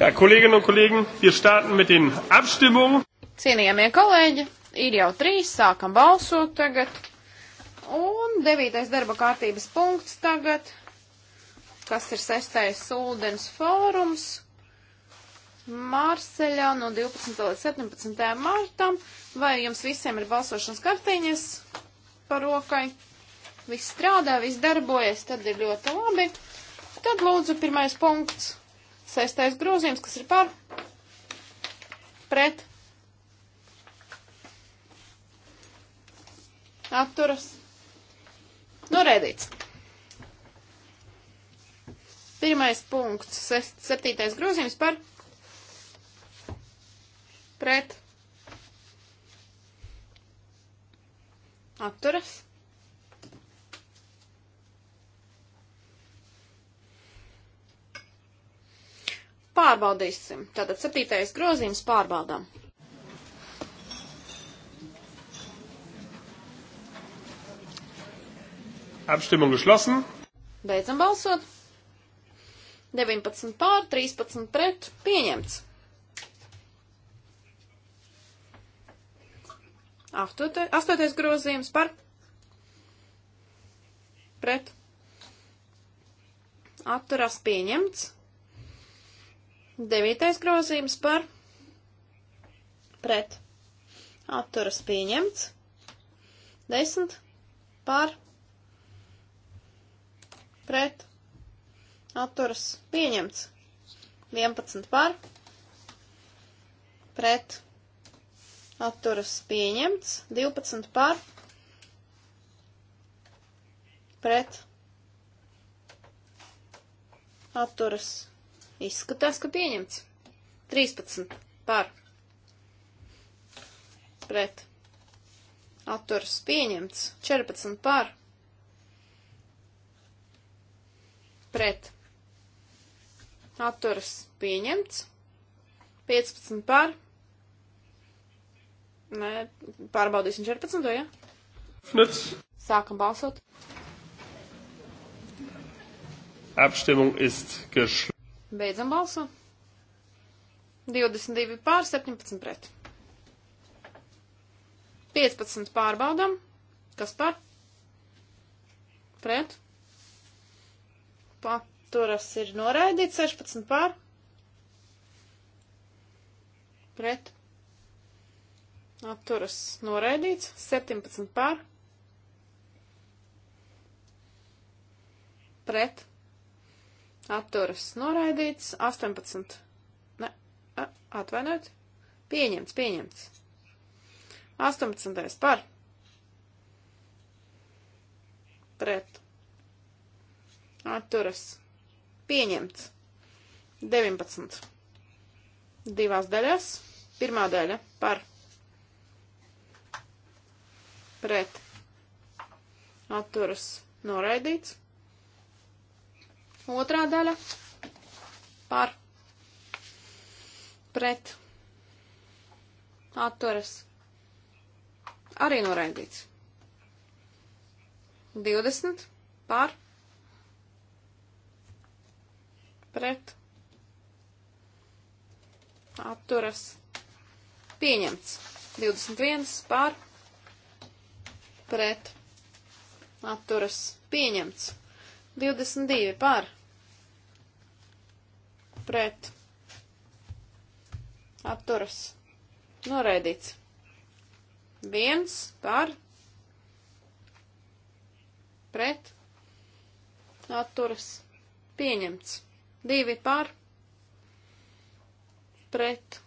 Ja, kolēģi un kolēģi, wir starten mit den Abstimmungen. Cienījamie kolēģi, ir jau trīs, sākam balsot tagad. Un devītais darba kārtības punkts tagad, kas ir sestais ūdens fórums. Mārseļā no 12. līdz 17. martam. Vai jums visiem ir balsošanas kartiņas par rokai? Viss strādā, viss darbojas, tad ir ļoti labi. Tad lūdzu pirmais punkts Sestais grozījums, kas ir par pret atturas norēdīts. Pirmais punkts, sest, septītais grozījums par pret atturas norēdīts. Pārbaudīsim. Tātad septītais grozījums pārbaudām. Abstimmung geschlossen. Beidzam balsot. 19 pār, 13 pret, pieņemts. Astotai, astotais grozījums par pret. Atturās pieņemts. Devītais grozījums par pret atturas pieņemts. Desmit par pret atturas pieņemts. Vienpadsmit par pret atturas pieņemts. Divpadsmit par pret atturas pieņemts atturas Izskatās, ka pieņemts. 13 par pret. Atturs pieņemts. 14 par. Pret. Atturs pieņemts. 15 par. Nē, pārbaudīsim 14, jā? Ja? Fnits. Sākam balsot. Abstimmung ist geschlossen. Beidzam balsu. 22 pār 17 pret. 15 pārbaudam. Kas par? Pret. Paturas ir noraidīts 16 pār. Pret. Atturas noraidīts 17 pār. Pret atturas noraidīts, 18, ne, atvainojiet, pieņemts, pieņemts. 18. par, pret, atturas, pieņemts, 19. Divās daļās, pirmā daļa par, pret, atturas, noraidīts. Otrā daļa par pret atturas arī noraidīts. 20 par pret atturas pieņemts. 21 par pret atturas pieņemts. 22 par pret pret atturas noraidīts. Viens par pret atturas pieņemts. Divi par pret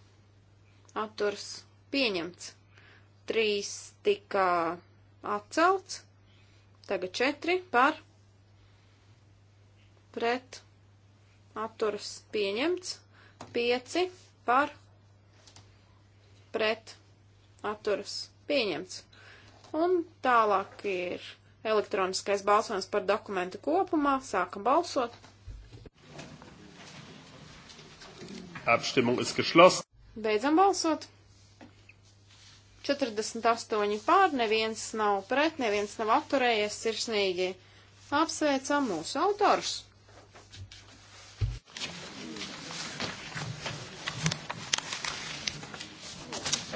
atturas pieņemts. Trīs tika atcelts. Tagad četri par pret atturas pieņemts, 5 par pret atturas pieņemts. Un tālāk ir elektroniskais balsojums par dokumentu kopumā. Sākam balsot. Abstimmung ist geschlossen. Beidzam balsot. 48 pār, neviens nav pret, neviens nav atturējies sirsnīgi. Apsveicam mūsu autors!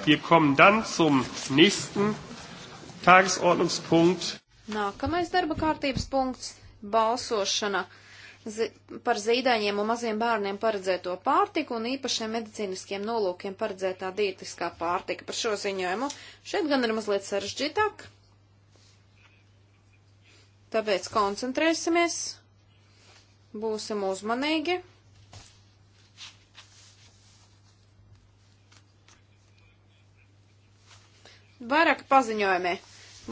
Wir kommen dann zum nächsten Tagesordnungspunkt. Nākamais darba kārtības punkts - balsošana zi par zīdaņiem un maziem bērniem paredzēto pārtiku un īpašiem medicīniskiem nolūkiem paredzētā dietiskā pārtika. Par šo ziņojumu šeit gan ir mazliet sarežģītāk, tāpēc koncentrēsimies, būsim uzmanīgi. Vairāk paziņojumie.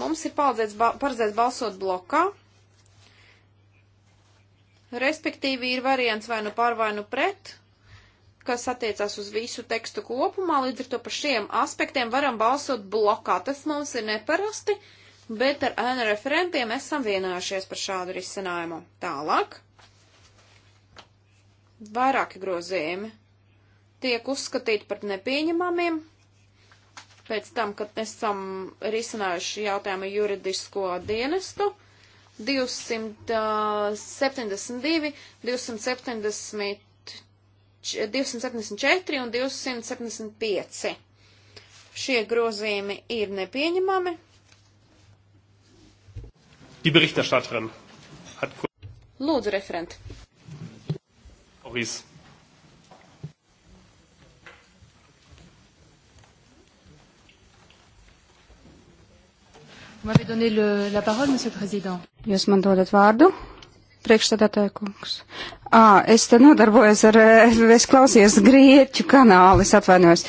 Mums ir paredzēts balsot blokā. Respektīvi ir variants vai nu par vai nu pret, kas attiecās uz visu tekstu kopumā, līdz ar to par šiem aspektiem varam balsot blokā. Tas mums ir neparasti, bet ar ēnu referentiem esam vienojušies par šādu risinājumu. Tālāk. Vairāki grozījumi tiek uzskatīti par nepieņemamiem pēc tam, kad esam risinājuši jautājumu juridisko dienestu. 272, 270, 274 un 275. Šie grozījumi ir nepieņemami. Die Berichterstatterin hat Lūdzu, referent. Oris. Jūs man dodat vārdu? Priekšstādātāja kungs. Ā, es te nodarbojos ar, eh, es klausies grieķu kanālu, es atvainojos.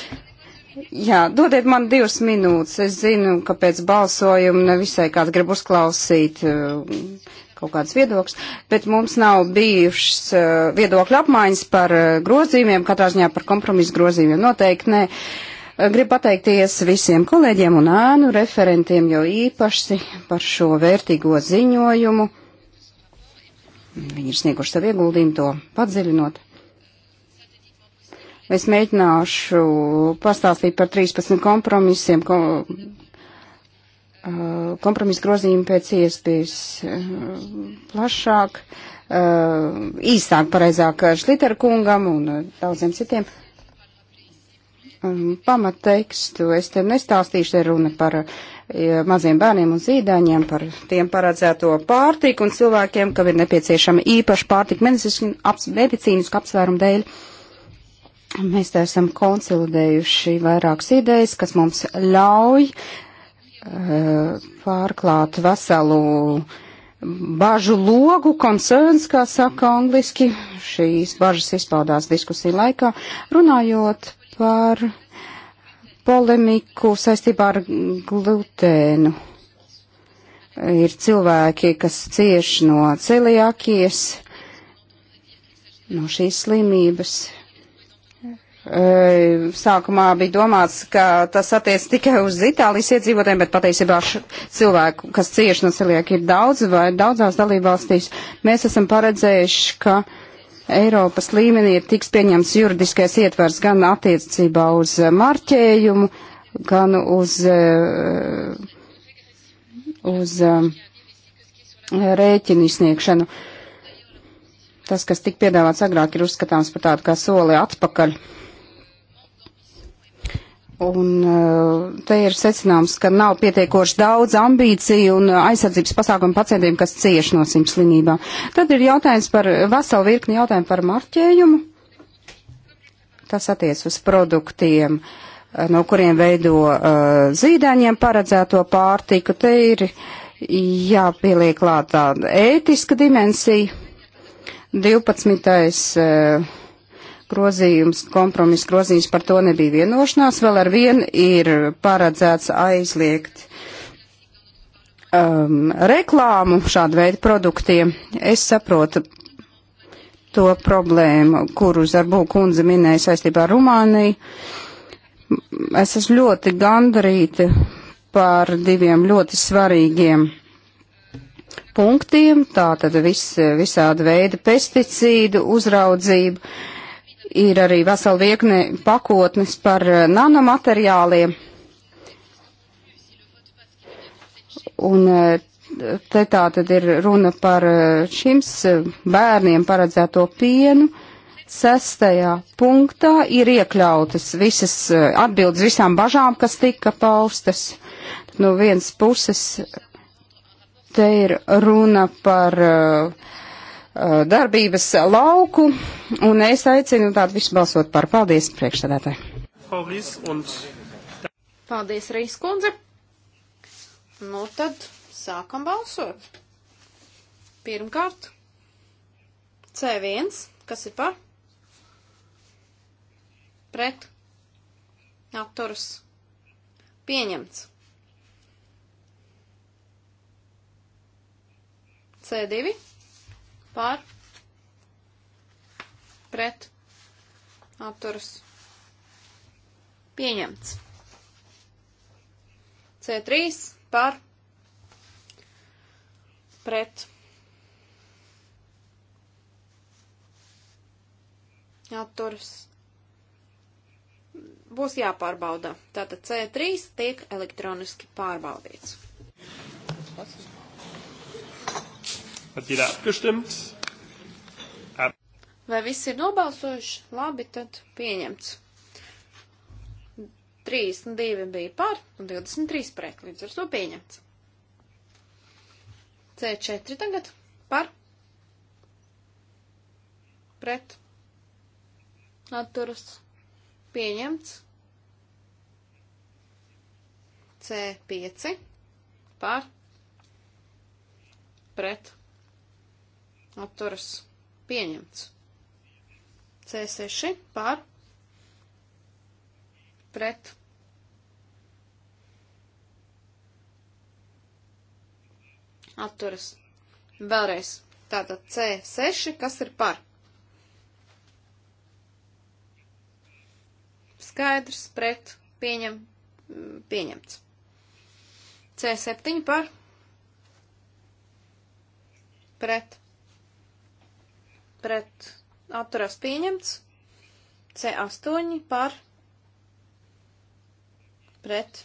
Jā, dodiet man divas minūtes. Es zinu, ka pēc balsojuma nevisai kāds grib uzklausīt eh, kaut kāds viedoklis, bet mums nav bijušas eh, viedokļa apmaiņas par grozījumiem, katrā ziņā par kompromisu grozījumiem noteikti nē. Ne Gribu pateikties visiem kolēģiem un ēnu referentiem jau īpaši par šo vērtīgo ziņojumu. Viņi ir snieguši savu ieguldījumu to padziļinot. Es mēģināšu pastāstīt par 13 kompromisiem, ko, uh, kompromisu grozījumu pēc iespējas uh, plašāk, uh, īsāk, pareizāk Šliterkungam un daudziem citiem. Um, pamattekstu es te nestāstīšu, te runa par maziem bērniem un zīdaiņiem, par tiem paredzēto pārtiku un cilvēkiem, kam ir nepieciešama īpaša pārtika medicīnisku apsvērumu dēļ. Mēs te esam konsolidējuši vairākas idejas, kas mums ļauj uh, pārklāt veselu bažu logu, concerns, kā saka angliski. Šīs bažas izpaudās diskusiju laikā. Runājot par polemiku saistībā ar glutēnu. Ir cilvēki, kas cieš no celiakies, no šīs slimības. Sākumā bija domāts, ka tas attiec tikai uz Itālijas iedzīvotājiem, bet patiesībā cilvēku, kas cieši no celiaka, ir daudz vai daudzās dalībvalstīs. Mēs esam paredzējuši, ka uh, Eiropas līmenī ir tiks pieņemts juridiskais ietvers gan attiecībā uz eh, marķējumu, gan uz, eh, uz eh, rēķinu izsniegšanu. Tas, kas tik piedāvāts agrāk, ir uzskatāms par tādu kā soli atpakaļ. Un eh, te ir secināms, ka nav pietiekoši daudz ambīciju un aizsardzības pasākumu pacientiem, kas cieši no simt slimībām. Tad ir jautājums par veselu virkni jautājumu par marķējumu. Tas attiec uz produktiem, eh, no kuriem veido uh, zīdaiņiem paredzēto pārtiku. Te ir jāpieliek klāt tāda ētiska dimensija. 12. Uh, grozījums, kompromiss grozījums par to nebija vienošanās. Vēl ar vienu ir paredzēts aizliegt um, reklāmu šādu veidu produktiem. Es saprotu to problēmu, kuru Zarbu kundze minēja saistībā ar Rumāniju. Es esmu ļoti gandarīta par diviem ļoti svarīgiem punktiem, tātad vis, visāda veida pesticīdu uzraudzību Ir arī vesela virkne pakotnes par eh, nanomateriāliem. Un eh, te tā tad ir runa par eh, šims bērniem paredzēto pienu. Sestajā punktā ir iekļautas visas atbildes visām bažām, kas tika paustas. No vienas puses te ir runa par uh, Uh, darbības lauku, un es aicinu tādu visu balsot par. Paldies, priekšsēdētāji. Paldies, Rīskundze. Nu tad sākam balsot. Pirmkārt, C1, kas ir par? Pret. Apturs. Pieņemts. C2. Pār. Pret. Apturas. Pieņemts. C3. Pār. Pret. Apturas. Būs jāpārbauda. Tātad C3 tiek elektroniski pārbaudīts. Pats Hat jeder abgestimmt? Ab Vai viss ir nobalsojuši? Labi, tad pieņemts. 32 bija par un 23 pret, līdz ar to pieņemts. C4 tagad par pret atturas pieņemts. C5 par pret atturas pieņemts. C6 par pret atturas. Vēlreiz tātad C6, kas ir par. Skaidrs, pret, pieņem, pieņemts. C7 par pret pret atturās pieņemts. C8 par pret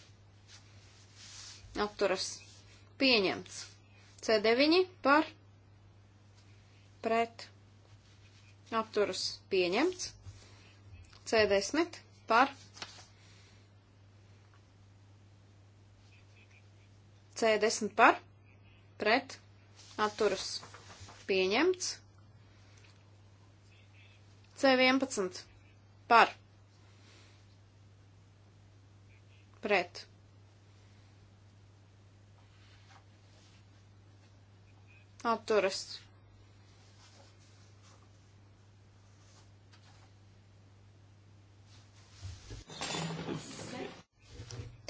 atturas pieņemts. C9 par pret atturas pieņemts. C10 par C10 par pret atturas pieņemts. C11 par pret. Atturas.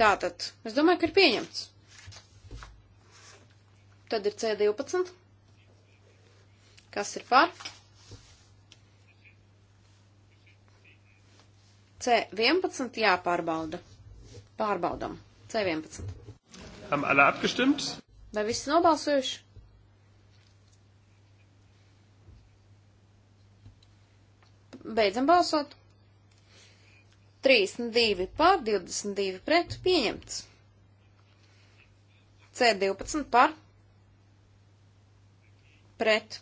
Tātad, es domāju, ka ir pieņemts. Tad ir C12. Kas ir par? C11 jāpārbauda. Pārbaudam. C11. Haben alle abgestimmt? Vai visi nobalsojuši? Beidzam balsot. 32 pār 22 pret pieņemts. C12 par pret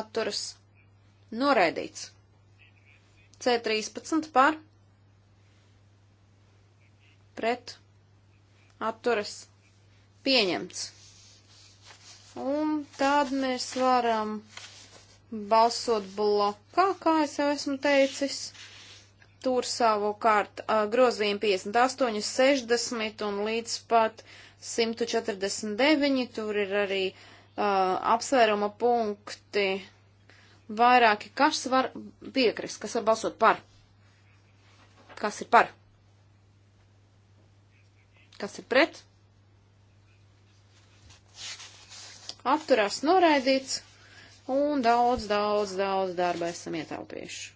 atturas noraidīts. C13 par pret atturas pieņemts. Un tad mēs varam balsot blokā, kā es jau esmu teicis. Tur savukārt grozījumi 58, 60 un līdz pat 149. Tur ir arī uh, apsvēruma punkti vairāki, kas var piekrist, kas var balsot par. Kas ir par? Kas ir pret? Atturās noraidīts un daudz, daudz, daudz darba esam ietaupījuši.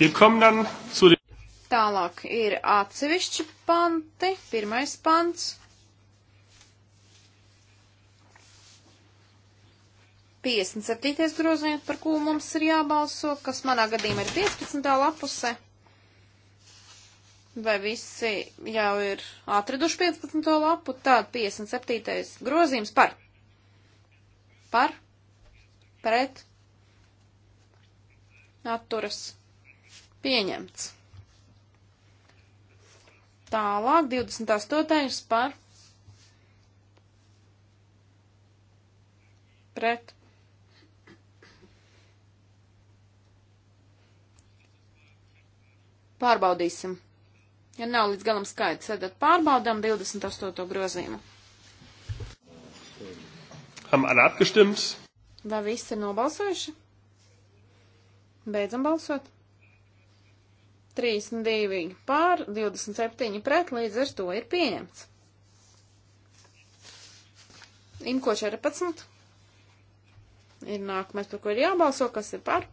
Tālāk ir atsevišķi panti. Pirmais pants. Piesmit septītais grozījums, par ko mums ir jābalso, kas manā gadījumā ir 15. lapuse. Vai visi jau ir atraduši 15. lapu, tad 57. grozījums par. Par. Pret. Atturas Pieņemts. Tālāk 28. par pret. Pārbaudīsim. Ja nav līdz galam skaidrs, tad pārbaudām 28. grozījumu. Ham alle abgestimmt? Vai visi ir nobalsojuši? Beidzam balsot. 32 pār, 27 pret, līdz ar to ir pieņemts. Imko 14 ir nākamais, par ko ir jābalso, kas ir par,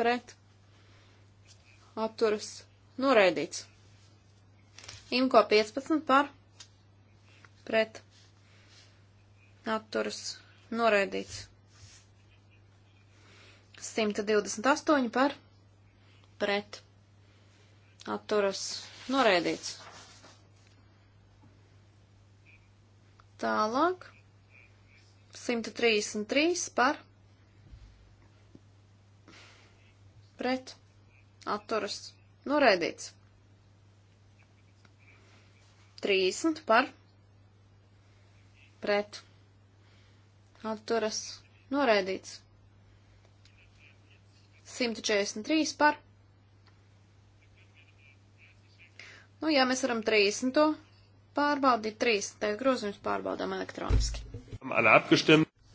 pret, atturas, noraidīts. Imko 15 par, pret, atturas, noraidīts. 128 par, pret, atturas noraidīts. Tālāk 133 par pret atturas noraidīts. 30 par pret atturas noraidīts. 143 par Nu, jā, mēs varam 30. pārbaudīt, 30. grozījums pārbaudām elektroniski.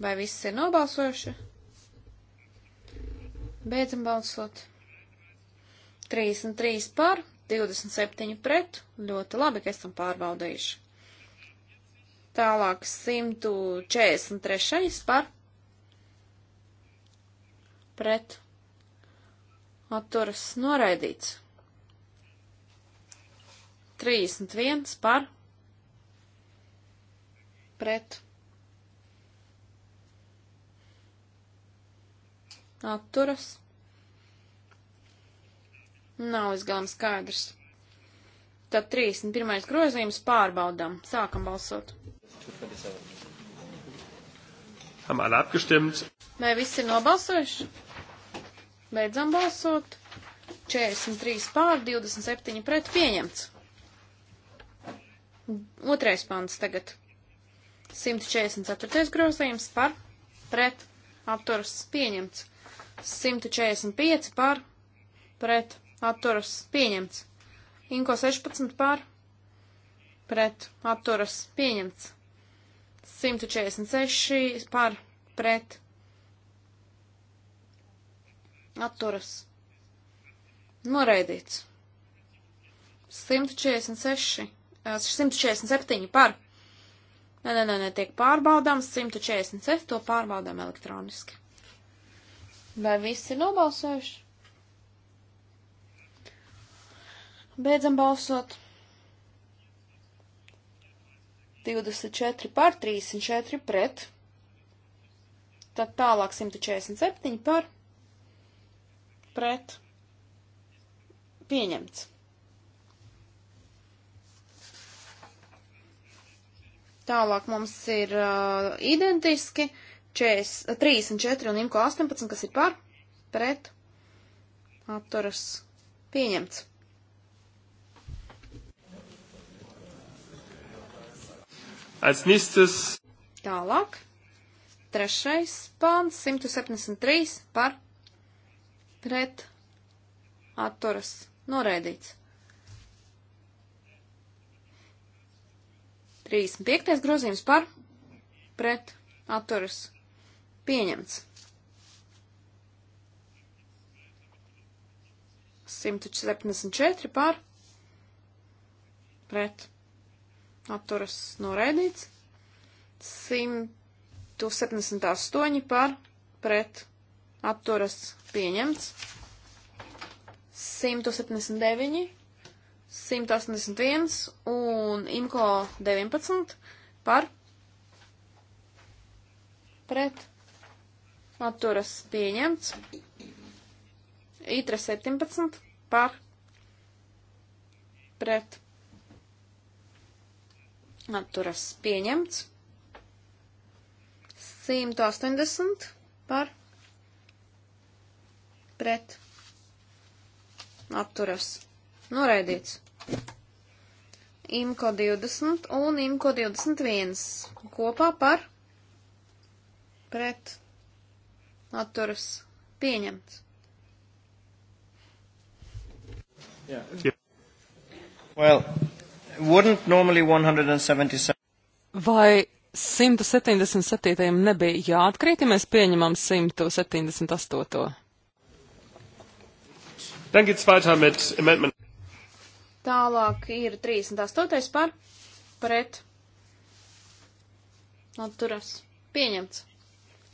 Vai viss ir nobalsojuši? Beidzam balsot. 33 par, 27 pret. Ļoti labi, ka esam pārbaudījuši. Tālāk 143 par pret. Atturas noraidīts. 31 par pret atturas. Nav izgalam skaidrs. Tad 31. grozījums pārbaudām. Sākam balsot. Haben alle abgestimmt? Vai visi ir nobalsojuši? Beidzam balsot. 43 pār, 27 pret pieņemts. Otrais pants tagad. 144. grozījums par pret apturas pieņemts. 145 par pret apturas pieņemts. Inko 16 par pret apturas pieņemts. 146 par pret apturas noraidīts. 146 147 par. Nē, nē, nē, nē tiek pārbaudāms 147, to pārbaudām elektroniski. Vai visi ir nobalsojuši? Beidzam balsot. 24 par 34 pret. Tad tālāk 147 par pret. Pieņemts. Tālāk mums ir uh, identiski 4, 34 un imko 18, kas ir par, pret, atturas, pieņemts. Als nächstes. Tālāk. Trešais pāns 173 par pret atturas noraidīts. 35. grozījums par pret atturas pieņemts. 174 par pret atturas noraidīts. 178 par pret atturas pieņemts. 179 181 un IMCO 19 par pret atturas pieņemts. ITRE 17 par pret atturas pieņemts. 180 par pret atturas Noraidīts. Imko 20 un Imko 21 kopā par pret atturas pieņemts. Yeah. Yeah. Well, wouldn't normally 177 Vai 177. nebija jāatkrīt, ja mēs pieņemam 178. Dann geht's weiter mit Amendment. Tālāk ir 38. par pret atturas pieņemts.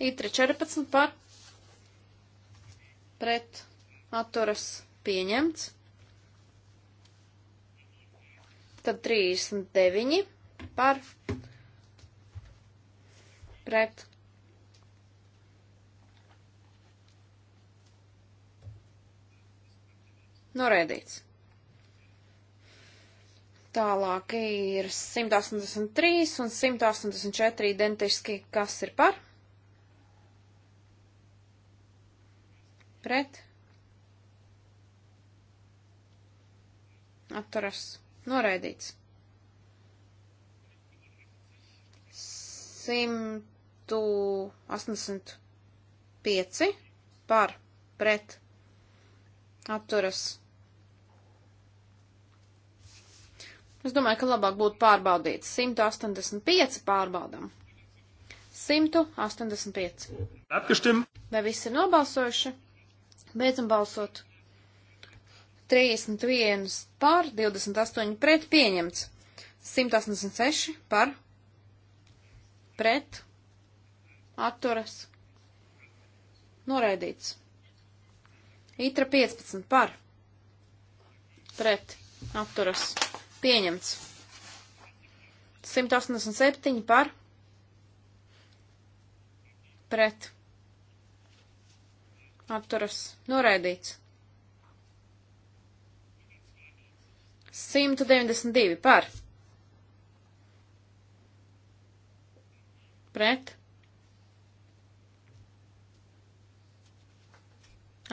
Itre 14 par pret atturas pieņemts. Tad 39 par pret Noraidīts. Tālāk ir 183 un 184 identiski, kas ir par. Pret. Atturas. Noraidīts. 185 par. Pret. Atturas. Es domāju, ka labāk būtu pārbaudīt. 185 pārbaudam. 185. Apgastim. Vai visi ir nobalsojuši? Beidzam balsot. 31 pār, 28 pret pieņemts. 186 par, pret, atturas, noraidīts. Itra 15 par, pret, atturas, noraidīts Pieņemts. 187 par. Pret. Atturas. Noraidīts. 192 par. Pret.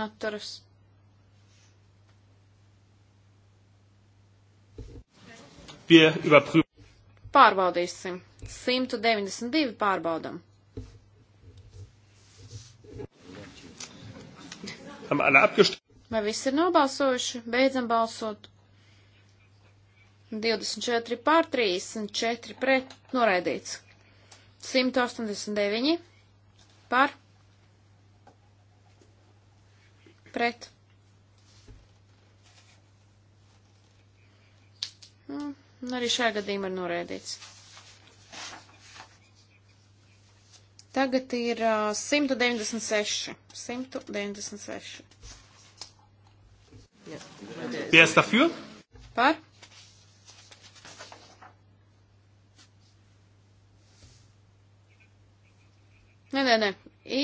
Atturas. Wir überprüfen. Pārbaudīsim. 192 pārbaudam. Vai visi ir nobalsojuši? Beidzam balsot. 24 pār 34 pret noraidīts. 189 pār pret. Mm. Un arī šajā gadījumā ir norēdīts. Tagad ir uh, 196. 196. Ja. Wer ist dafür? Par. Nē, nē, nē.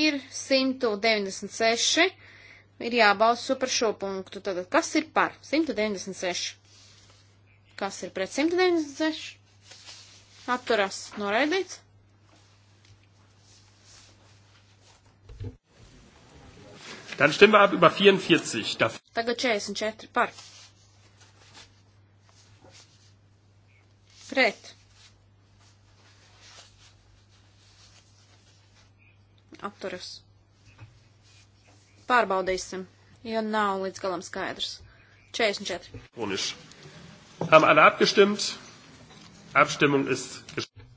Ir 196. Ir jābalso par šo punktu. Tātad, kas ir par 196? Kas ir pret 196? Atturās noraidīts. Dann stimmen wir ab über 44. Dafür. Tagad 44 par. Pret. Apturas. Pārbaudīsim, jo nav līdz galam skaidrs. 44. Un ir. Haben alle abgestimmt? Abstimmung ist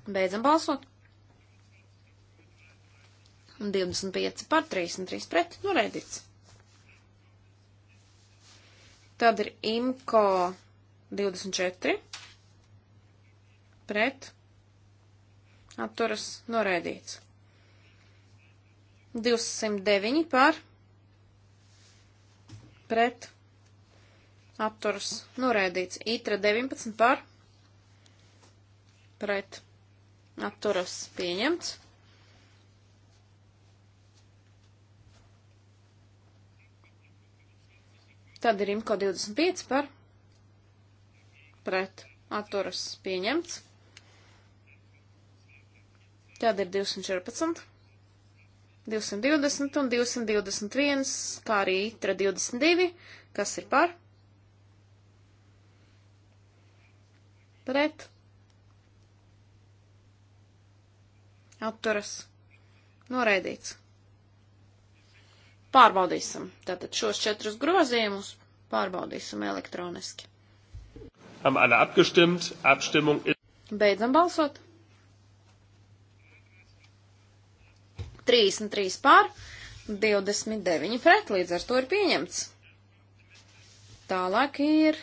Beidzam balsot. 25 par 33 pret, nu redzīts. Tad ir IMCO 24 pret atturas norēdīts. 209 par pret apturas norēdīts. Itra 19 par pret apturas pieņemts. Tad ir imko 25 par pret atturas pieņemts. Tad ir 214, 220 un 221, kā arī itra 22, kas ir par pret atturas noraidīts. Pārbaudīsim. Tātad šos četrus grozījumus pārbaudīsim elektroniski. Haben alle abgestimmt? Abstimmung ist. Beidzam balsot. 33 pār, 29 pret, līdz ar to ir pieņemts. Tālāk ir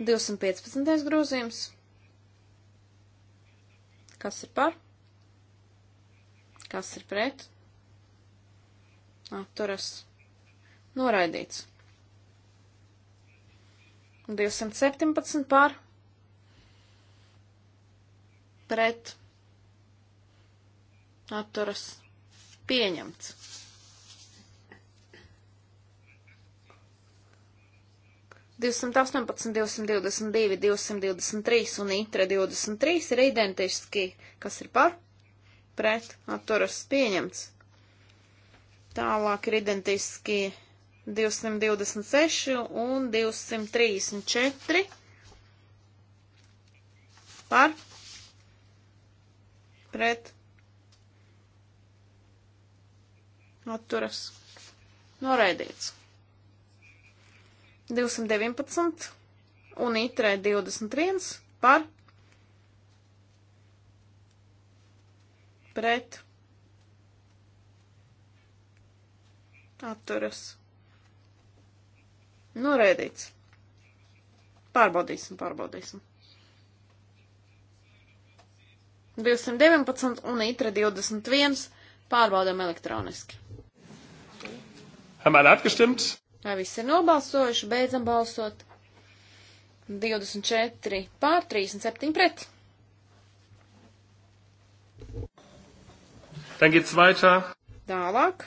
215. grozījums. Kas ir par? Kas ir pret? Atturas. Noraidīts. 217 par. Pret. Atturas. Pieņemts. 218, 222, 223 un itre 23 ir identiski, kas ir par, pret, atturas pieņemts. Tālāk ir identiski 226 un 234 par, pret, atturas, noraidīts. 219 un itrē 21 par pret atturas. Norēdīts. Pārbaudīsim, pārbaudīsim. 219 un itra 21 pārbaudām elektroniski. Haben alle abgestimmt? Tā viss ir nobalsojuši, beidzam balsot. 24 pār 37 pret. Dann geht's weiter. Tālāk.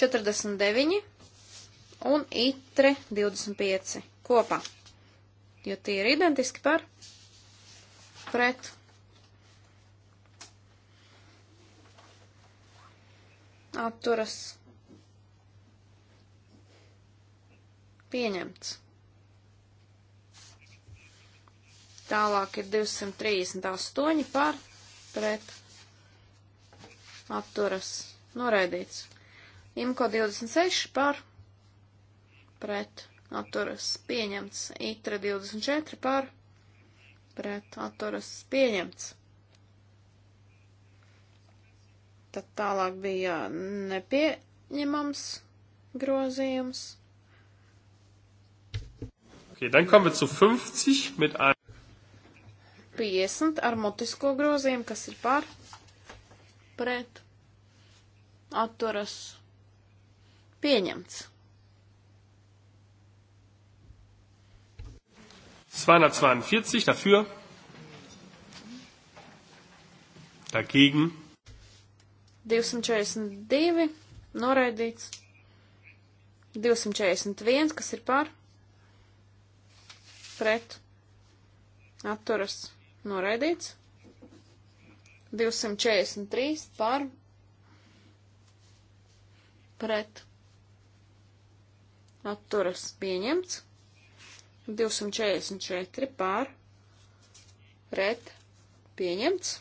49 un itre 25 kopā, jo tie ir identiski par pret. Atturas Pieņemts. Tālāk ir 238 par pret atturas noraidīts. Imko 26 par pret atturas pieņemts. Itra 24 par pret atturas pieņemts. Tad tālāk bija nepieņemams grozījums. Okay, dann kommen wir zu 50 mit einem. 50 ar mutisko grozījumu, kas ir par, pret, atturas, pieņemts. 242 dafür, dagegen. 242 noraidīts. 241, kas ir par, pret pret atturas noraidīts. 243 par pret atturas pieņemts. 244 par pret pieņemts.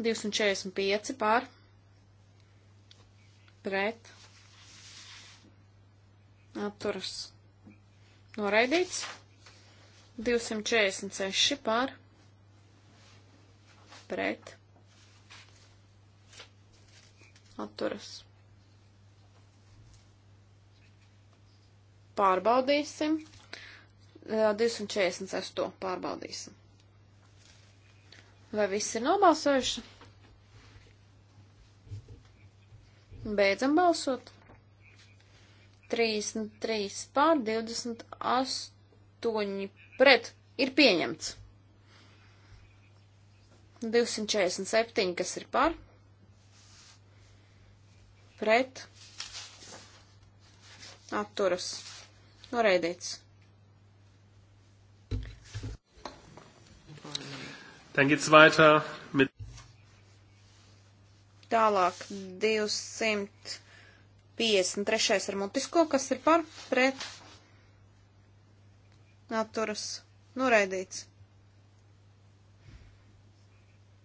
245 par pret atturas pieņemts Noraidīts. 246 par pret atturas. Pārbaudīsim. 246 pārbaudīsim. Vai viss ir nobalsojuši? Beidzam balsot. 33 pār 28 pret ir pieņemts. 247, kas ir par, pret, atturas, noraidīts. Dann geht's weiter mit. Tālāk 200. 53. ar mutisko, kas ir par pret atturas noraidīts.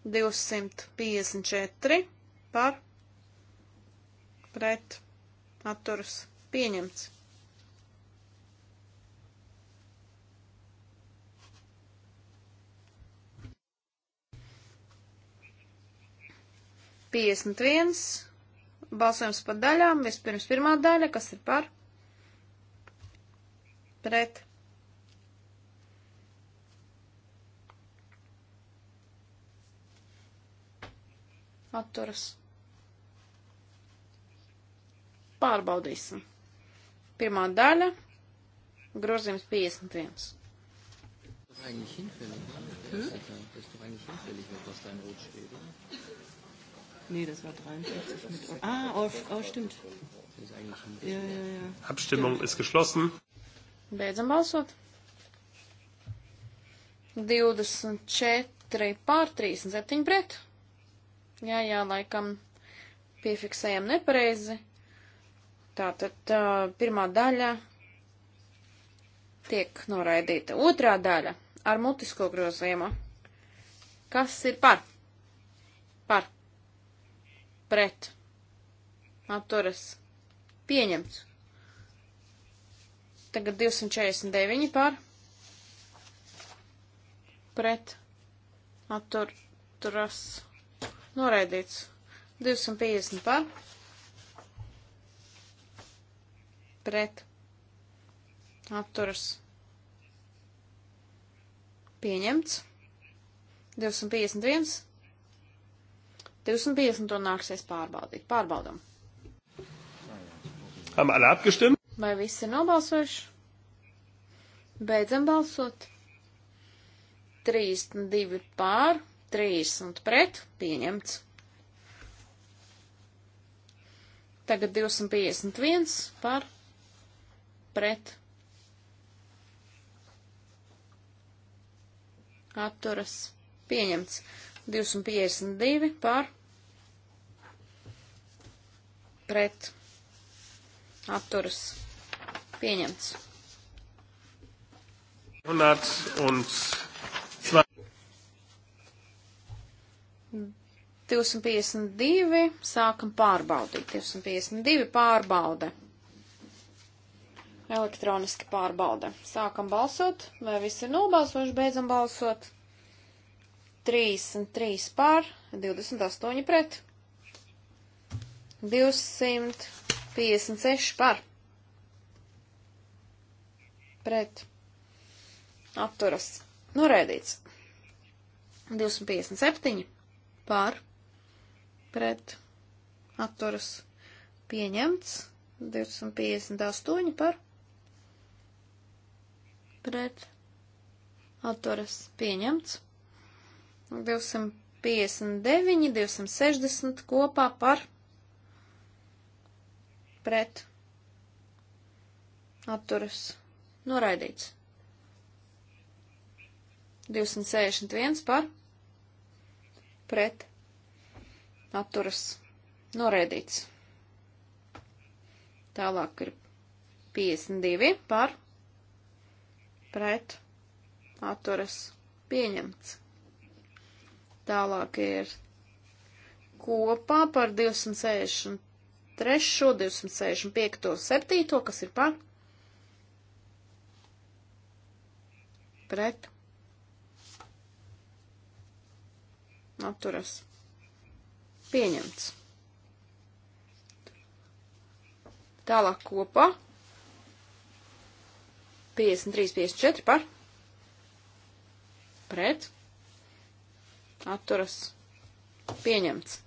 254 par pret atturas pieņemts. Piesmit viens Balsojums par daļām. Vispirms pirmā daļa, kas ir par? Pret. Atturas. Pārbaudīsim. Pirmā daļa. Grozījums 51. Das ist eigentlich hinfällig. Ne? Hm? Das ist doch eigentlich hinfällig, was da in Rot steht. Oder? Nee, das war 53 mit. Ah, auf, oh, oh, stimmt. Ja, ja, ja. Abstimmung stimmt. ist geschlossen. Beidzam balsot. 24 pār 37 pret. Jā, jā, laikam piefiksējam nepareizi. Tātad tā, pirmā daļa tiek noraidīta. Otrā daļa ar mutisko grozījumu. Kas ir par? Par pret atturas pieņemts. Tagad 249 par pret atturas noraidīts. 250 par pret atturas pieņemts. 251 250 to nāksies pārbaudīt. Pārbaudam. Vai visi ir nobalsojuši? Beidzam balsot. 32 pār, 30 pret, pieņemts. Tagad 251 par pret. Atturas pieņemts. 252 par pret apturas pieņemts. 252 sākam pārbaudīt. 252 pārbauda. Elektroniski pārbauda. Sākam balsot, vai visi ir nobalsojuši, beidzam balsot. 33 pār, 28 pret. 256 pār. Pret. Apturas. Noraidīts. 257 pār. Pret. Apturas. Pieņemts. 258 par. Pret. Atturas. Pieņemts. 259, 260 kopā par pret atturas noraidīts. 261 par pret atturas noraidīts. Tālāk ir 52 par pret atturas pieņemts. Tālāk ir kopā par 263, 265, 7, kas ir par pret atturas pieņemts. Tālāk kopā 53, 54 par pret atturas pieņemts.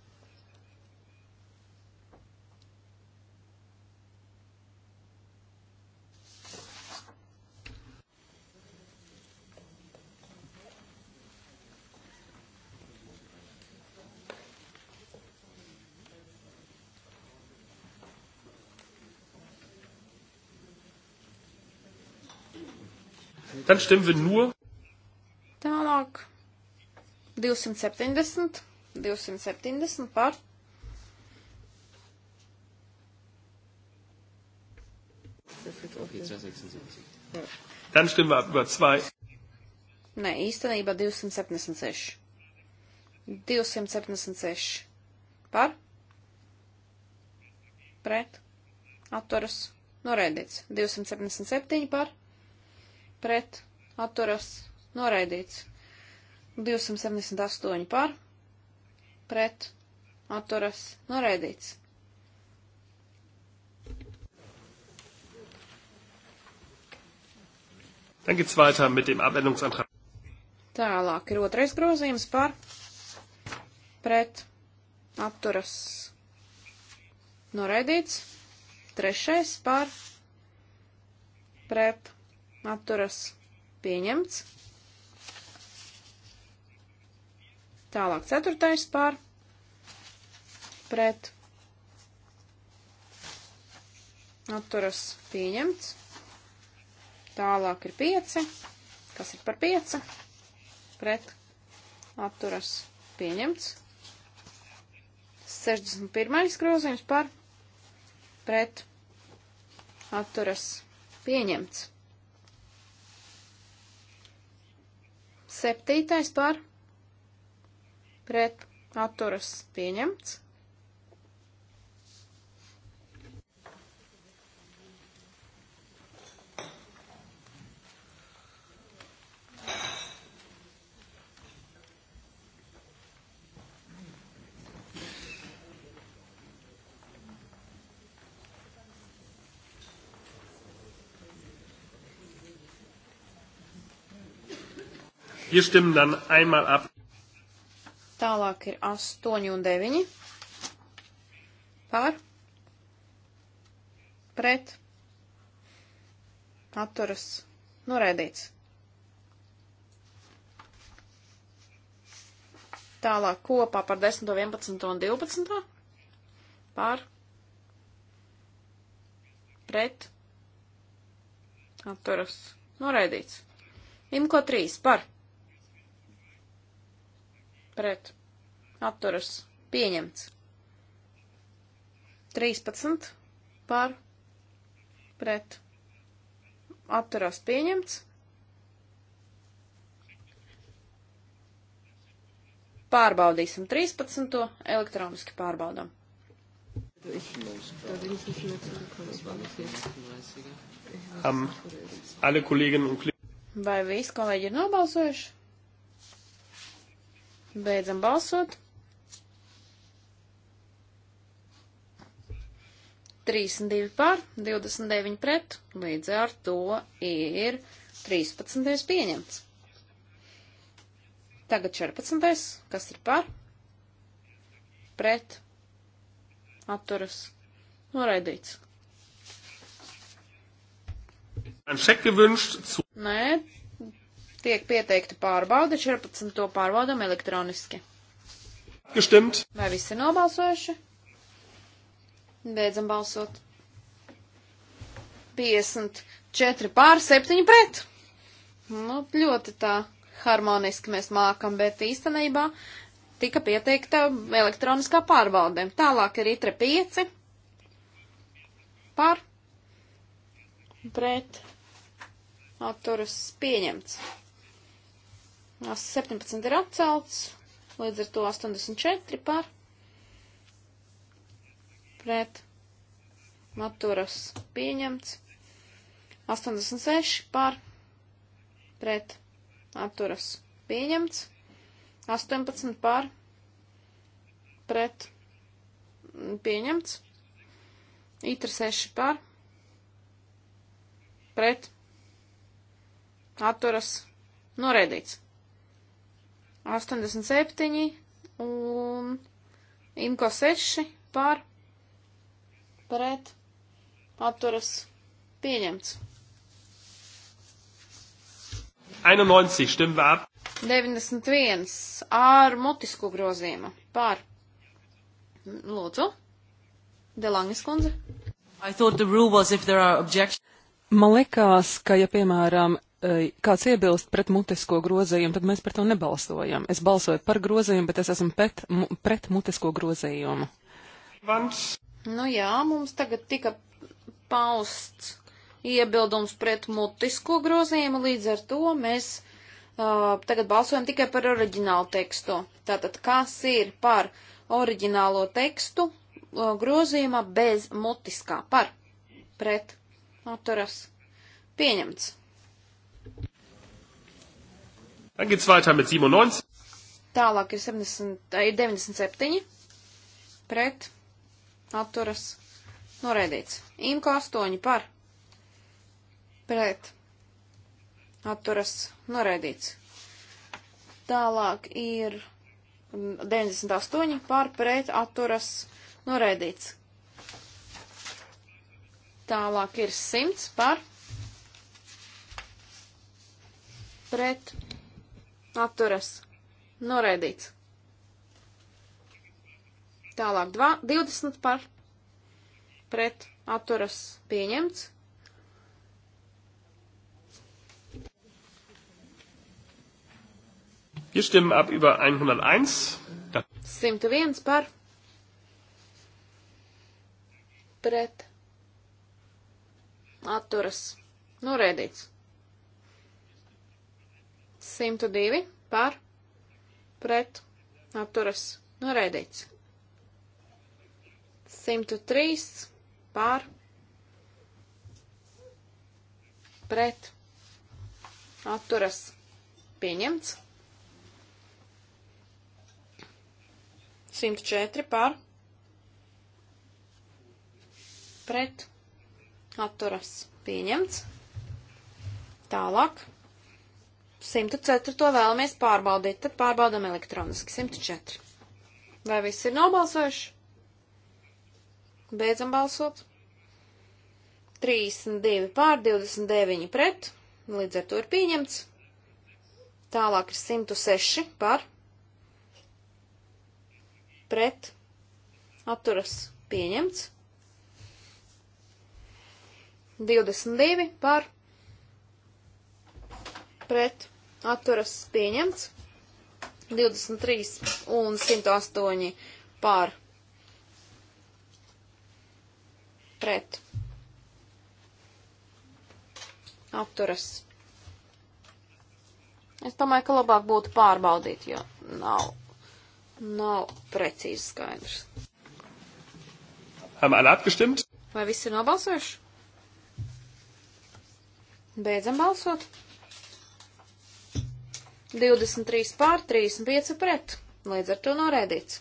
Dann stimmen wir nur 270, 270 par. Dann stimmen wir ab über 2. Nē, īstenībā 276. 276 par, pret, atturas, noraidīts. 277 par, pret, atturas, noraidīts. 278 par, pret, atturas, noraidīts. Dann geht's weiter mit dem Abänderungsantrag. Tālāk ir otrais grozījums par pret apturas noraidīts. Trešais par pret apturas pieņemts. Tālāk ceturtais par pret atturas pieņemts. Tālāk ir pieci. Kas ir par pieci? Pret atturas pieņemts. 61. grozījums par pret atturas pieņemts. Septītais par pret pret atturas pieņemts. Wir stimmen dann einmal ab. Tālāk ir 8 un 9 par pret atturas noraidīts. Tālāk kopā par 10, 11 un 12 par pret atturas noraidīts. Imko 3 par pret, atturas, pieņemts. 13 par, pret, atturās, pieņemts. Pārbaudīsim 13. elektroniski pārbaudām. Vai visi kolēģi ir nobalsojuši? Beidzam balsot. 32 par, 29 pret, līdz ar to ir 13. pieņemts. Tagad 14. kas ir par, pret, atturas, noraidīts. Nē, Tiek pieteikta pārbauda, 14. pārbaudam elektroniski. Gestimt. Vai visi ir nobalsojuši? Beidzam balsot. 54 pār 7 pret. Nu, ļoti tā harmoniski mēs mākam, bet īstenībā tika pieteikta elektroniskā pārbaudē. Tālāk ir itre 5 par pret atturas pieņemts. 17 ir atcelts, līdz ar to 84 par pret atturas pieņemts, 86 par pret atturas pieņemts, 18 par pret pieņemts, itra 6 par pret atturas noraidīts. 87 un Imko 6 pār pret atturas pieņemts. 91 stimmen wir ab. 91 ar mutisku grozījumu pār. Lūdzu, Delangas kundze. Man likās, ka ja piemēram kāds iebilst pret mutisko grozījumu, tad mēs par to nebalsojam. Es balsoju par grozījumu, bet es esmu pret, mu, pret mutisko grozījumu. Vans. Nu jā, mums tagad tika pausts iebildums pret mutisko grozījumu, līdz ar to mēs uh, tagad balsojam tikai par oriģinālu tekstu. Tātad, kas ir par oriģinālo tekstu uh, grozījumā bez mutiskā par pret autoras pieņemts. Dann geht's weiter mit 97. Tālāk ir 70, ir 97 pret atturas noraidīts. Imko 8 par pret atturas noraidīts. Tālāk ir 98 par pret atturas noraidīts. Tālāk ir 100 par pret atturas noraidīts. Tālāk 20 par pret atturas pieņemts. Wir stimmen ab über 101. 101 par. Pret. Atturas. Norēdīts. 102 par pret apturas noraidīts. 103 par pret apturas pieņemts. 104 par pret atturas pieņemts. Tālāk 104. vēlamies pārbaudīt, tad pārbaudam elektroniski. 104. Vai viss ir nobalsojuši? Beidzam balsot. 32 pār 29 pret, līdz ar to ir pieņemts. Tālāk ir 106 par pret atturas pieņemts. 22 par pret atturas pieņemts. 23 un 108 pār pret apturas. Es domāju, ka labāk būtu pārbaudīt, jo nav, nav precīzi skaidrs. Vai visi ir nobalsojuši? Beidzam balsot. 23 pār 35 pret, līdz ar to noraidīts.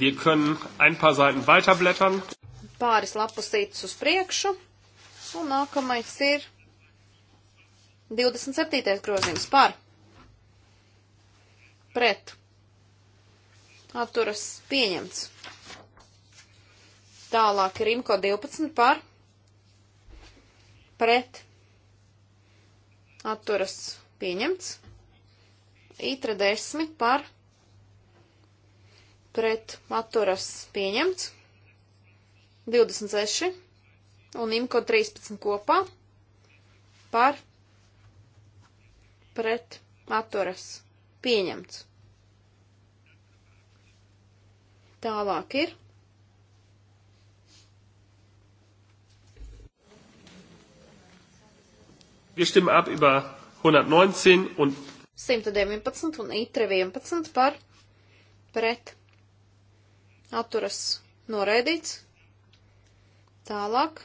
Wir können ein paar Seiten weiterblättern. Pāris lapusītes uz priekšu, un nākamais ir 27. grozījums par pret atturas pieņemts. Tālāk ir Imko 12 par pret atturas pieņemts. Itra 10 par pret atturas pieņemts. 26 un Imko 13 kopā par pret atturas pieņemts. Tālāk ir Wir stimmen ab über 119 un 119 un itre 11 par pret atturas noraidīts. Tālāk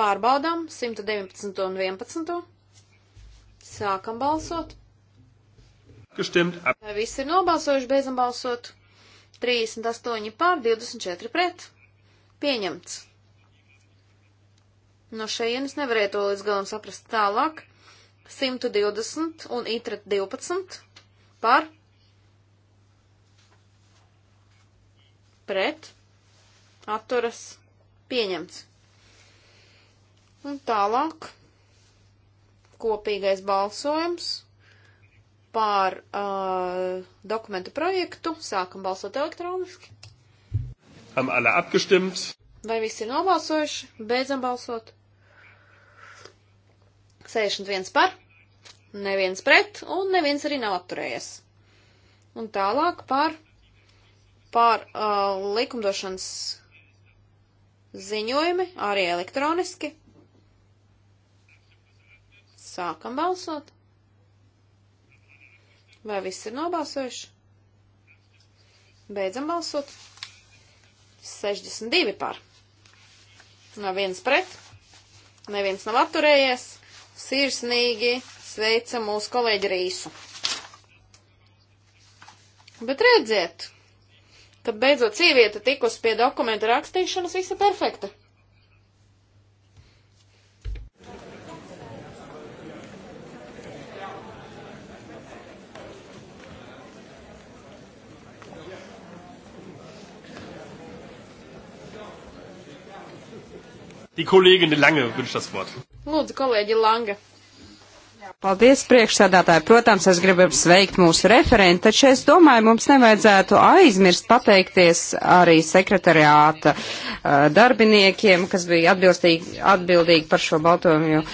pārbaudām 119 un 11. Sākam balsot. Gestimt. Vai visi ir nobalsojuši, beidzam balsot? 38 pār 24 pret. Pieņemts. No šejienes nevarēja to līdz galam saprast tālāk. 120 un itret 12 par pret atturas pieņemts. Un tālāk kopīgais balsojums par uh, dokumentu projektu. Sākam balsot elektroniski. Vai visi ir nobalsojuši? Beidzam balsot. 61 par, neviens pret un neviens arī nav atturējies. Un tālāk par, par uh, likumdošanas ziņojumi arī elektroniski. Sākam balsot. Vai viss ir nobalsojuši? Beidzam balsot. 62 par. Nav viens pret. Neviens nav atturējies. Sirsnīgi sveicam mūsu kolēģi Rīsu. Bet redziet, kad beidzot sieviete tikus pie dokumentu rakstīšanas, viss ir perfekta. Die Kollegin Lange wünscht das Wort. Lūdzu, kolēģi Langa. Paldies, priekšsādātāji. Protams, es gribu sveikt mūsu referentu, taču es domāju, mums nevajadzētu aizmirst pateikties arī sekretariāta darbiniekiem, kas bija atbildīgi par šo balsojumu,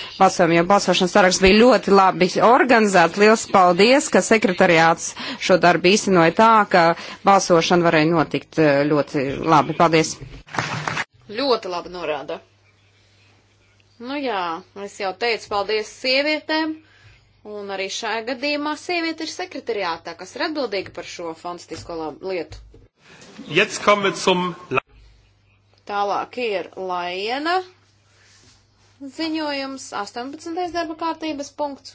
jo balsošanas saraksts bija ļoti labi organizēts. Liels paldies, ka sekretariāts šo darbu īstenoja tā, ka balsošana varēja notikt ļoti labi. Paldies! Ļoti labi norāda. Nu jā, es jau teicu paldies sievietēm, un arī šajā gadījumā sieviete ir sekretariātā, kas ir atbildīga par šo fantastisko lietu. Zum... Tālāk ir Laiena ziņojums, 18. darba kārtības punkts.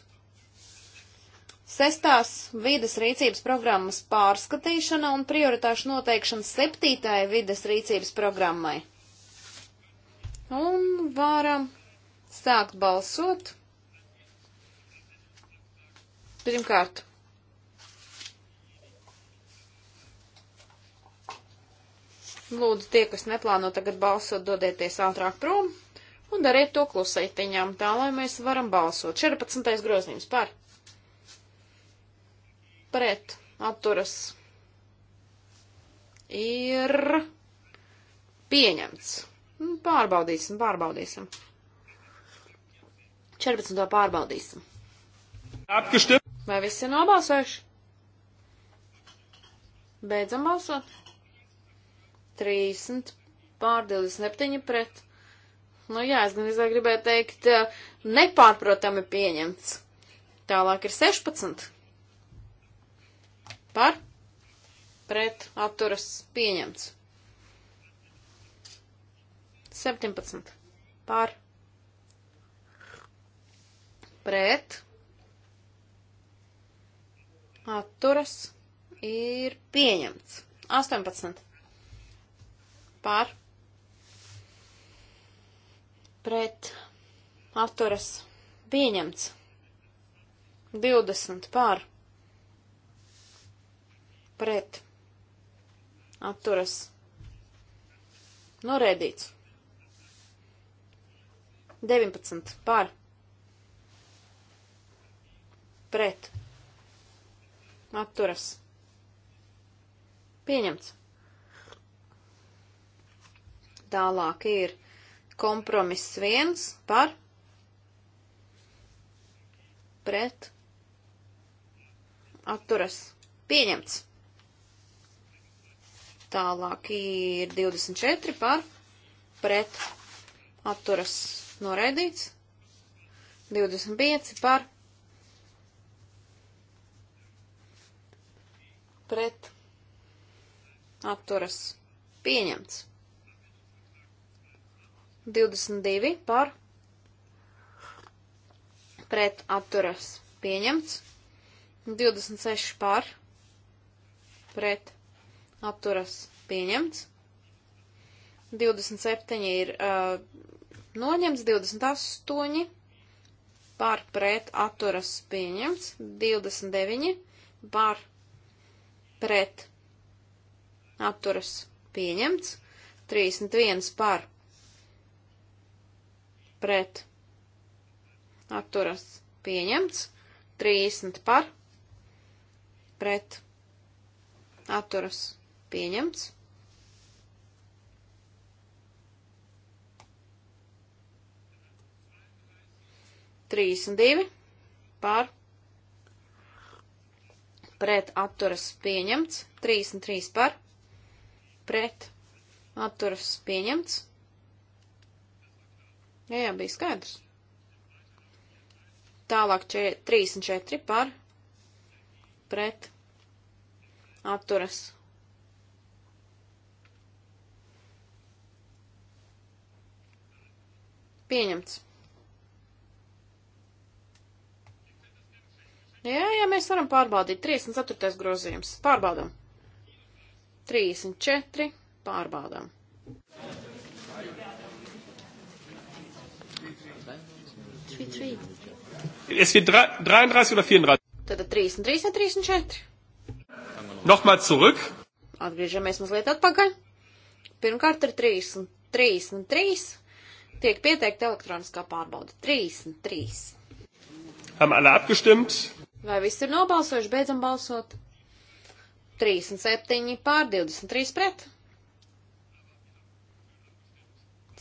Sestās vides rīcības programmas pārskatīšana un prioritāšu noteikšana septītajai vides rīcības programmai. Un varam sākt balsot. Pirmkārt, lūdzu tie, kas neplāno tagad balsot, dodieties ātrāk prom un dariet to klusētiņām, tā lai mēs varam balsot. 14. grozījums par. Pret atturas ir pieņemts. Pārbaudīsim, pārbaudīsim. 14. pārbaudīsim. Apkšķi. Vai visi ir nobalsojuši? Beidzam balsot. 30 pār 27 pret. Nu jā, es gan izvēl gribēju teikt, eh, nepārprotami pieņemts. Tālāk ir 16. Par pret atturas pieņemts. 17. Par pret pret, atturas, ir pieņemts. 18 par, pret, atturas, pieņemts. 20 par, pret, atturas, norēdīts. 19 par, pret, atturas, pieņemts. Tālāk ir kompromiss viens par, pret, atturas, pieņemts. Tālāk ir 24 par, pret, atturas, noraidīts. 25 par, pret pret apturas pieņemts. 22 par pret apturas pieņemts. 26 par pret apturas pieņemts. 27 ir uh, noņemts, 28 par pret atturas pieņemts, 29 par pret atturas pieņemts, 31 par pret atturas pieņemts, 30 par pret atturas pieņemts. Trīsdesmit divi pār pret atturas pieņemts, 33 par, pret atturas pieņemts. Jā, jā, bija skaidrs. Tālāk 34 par, pret atturas. Pieņemts. Jā, jā, mēs varam pārbaudīt. 34. grozījums. Pārbaudam. 34. Pārbaudam. Es wird 33 oder 34. Tad 33 vai 34. Nochmal zurück. Atgriežamies mazliet atpakaļ. Pirmkārt ir 3 un 3 un 3. Tiek pieteikta elektroniskā pārbauda. 3 un 3. Haben alle abgestimmt? Vai viss ir nobalsojuši? Beidzam balsot. 37 pār 23 pret.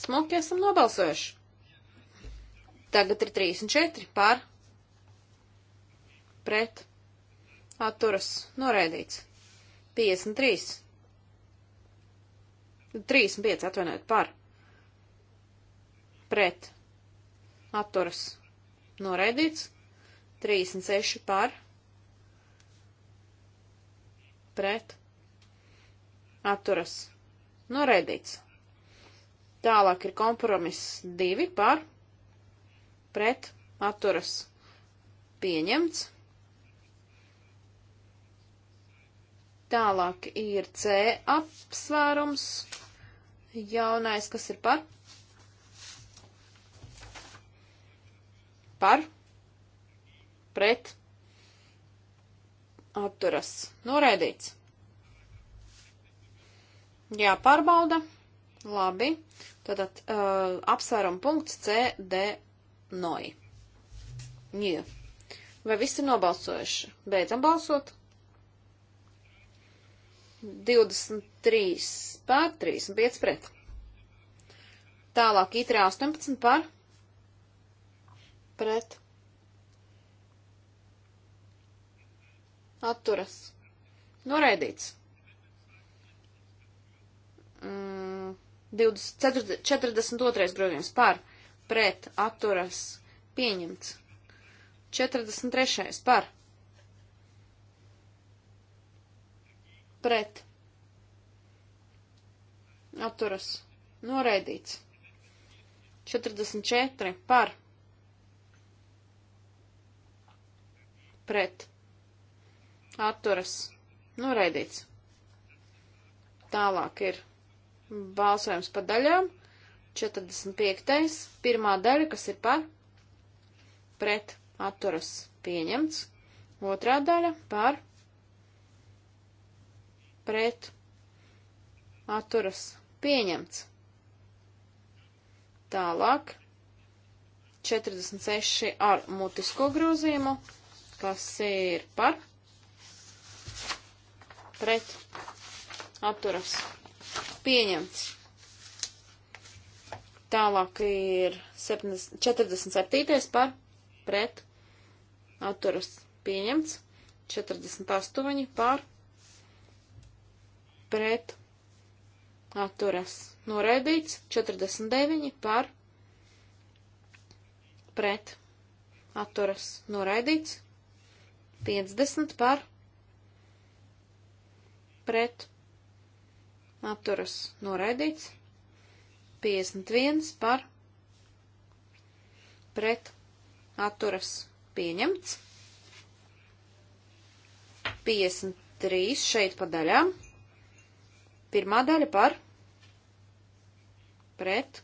Smuki esam nobalsojuši. Tagad ir 34 pār pret. Atturas noraidīts. 53. 35 atvainojiet par. Pret. Atturas noraidīts. 36 par, pret, atturas, noraidīts. Tālāk ir kompromiss 2 par, pret, atturas, pieņemts. Tālāk ir C apsvērums, jaunais, kas ir par, par, pret atturas noraidīts. Jāpārbauda. Labi. Tātad uh, apsvērum punkts C, D, noi. Jā. Vai visi ir nobalsojuši? Beidzam balsot. 23 pār 35 pret. Tālāk itrā 18 par pret atturas, noraidīts. Mm, 20, 42. grozījums par, pret, atturas, pieņemts. 43. par, pret, atturas, noraidīts. 44 par pret atturas noraidīts. Tālāk ir balsojums pa daļām. 45. pirmā daļa, kas ir par pret atturas pieņemts. Otrā daļa par pret atturas pieņemts. Tālāk 46 ar mutisko grozījumu, kas ir par pret pret apturas pieņemts. Tālāk ir 47. par pret apturas pieņemts. 48 par pret atturas noraidīts, 49 par pret atturas noraidīts, 50 par pret pret apturas noraidīts, 51 par pret atturas pieņemts, 53 šeit pa daļām, pirmā daļa par pret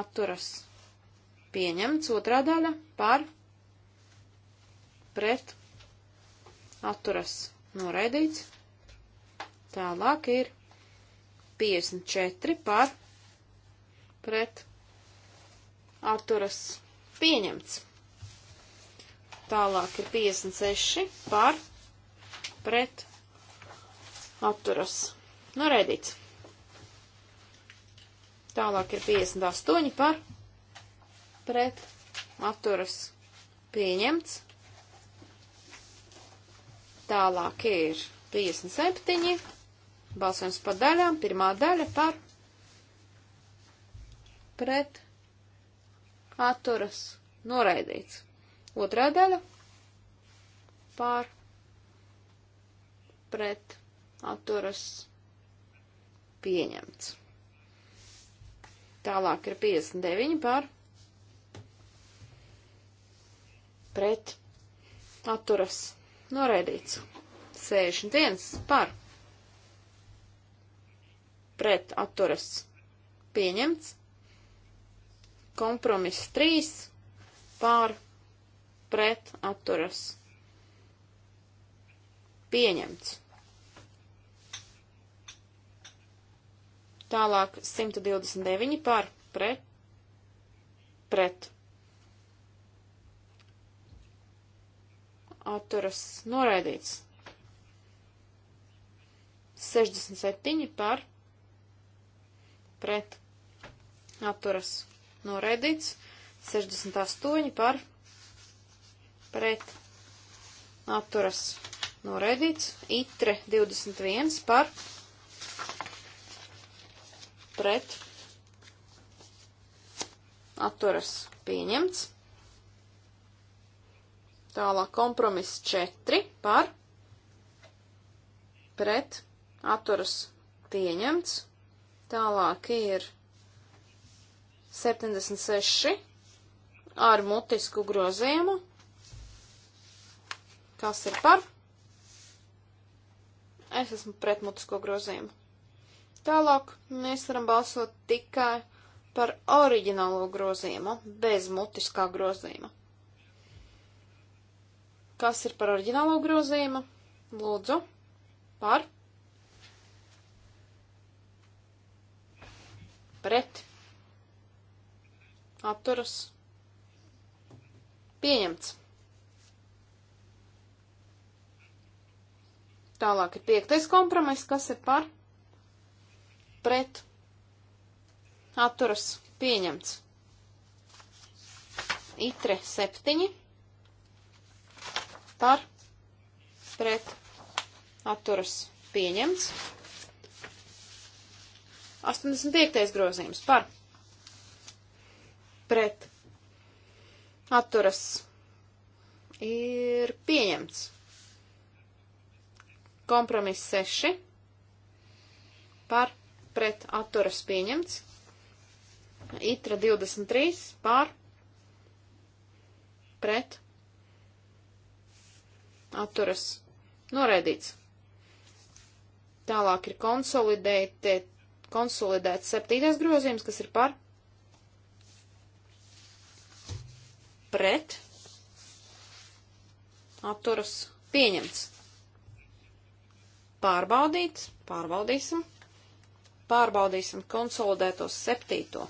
atturas pieņemts, otrā daļa par pret atturas pieņemts noraidīts. Tālāk ir 54 par pret atturas pieņemts. Tālāk ir 56 par pret atturas noraidīts. Tālāk ir 58 par pret atturas pieņemts. Tālāk ir 57. Balsojums par daļām. Pirmā daļa par pret atturas noraidīts. Otrā daļa par pret atturas pieņemts. Tālāk ir 59 par pret atturas Noraidīts. 61 par. Pret atturas pieņemts. Kompromiss 3 par. Pret atturas pieņemts. Tālāk 129 par pret, pret atturas noraidīts. 67 par pret atturas noraidīts. 68 par pret atturas noraidīts. Itre 21 par pret atturas pieņemts. Tālāk kompromiss 4 par pret atturas pieņemts. Tālāk ir 76 ar mutisku grozījumu. Kas ir par? Es esmu pret mutisko grozījumu. Tālāk mēs varam balsot tikai par oriģinālo grozījumu, bez mutiskā grozījuma. Kas ir par oriģinālo grozījumu? Lūdzu, par. Pret. Atturas. Pieņemts. Tālāk ir piektais kompromiss, kas ir par. Pret. Atturas. Pieņemts. Itre septiņi par pret atturas pieņemts. 85. grozījums par pret atturas ir pieņemts. Kompromiss 6 par pret atturas pieņemts. Itra 23 par pret atturas noraidīts. Tālāk ir konsolidēts septītais grozījums, kas ir par pret atturas pieņemts. Pārbaudīt, pārbaudīsim, pārbaudīsim konsolidēto septīto.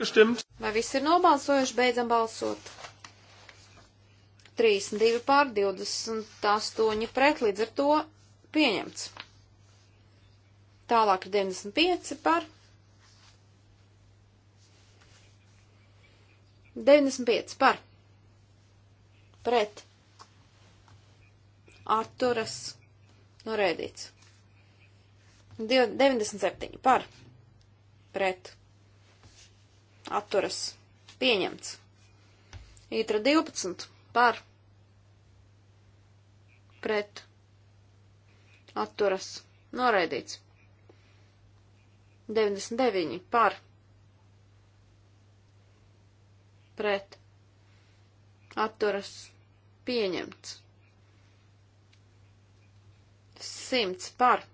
Gestimt. Vai viss ir nobalsojuši, beidzam balsot? 32 pār 28 pret, līdz ar to pieņemts. Tālāk ir 95 par 95 par pret atturas norēdīts. 97 par pret atturas pieņemts. Ītra 12 par pret atturas noraidīts. 99 par pret atturas pieņemts. 100 par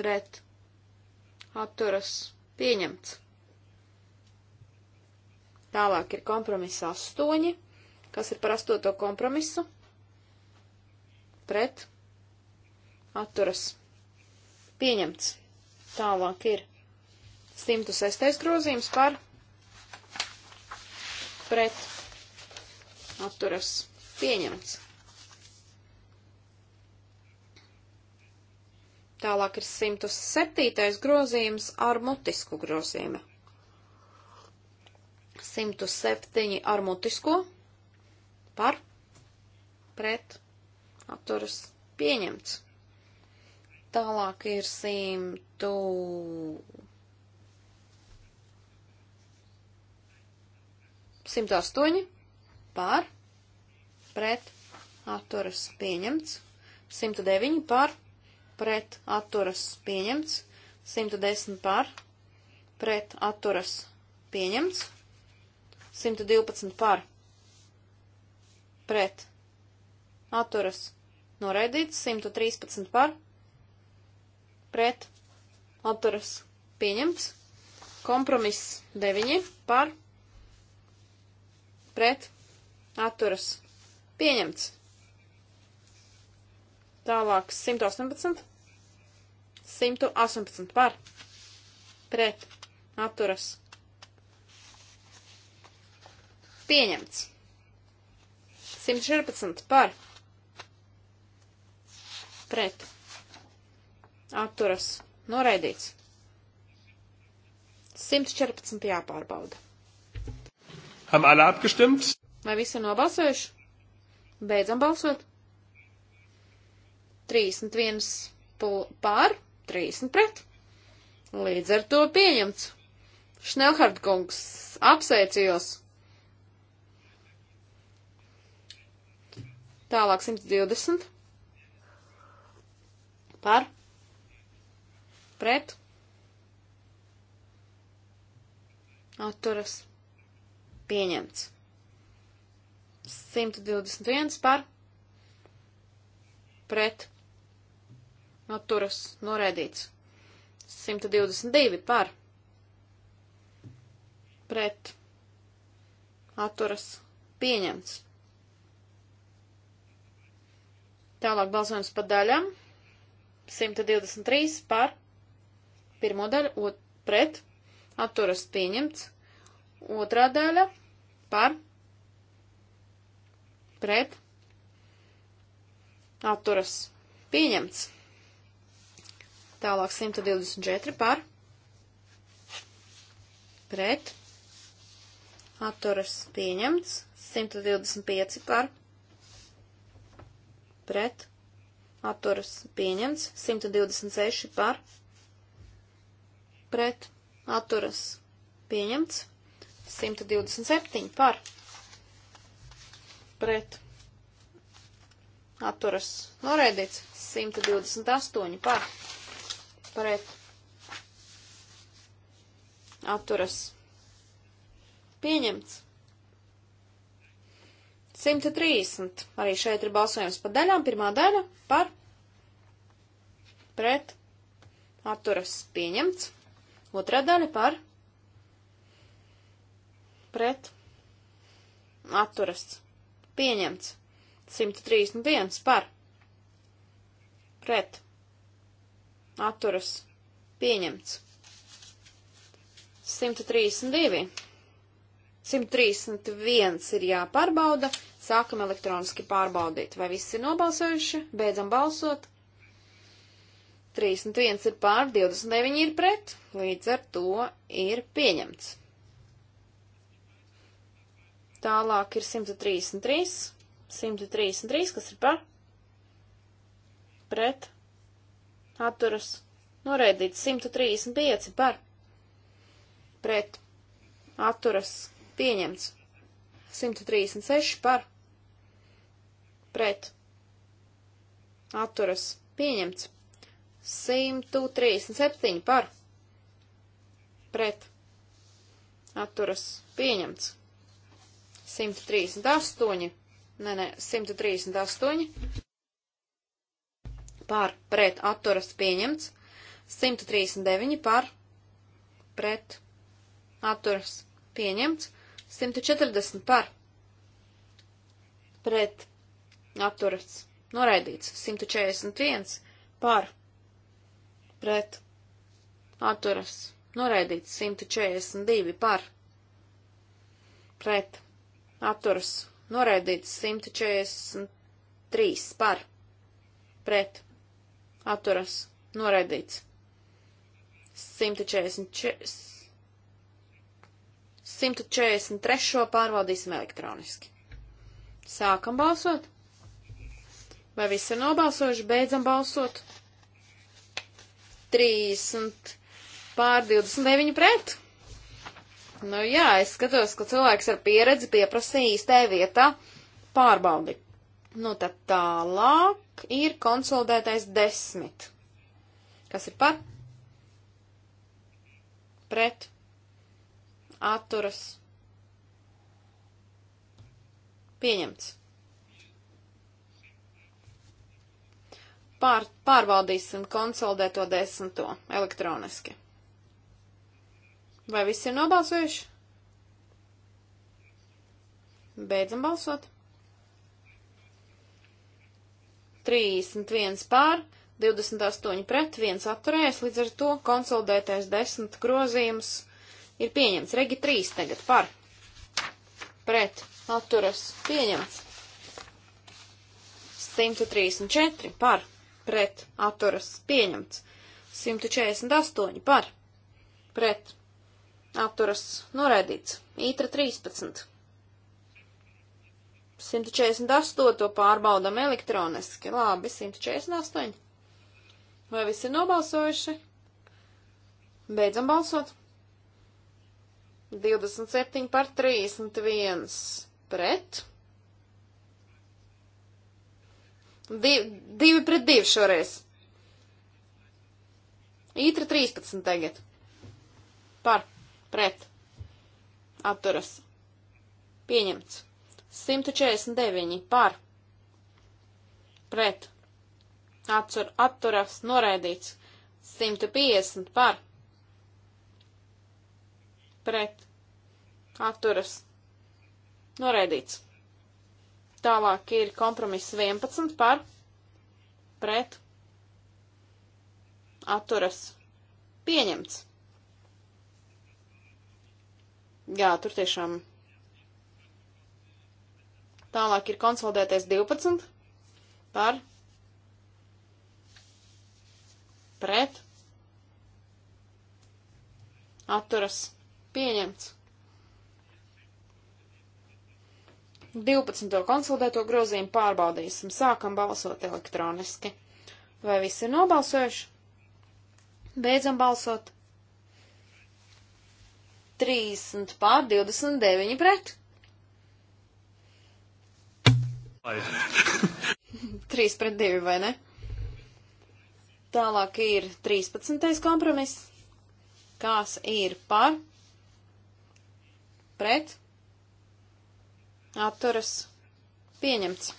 pret atturas pieņemts. Tālāk ir kompromiss 8, kas ir par 8. kompromisu pret atturas pieņemts. Tālāk ir 106. grozījums par pret atturas pieņemts. Tālāk ir 107. grozījums ar mutisku grozījumu. 107 ar mutisko par pret atturas pieņemts. Tālāk ir 100. 108 par pret atturas pieņemts. 109 par pret atturas pieņemts. 110 par pret atturas pieņemts. 112 par pret atturas noraidīts, 113 par pret atturas pieņemts, kompromiss 9 par pret atturas pieņemts. Tālāk 118, 118 par pret atturas pieņemts Pieņemts. 114 par. Pret. Atturas. Noraidīts. 114 jāpārbauda. Haben alle abgestimmt? Vai visi nobalsojuši? Beidzam balsot. 31 pār, 30 pret. Līdz ar to pieņemts. Šnelhard kungs, apsveicījos! Tālāk 120 par pret atturas pieņemts. 121 par pret atturas norēdīts. 122 par pret atturas pieņemts. Tālāk balsojums pa daļām. 123 par pirmo daļu, ot, pret, atturas pieņemts. Otrā daļa par, pret, atturas pieņemts. Tālāk 124 par, pret, atturas pieņemts. 125 par, pret pret, atturas pieņemts, 126 par, pret, atturas pieņemts, 127 par, pret, atturas noraidīts, 128 par, pret, atturas pieņemts. 130. Arī šeit ir balsojums par daļām. Pirmā daļa par pret atturas pieņemts. Otrā daļa par pret atturas pieņemts. 131 par pret atturas pieņemts. 132. 131 ir jāpārbauda. Sākam elektroniski pārbaudīt, vai viss ir nobalsojuši, beidzam balsot. 31 ir pār, 29 ir pret, līdz ar to ir pieņemts. Tālāk ir 133, 133, kas ir par, pret, atturas, noraidīts 135 par, pret, atturas, pieņemts, 136 par pret atturas pieņemts. 137 par pret atturas pieņemts. 138, nē, nē, 138 par pret atturas pieņemts. 139 par pret atturas pieņemts. 140 par pret atturas noraidīts. 141 par pret atturas noraidīts. 142 par pret atturas noraidīts. 143 par pret atturas noraidīts. 144. 143. pārvaldīsim elektroniski. Sākam balsot. Vai visi ir nobalsojuši? Beidzam balsot. 30 pār 29 pret. Nu jā, es skatos, ka cilvēks ar pieredzi pieprasīja īstē vietā pārbaudi. Nu tad tālāk ir konsolidētais desmit. Kas ir par? Pret. Atturas. Pieņemts. pār, pārbaudīsim konsolidēto desmito elektroniski. Vai visi ir nobalsojuši? Beidzam balsot. 31 pār, 28 pret, 1 atturējies, līdz ar to konsolidētais 10 grozījums ir pieņemts. Regi 3 tagad par, pret, atturas, pieņemts. 134 par pret atturas pieņemts. 148 par pret atturas noraidīts. Ītra 13. 148 pārbaudam elektroniski. Labi, 148. Vai visi ir nobalsojuši? Beidzam balsot. 27 par 31 pret Div, divi pret divi šoreiz. Ītra 13 tagad. Par, pret, atturas. Pieņemts. 149 par, pret, attur, atturas, noraidīts. 150 par, pret, atturas, noraidīts. Tālāk ir kompromiss 11 par pret atturas pieņemts. Jā, tur tiešām. Tālāk ir konsolidēties 12 par pret atturas pieņemts. 12. konsolidēto grozījumu pārbaudīsim. Sākam balsot elektroniski. Vai visi ir nobalsojuši? Beidzam balsot. 30 pār 29 pret. 3 pret 2, vai ne? Tālāk ir 13. kompromiss. Kas ir par? Pret? atturas pieņemts.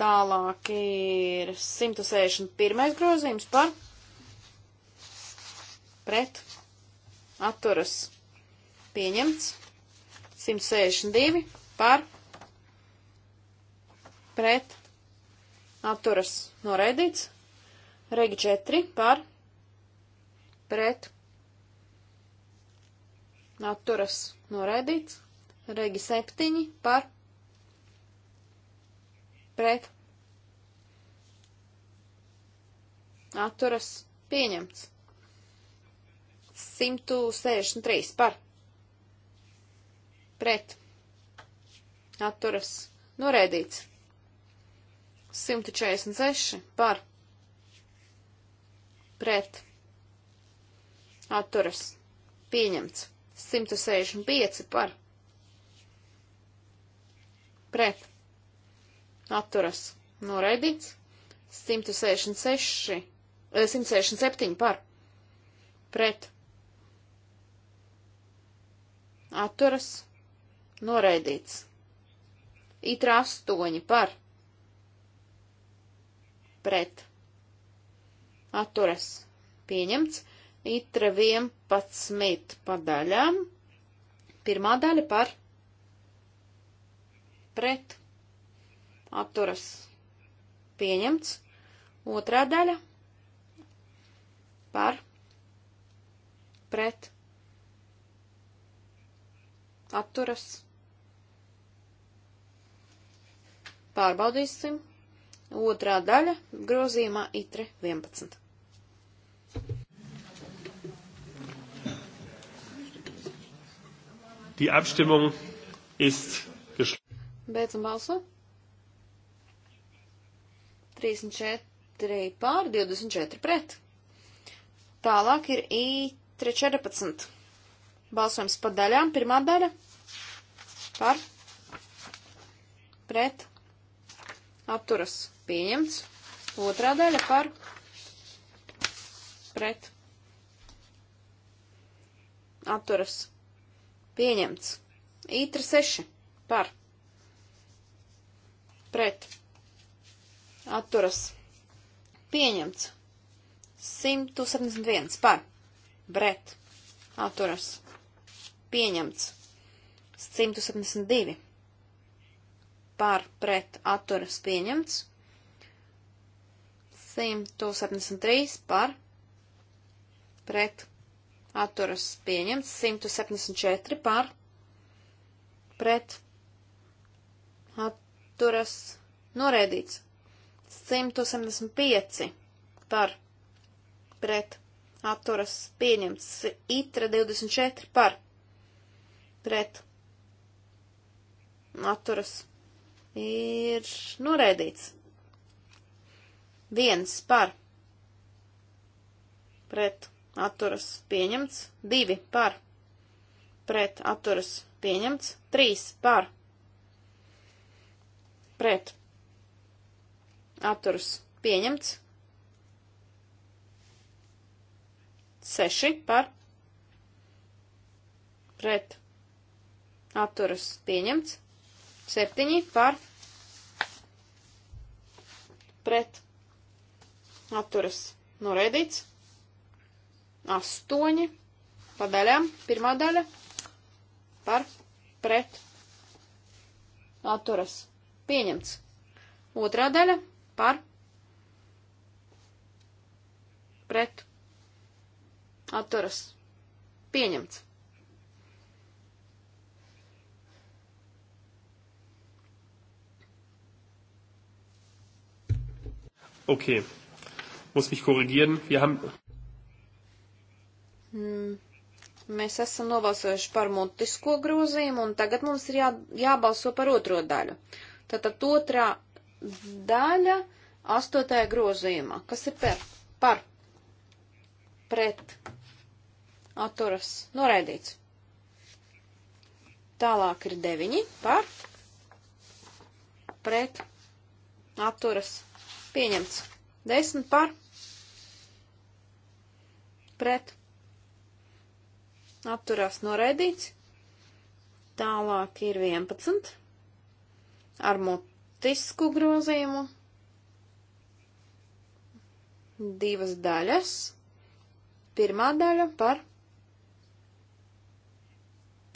Tālāk ir 161. grozījums par pret atturas pieņemts. 162 par pret atturas noraidīts. Regi 4 par pret atturas noraidīts. Regi 7 par pret atturas pieņemts. 163 par pret atturas norēdīts. 146 par pret atturas pieņemts. 165 par pret pret atturas noraidīts, 166, 167 eh, par pret atturas noraidīts, itra 8 par pret atturas pieņemts, itra 11 padaļām, pirmā daļa par pret pret apturas pieņemts. Otrā daļa par pret apturas pārbaudīsim. Otrā daļa grozījumā itre 11. Die Abstimmung ist Beidzam balsot. 34 pār 24 pret. Tālāk ir I314. Balsojums pa daļām. Pirmā daļa par pret apturas pieņemts. Otrā daļa par pret apturas pieņemts. I36 par pret pret atturas pieņemts 171 par pret atturas pieņemts 172 par pret atturas pieņemts 173 par pret atturas pieņemts 174 par pret atturas pieņemts atturas noraidīts. 175 par pret atturas pieņemts. Itra 24 par pret atturas ir noraidīts. 1 par pret atturas pieņemts. 2 par pret atturas pieņemts. 3 par pret pret atturas pieņemts. 6 par pret atturas pieņemts. 7 par pret atturas noraidīts. 8 pa daļām. Pirmā daļa par pret atturas pieņemts Pieņemts. Otrā daļa par pret atturas. Pieņemts. Okay. Muss mich korrigieren. Wir haben. Mm. Mēs esam nobalsojuši par mutisko grozījumu, un tagad mums ir jā, jābalso par otro daļu. Uh, Tātad otrā daļa astotajā grozījumā, kas ir par, par pret atturas noraidīts. Tālāk ir deviņi par pret atturas pieņemts. Desmit par pret atturās noraidīts. Tālāk ir vienpadsmit ar mutisku grozījumu. Divas daļas. Pirmā daļa par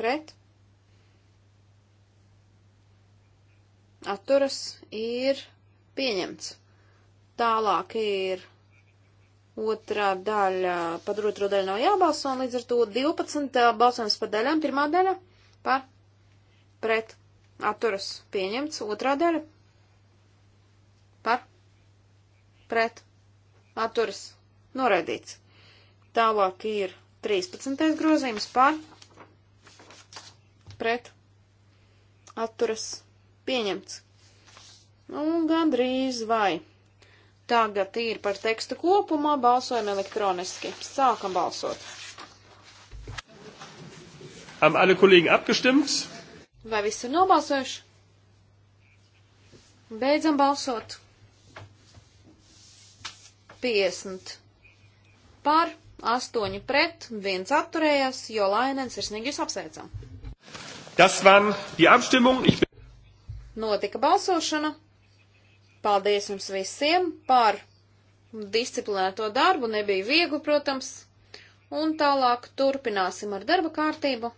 pret atturas ir pieņemts. Tālāk ir otrā daļa, par otro daļu nav jābalso, un līdz ar to 12 balsojums par daļām, pirmā daļa par pret atturas pieņemts, otrā daļa par pret atturas noraidīts. Tālāk ir 13. grozījums par pret atturas pieņemts. Un nu, gandrīz vai. Tagad ir par tekstu kopumā, balsojam elektroniski. Sākam balsot. Haben alle Kollegen abgestimmt? Vai viss ir nobalsojuši? Beidzam balsot. 50 par, 8 pret, 1 atturējās, jo Lainens ir sniegis apsveicam. Tas van die Abstimmung. Ich... Notika balsošana. Paldies jums visiem par disciplinēto darbu. Nebija viegli, protams. Un tālāk turpināsim ar darba kārtību.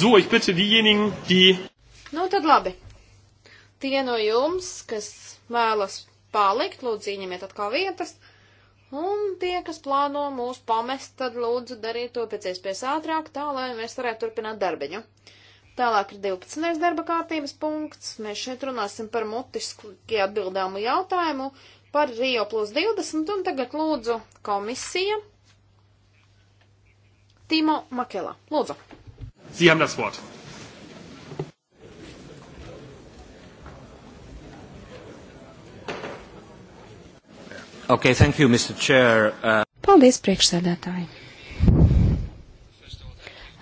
So, ich bitte diejenigen, die. Nu, tad labi. Tie no jums, kas vēlas palikt, lūdzu, ieņemiet atkal vietas. Un tie, kas plāno mūs pamest, tad lūdzu dariet to pēc iespējas ātrāk, tā lai mēs varētu turpināt darbiņu. Tālāk ir 12. darba kārtības punkts. Mēs šeit runāsim par mutiski atbildāmu jautājumu par Rio plus 20, un tagad lūdzu komisija. Timo Makela, lūdzu. Sie haben das Wort. Okay, thank you, Mr. Chair. Uh... Paldies, priekšsēdētāji.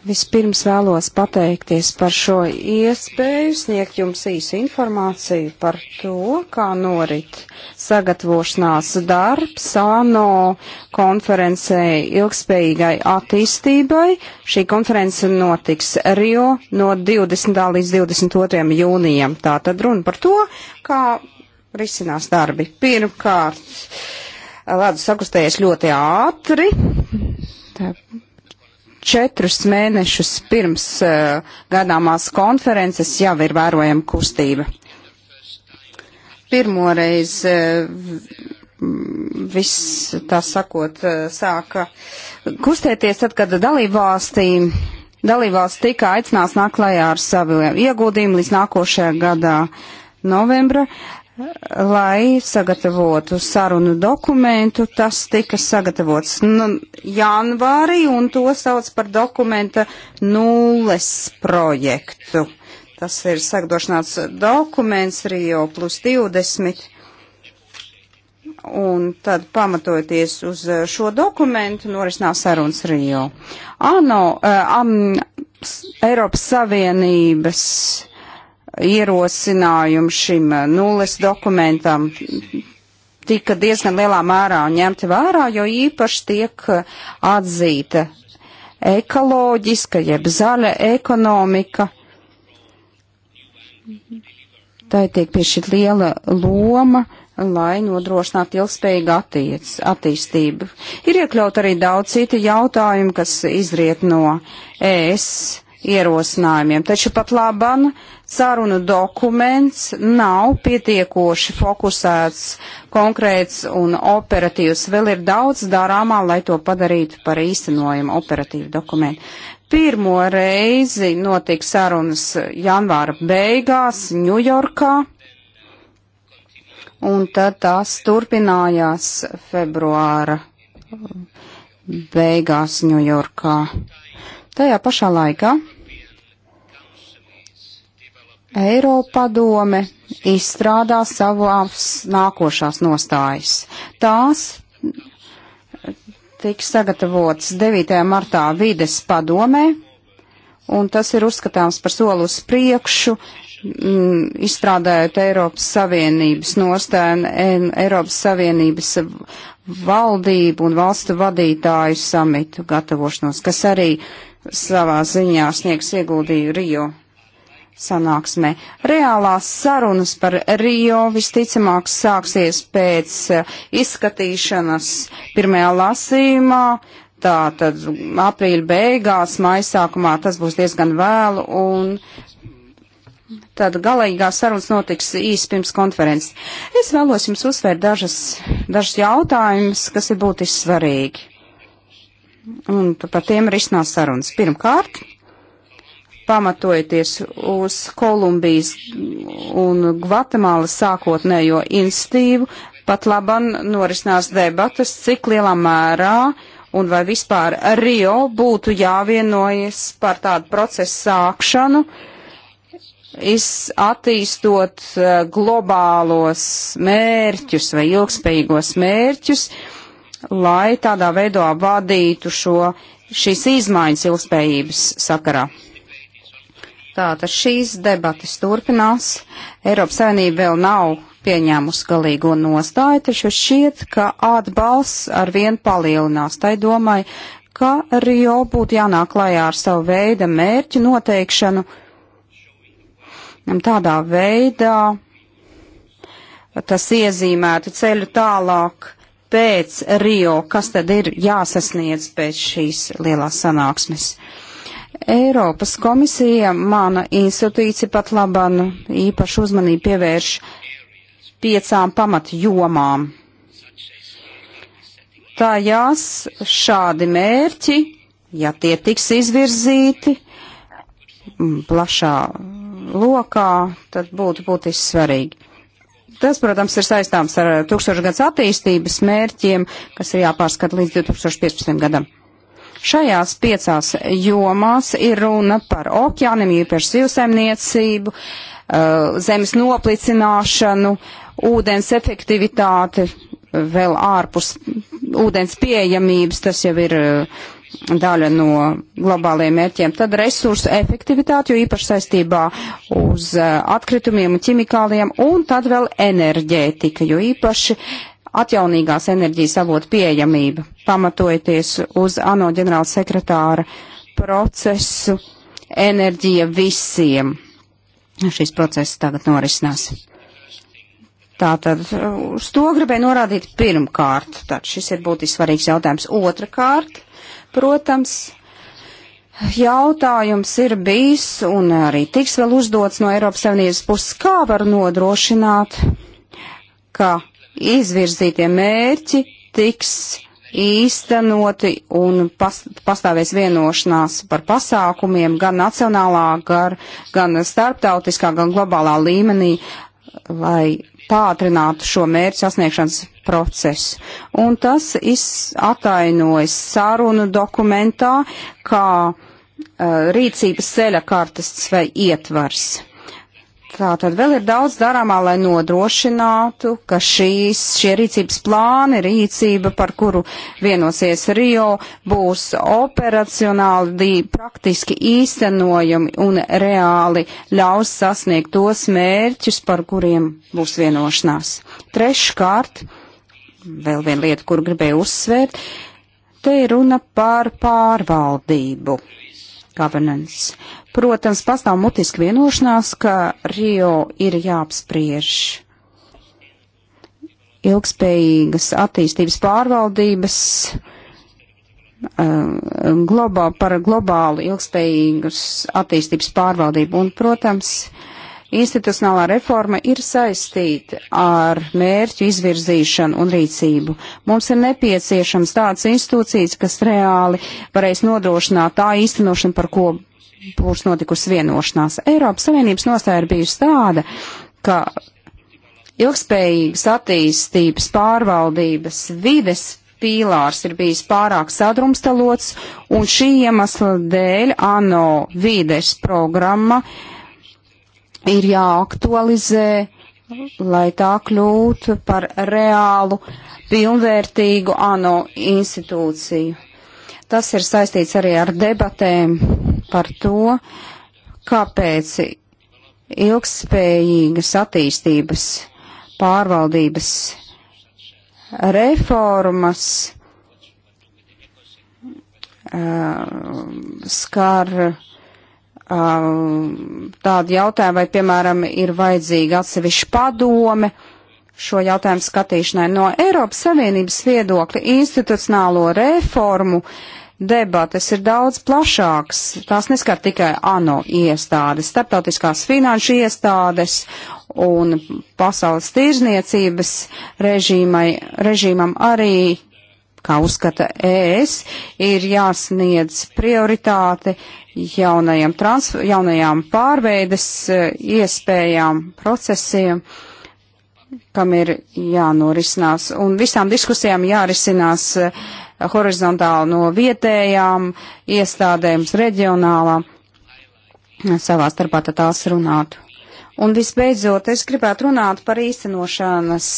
Vispirms vēlos pateikties par šo iespēju sniegt jums īsu informāciju par to, kā norit sagatavošanās darbs ANO konferencē ilgspējīgai attīstībai. Šī konference notiks Rio no 20. līdz 22. jūnijam. Tā tad runa par to, kā risinās darbi. Pirmkārt, ledus sakustējies ļoti ātri. Tā četrus mēnešus pirms uh, gadāmās konferences jau ir vērojama kustība. Pirmoreiz uh, eh, viss, tā sakot, uh, sāka kustēties tad, kad dalībvalstī. Dalībvalsts tika aicināts nākt klajā ar savu ieguldījumu līdz nākošajā gadā novembra. Uh, lai sagatavotu sarunu dokumentu. Tas tika sagatavots nu, janvārī un to sauc par dokumenta nulles projektu. Tas ir sagatavošanāts dokuments Rio plus 20. Un tad pamatojoties uz šo dokumentu norisinās sarunas Rio. ANO, um, Eiropas Savienības uh, ierosinājumi šim eh, nulles dokumentam tika diezgan lielā mērā ņemti vērā, jo īpaši tiek eh, atzīta ekoloģiska jeb zaļa ekonomika. Tā tiek piešķirt liela loma, lai nodrošinātu ilgspējīgu attiec, attīstību. Ir iekļaut arī daudz citu jautājumu, kas izriet no ES ierosinājumiem. Taču pat laban sarunu dokuments nav pietiekoši fokusēts, konkrēts un operatīvs. Vēl ir daudz darāmā, lai to padarītu par īstenojumu operatīvu dokumentu. Pirmo reizi notika sarunas janvāra beigās Ņujorkā. Un tad tās turpinājās februāra beigās Ņujorkā. Tajā pašā laikā Eiropadome izstrādā savās nākošās nostājas. Tās tiks sagatavotas 9. martā vides padomē, un tas ir uzskatāms par soli uz priekšu, m, mm, izstrādājot Eiropas Savienības nostāju, Eiropas Savienības valdību un valstu vadītāju samitu gatavošanos, kas arī savā ziņā sniegs ieguldīju Rio sanāksmē. Reālās sarunas par Rio visticamāk sāksies pēc eh, izskatīšanas pirmajā lasījumā, tā tad aprīļa beigās, maija sākumā tas būs diezgan vēlu un tad galīgā sarunas notiks īsi pirms konferences. Es vēlos jums uzsvērt dažas, dažas jautājumas, kas ir būtiski svarīgi. Un par tiem ir iznās sarunas. Pirmkārt, pamatojoties uz Kolumbijas un Gvatemalas sākotnējo institīvu, pat laban norisinās debatas, cik lielā mērā un vai vispār Rio būtu jāvienojas par tādu procesu sākšanu, attīstot eh, globālos mērķus vai ilgspējīgos mērķus, lai tādā veidā vadītu šo, šīs izmaiņas ilgspējības sakarā. Tātad šīs debatas turpinās. Eiropas Savienība vēl nav pieņēmusi galīgo nostāju, taču šķiet, ka atbalsts ar vien palielinās. Tai domai, ka Rio būtu jānāk klajā ar savu veidu mērķu noteikšanu tādā veidā, tas iezīmētu ceļu tālāk pēc Rio, kas tad ir jāsasniedz pēc šīs lielās sanāksmes. Eiropas komisija, mana institūcija pat laban īpašu uzmanību pievērš piecām pamatjomām. Tā jās šādi mērķi, ja tie tiks izvirzīti plašā lokā, tad būtu būtiski svarīgi. Tas, protams, ir saistāms ar tūkstošgads attīstības mērķiem, kas ir jāpārskata līdz 2015. gadam. Šajās piecās jomās ir runa par okeāniem, īpaši zivsaimniecību, eh, zemes noplicināšanu, ūdens efektivitāti, vēl ārpus ūdens pieejamības, tas jau ir eh, daļa no globāliem mērķiem, tad resursu efektivitāti, jo īpaši saistībā uz eh, atkritumiem un ķimikāliem, un tad vēl enerģētika, jo īpaši uh, atjaunīgās enerģijas avotu pieejamība, pamatojoties uz ANO ģenerāla sekretāra procesu enerģija visiem. Šis process tagad norisinās. Tātad uz to gribēju norādīt pirmkārt. Tad šis ir būtiski svarīgs jautājums. Otrakārt, protams, jautājums ir bijis un arī tiks vēl uzdots no Eiropas Savienības puses, kā var nodrošināt, ka izvirzītie mērķi tiks īstenoti un pas, pastāvēs vienošanās par pasākumiem gan nacionālā, gar, gan starptautiskā, gan globālā līmenī, lai pātrinātu šo mērķu sasniegšanas procesu. Un tas atainojas sarunu dokumentā, kā uh, rīcības ceļa kartas vai ietvars. Tā tad vēl ir daudz darāmā, lai nodrošinātu, ka šīs, šie rīcības plāni, rīcība, par kuru vienosies Rio, būs operacionāli, praktiski īstenojami un reāli ļaus sasniegt tos mērķus, par kuriem būs vienošanās. Treškārt, vēl viena lieta, kur gribēju uzsvērt, te ir runa par pārvaldību governance. Protams, pastāv mutiski vienošanās, ka Rio ir jāapspriež ilgspējīgas attīstības pārvaldības, eh, globā, par globālu ilgspējīgas attīstības pārvaldību. Un, protams, institucionālā reforma ir saistīta ar mērķu izvirzīšanu un rīcību. Mums ir nepieciešams tāds institūcijas, kas reāli varēs nodrošināt tā īstenošanu, par ko būs notikusi vienošanās. Eiropas Savienības nostāja ir bijusi tāda, ka ilgspējīgas attīstības pārvaldības vides pīlārs ir bijis pārāk sadrumstalots, un šī iemesla dēļ ANO vides programma ir jāaktualizē, lai tā kļūtu par reālu, pilnvērtīgu ANO institūciju. Tas ir saistīts arī ar debatēm par to, kāpēc ilgspējīgas attīstības pārvaldības reformas uh, skar uh, tādu jautājumu, vai, piemēram, ir vajadzīga atsevišķa padome šo jautājumu skatīšanai. No Eiropas Savienības viedokļa institucionālo reformu uh, debates ir daudz plašāks. Tās neskar tikai ANO iestādes, starptautiskās finanšu iestādes un pasaules tirzniecības režīmai, režīmam arī, kā uzskata ES, ir jāsniedz prioritāte jaunajam trans, jaunajām pārveides eh, iespējām, procesiem kam ir jānorisinās, un visām diskusijām jārisinās uh, horizontāli no vietējām iestādēm, reģionālām, savā starpā tās runātu. Un visbeidzot, es gribētu runāt par īstenošanas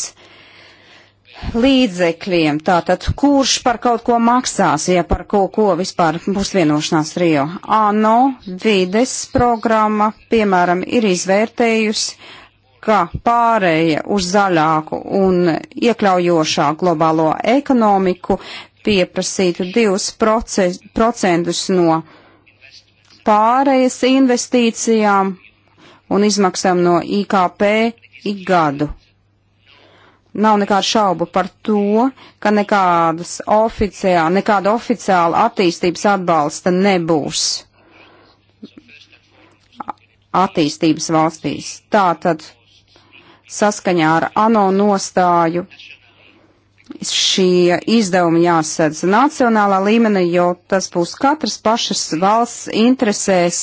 līdzekļiem. Tātad, kurš par kaut ko maksās, ja par kaut ko vispār būs vienošanās Rio? ANO vides programma, piemēram, ir izvērtējusi, ka pārēja uz zaļāku un iekļaujošāku globālo ekonomiku pieprasītu 2% no pārējas investīcijām un izmaksām no IKP ik gadu. Nav nekādu šaubu par to, ka nekādas oficiāla, nekāda oficiāla attīstības atbalsta nebūs attīstības valstīs. Tātad saskaņā ar ANO nostāju šie izdevumi jāsadz nacionālā līmenī, jo tas būs katras pašas valsts interesēs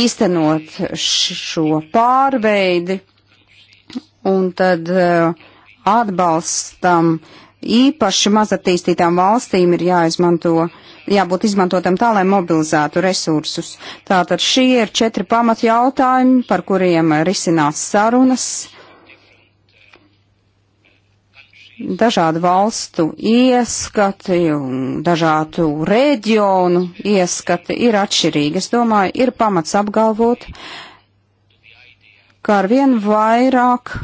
īstenot šo pārveidi, un tad eh, atbalstam īpaši mazatīstītām valstīm ir jāizmanto, jābūt izmantotam tā, lai mobilizētu resursus. Tātad šie ir četri pamat jautājumi, par kuriem risinās sarunas dažādu valstu ieskati un dažādu reģionu ieskati ir atšķirīgi. Es domāju, ir pamats apgalvot, ka arvien vairāk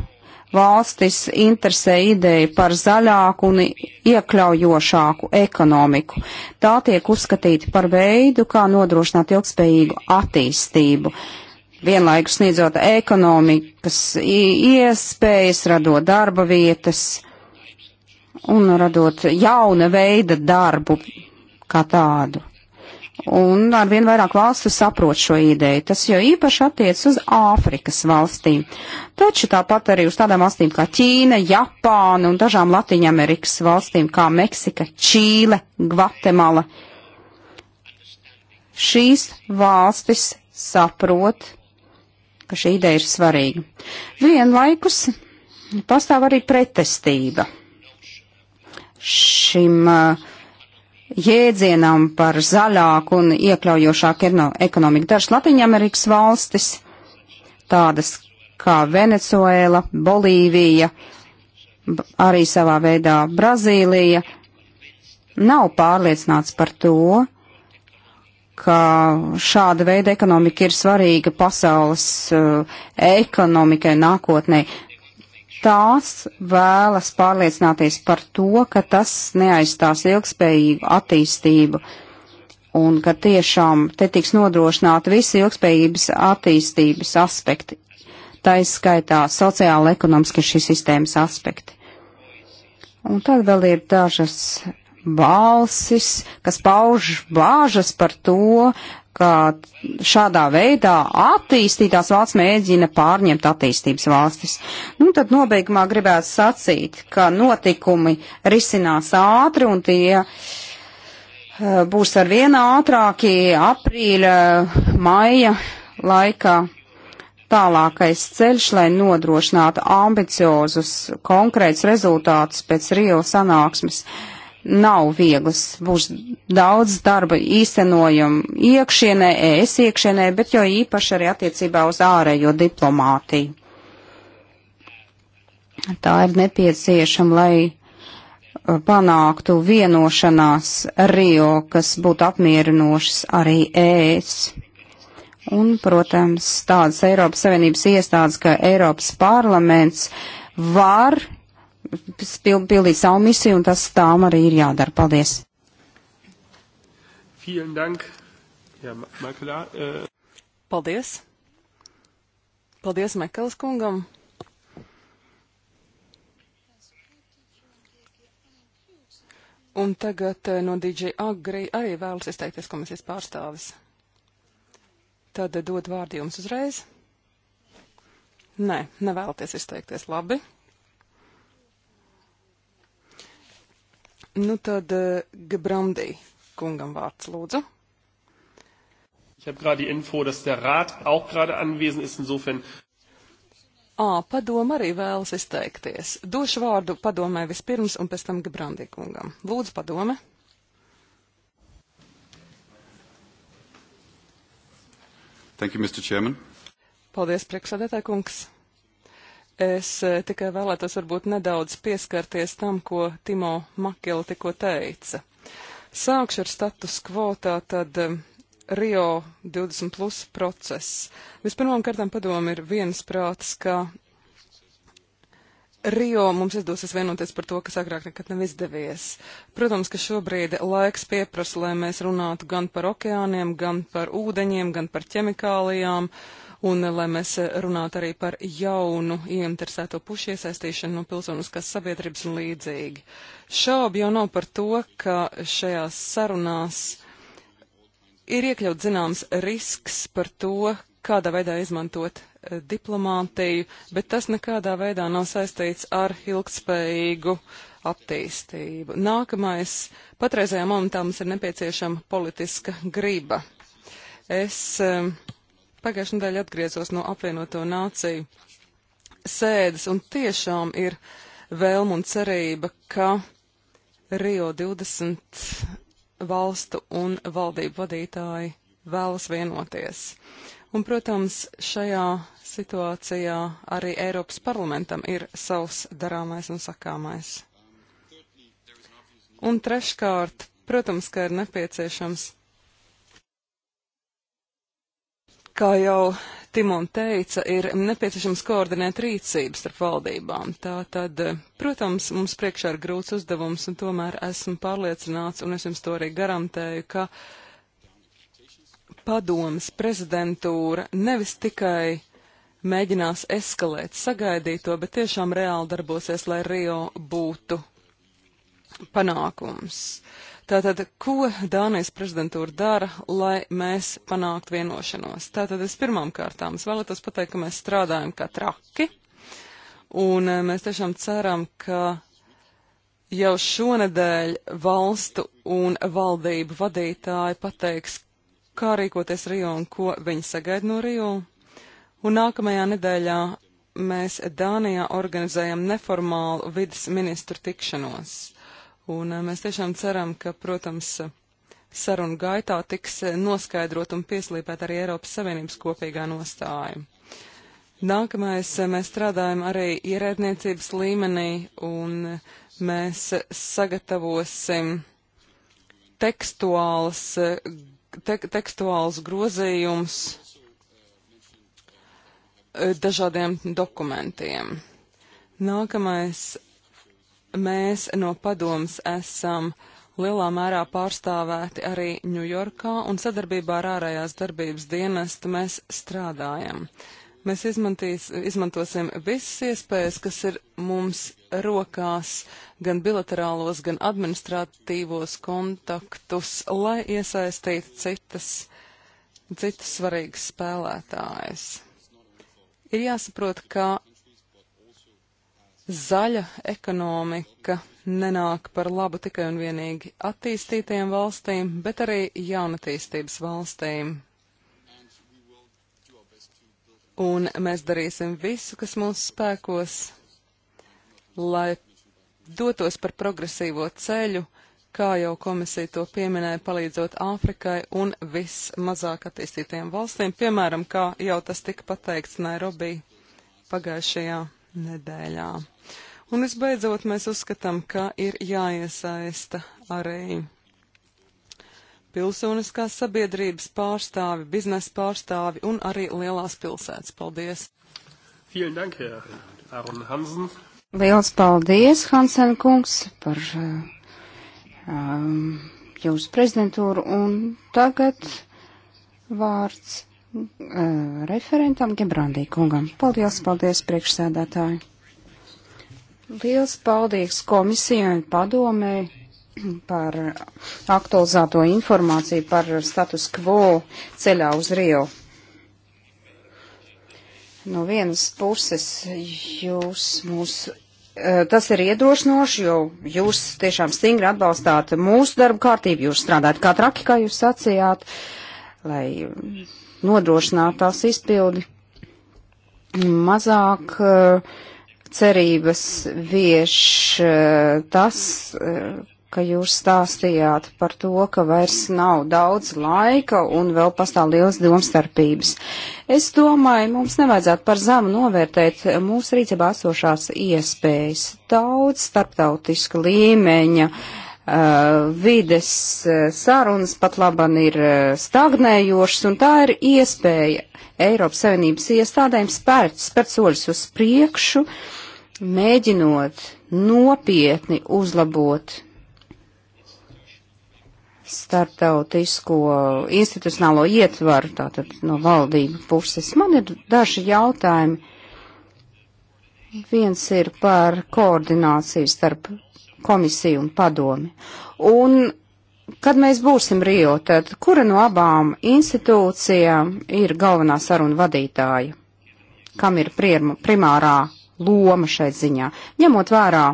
valstis interesē ideja par zaļāku un iekļaujošāku ekonomiku. Tā tiek uzskatīta par veidu, kā nodrošināt ilgspējīgu attīstību vienlaikus sniedzot ekonomikas iespējas, radot darba vietas un radot jauna veida darbu kā tādu. Un arvien vairāk valstu saprot šo ideju. Tas jau īpaši attiec uz Āfrikas valstīm. Taču tāpat arī uz tādām valstīm kā Ķīna, Japāna un dažām Latviņamerikas valstīm kā Meksika, Čīle, Gvatemala. Šīs valstis saprot, ka šī ideja ir svarīga. Vienlaikus pastāv arī pretestība šim uh, jēdzienam par zaļāku un iekļaujošāku ekonomiku. Dažas Latvijas valstis, tādas kā Venecuēla, Bolīvija, arī savā veidā Brazīlija, nav pārliecināts par to, ka šāda veida ekonomika ir svarīga pasaules uh, ekonomikai nākotnē tās vēlas pārliecināties par to, ka tas neaizstās ilgspējīgu attīstību un ka tiešām te tiks nodrošināti visi ilgspējības attīstības aspekti, taiskaitā sociāla ekonomiski šīs sistēmas aspekti. Un tad vēl ir dažas balsis, kas pauž bāžas par to, ka šādā veidā attīstītās valsts mēģina pārņemt attīstības valstis. Nu, tad nobeigumā gribētu sacīt, ka notikumi risinās ātri un tie eh, būs ar vien ātrākie aprīļa, maija laikā tālākais ceļš, lai nodrošinātu ambiciozus konkrēts rezultātus pēc Rio sanāksmes. Uh, nav vieglas. Būs daudz darba īstenojumu iekšienē, es iekšienē, bet jo īpaši arī attiecībā uz ārējo diplomātiju. Tā ir nepieciešama, lai uh, panāktu vienošanās Rio, kas būtu apmierinošas arī ēs. Un, protams, tādas Eiropas Savienības iestādes, kā Eiropas parlaments, var pild, pildīt savu misiju, un tas tām arī ir jādara. Paldies! Äh. Paldies! Paldies Mekels kungam! Un tagad äh, no DJ Agri arī vēlas izteikties komisijas pārstāvis. Tad äh, dod vārdu jums uzreiz. Nē, nevēlaties izteikties labi. Nu tad eh, Gebrandī kungam vārds lūdzu. Ich habe gerade die Info, dass der Rat auch gerade anwesend ist, insofern. Ā, padoma arī vēlas izteikties. Došu vārdu padomē vispirms un pēc tam Gebrandī kungam. Lūdzu, padome. Thank you, Mr. Chairman. Paldies, priekšsēdētāj kungs. Es e, tikai vēlētos varbūt nedaudz pieskarties tam, ko Timo Makila tikko teica. Sākšu ar status kvotā, tad e, Rio 20 plus process. Vispirmām kārtām padomu ir viens prāts, ka Rio mums izdosies vienoties par to, kas agrāk nekad nav izdevies. Protams, ka šobrīd laiks pieprasa, lai mēs runātu gan par okeāniem, gan par ūdeņiem, gan par ķemikālijām. Uh, un eh, lai mēs eh, runātu arī par jaunu ieinteresēto pušu iesaistīšanu no pilsoniskās sabiedrības un līdzīgi. Šaubu jau nav par to, ka šajās sarunās ir iekļauts zināms risks par to, kādā veidā izmantot e, diplomātiju, bet tas nekādā veidā nav saistīts ar ilgspējīgu attīstību. Nākamais, patreizajā momentā mums ir nepieciešama politiska griba. Es um, e, Pagājušajā nedēļā atgriezos no apvienoto nāciju sēdes, un tiešām ir vēlma un cerība, ka Rio 20 valstu un valdību vadītāji vēlas vienoties. Un, protams, šajā situācijā arī Eiropas parlamentam ir savs darāmais un sakāmais. Un treškārt, protams, ka ir nepieciešams Kā jau Timon teica, ir nepieciešams koordinēt rīcības starp valdībām. Tā tad, protams, mums priekšā ir grūts uzdevums, un tomēr esmu pārliecināts, un es jums to arī garantēju, ka padomas prezidentūra nevis tikai mēģinās eskalēt sagaidīto, bet tiešām reāli darbosies, lai Rio būtu panākums. Uh, Tātad, ko Dānijas prezidentūra dara, lai mēs panāktu vienošanos? Tātad, es pirmām kārtām es vēlētos pateikt, ka mēs strādājam kā traki, un eh, mēs tiešām ceram, ka jau šonedēļ valstu un valdību vadītāji pateiks, kā rīkoties Rio un ko viņi sagaida no Rio. Un nākamajā nedēļā mēs Dānijā organizējam neformālu vidas ministru tikšanos. Un eh, mēs tiešām ceram, ka, protams, sarunu gaitā tiks eh, noskaidrot un pieslīpēt arī Eiropas Savienības kopīgā nostāja. Nākamais eh, mēs strādājam arī ierēdniecības līmenī un mēs sagatavosim tekstuāls, te, tekstuāls grozījums dažādiem dokumentiem. Nākamais mēs no padomas esam lielā mērā pārstāvēti arī Ņujorkā un sadarbībā ar ārējās darbības dienestu mēs strādājam. Mēs izmantosim visas iespējas, kas ir mums rokās, gan bilaterālos, gan administratīvos kontaktus, lai iesaistītu citas, citas svarīgas spēlētājas. Ir jāsaprot, ka zaļa ekonomika nenāk par labu tikai un vienīgi attīstītajām valstīm, bet arī jaunatīstības valstīm. Un mēs darīsim visu, kas mūsu spēkos, lai dotos par progresīvo ceļu, kā jau komisija to pieminēja, palīdzot Āfrikai un vismazāk attīstītajām valstīm, piemēram, kā jau tas tika pateikts Nairobi pagājušajā nedēļā. Un visbeidzot, mēs uzskatām, ka ir jāiesaista arī pilsoniskās sabiedrības pārstāvi, biznesa pārstāvi un arī lielās pilsētas. Paldies! Dank, Liels paldies, Hansen kungs, par uh, um, jūsu prezidentūru. Un tagad vārds uh, referentam Gebrandī kungam. Paldies, paldies, priekšsēdētāji! Liels paldies komisijai un padomēji par aktualizēto informāciju par status quo ceļā uz Rio. No vienas puses jūs mūs, eh, tas ir iedrošinoši, jo jūs tiešām stingri atbalstāt mūsu darbu kārtību, jūs strādājat kā traki, kā jūs sacījāt, lai nodrošinātu tās izpildi mazāk uh, cerības vieš eh, tas, eh, ka jūs stāstījāt par to, ka vairs nav daudz laika un vēl pastāv liels domstarpības. Es domāju, mums nevajadzētu par zemu novērtēt mūsu rīcībā esošās iespējas. Daudz starptautiska līmeņa uh, Uh, vides uh, sarunas pat laban ir uh, stagnējošas, un tā ir iespēja Eiropas Savienības iestādēm spērt, spērt soļus uz priekšu, uh, mēģinot nopietni uzlabot starptautisko institucionālo ietvaru, tātad no valdību puses. Man ir daži jautājumi. Viens ir par koordināciju starp komisiju un padomi. Un, kad mēs būsim Rio, tad kura no abām institūcijām ir galvenā saruna vadītāja? Kam ir primārā loma šai ziņā. Ņemot vērā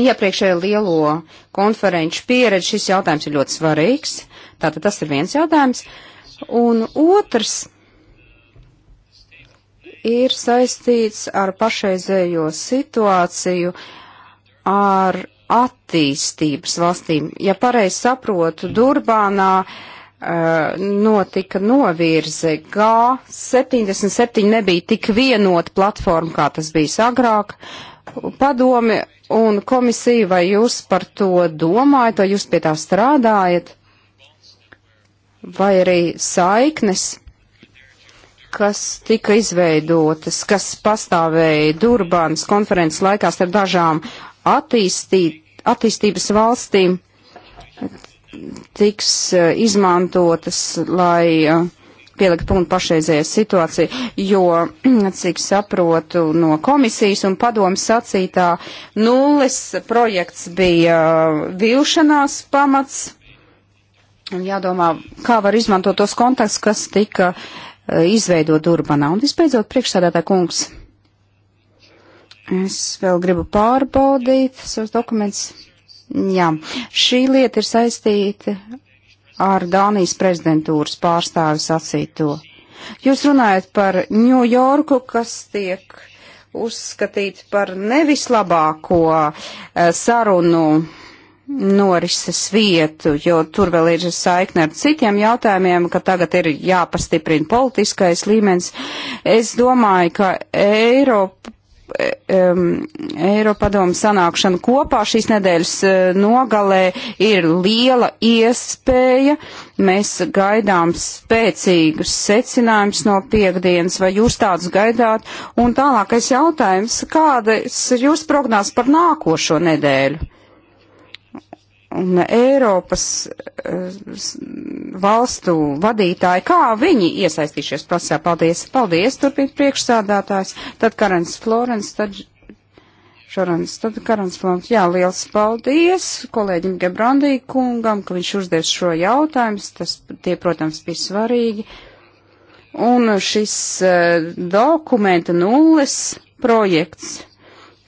iepriekšējo lielo konferenču pieredzi, šis jautājums ir ļoti svarīgs. Tātad tas ir viens jautājums. Un otrs ir saistīts ar pašreizējo situāciju ar attīstības valstīm. Ja pareizi saprotu, Durbānā uh, Eh, notika novirze G77 nebija tik vienota platforma, kā tas bija agrāk. Padomi un komisija, vai jūs par to domājat, vai jūs pie tā strādājat, vai arī saiknes, kas tika izveidotas, kas pastāvēja Durbanas konferences laikā starp dažām attīstī, attīstības valstīm tiks eh, izmantotas, lai eh, pielikt punktu pašreizējai situācijai, jo, cik saprotu, no komisijas un padomas sacītā nulles projekts bija eh, vilšanās pamats. Un jādomā, kā var izmantot tos kontaktus, kas tika izveidot Urbanā. Un visbeidzot, priekšsādātā kungs. Es vēl gribu pārbaudīt savus dokumentus. Jā, šī lieta ir saistīta ar Dānijas prezidentūras pārstāvi sacīto. Jūs runājat par Ņujorku, kas tiek uzskatīt par nevislabāko eh, sarunu norises vietu, jo tur vēl ir saikne ar citiem jautājumiem, ka tagad ir jāpastiprina politiskais līmenis. Es domāju, ka Eiropa um, Eiropadomu sanākšanu kopā šīs nedēļas uh, nogalē ir liela iespēja. Mēs gaidām spēcīgus secinājumus no piekdienas, vai jūs tādus gaidāt? Un tālākais jautājums, kādas ir jūsu prognās par nākošo nedēļu? un Eiropas eh, valstu vadītāji, kā viņi iesaistīšies procesā. Paldies, paldies, turpīt priekšsādātājs, tad Karens Florens, tad Šorans, tad Karens Florens. Jā, liels paldies kolēģim Gebrandī kungam, ka viņš uzdevis šo jautājumu, tas tie, protams, bija svarīgi. Un šis uh, dokumenta nulles projekts,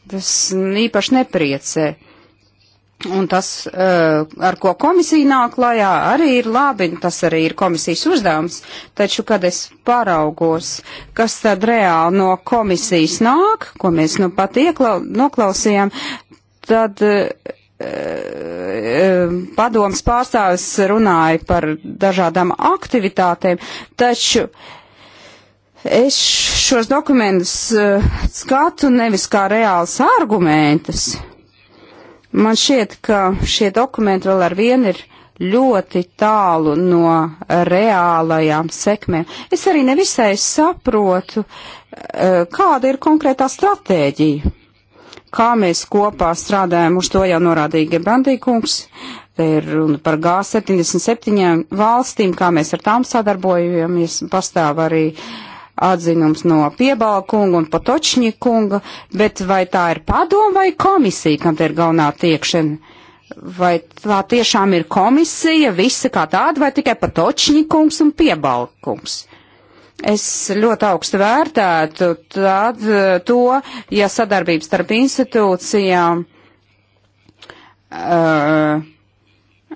tas īpaši nepriecē. Uh, Un tas, eh, ar ko komisija nāk klajā, arī ir labi, tas arī ir komisijas uzdevums, taču, kad es paraugos, kas tad reāli no komisijas nāk, ko mēs nu pat ieklau, noklausījām, tad eh, eh, padomas pārstāvis runāja par dažādām aktivitātēm, taču es šos dokumentus skatu nevis kā reāls argumentus Man šķiet, ka šie dokumenti vēl ar vienu ir ļoti tālu no reālajām sekmēm. Es arī nevisai saprotu, eh, kāda ir konkrētā stratēģija, kā mēs kopā strādājam, uz to jau norādīja Gebrandīkungs, te ir runa par G77 valstīm, kā mēs ar tām sadarbojamies, pastāv arī uh, atzinums no Piebalga kunga un Potočņa kunga, bet vai tā ir padoma vai komisija, kam te ir galvenā tiekšana? Vai tā tiešām ir komisija, visa kā tāda, vai tikai Potočņa kungs un Piebalga kungs? Es ļoti augstu vērtētu tād, eh, to, ja sadarbības starp institūcijām. Uh,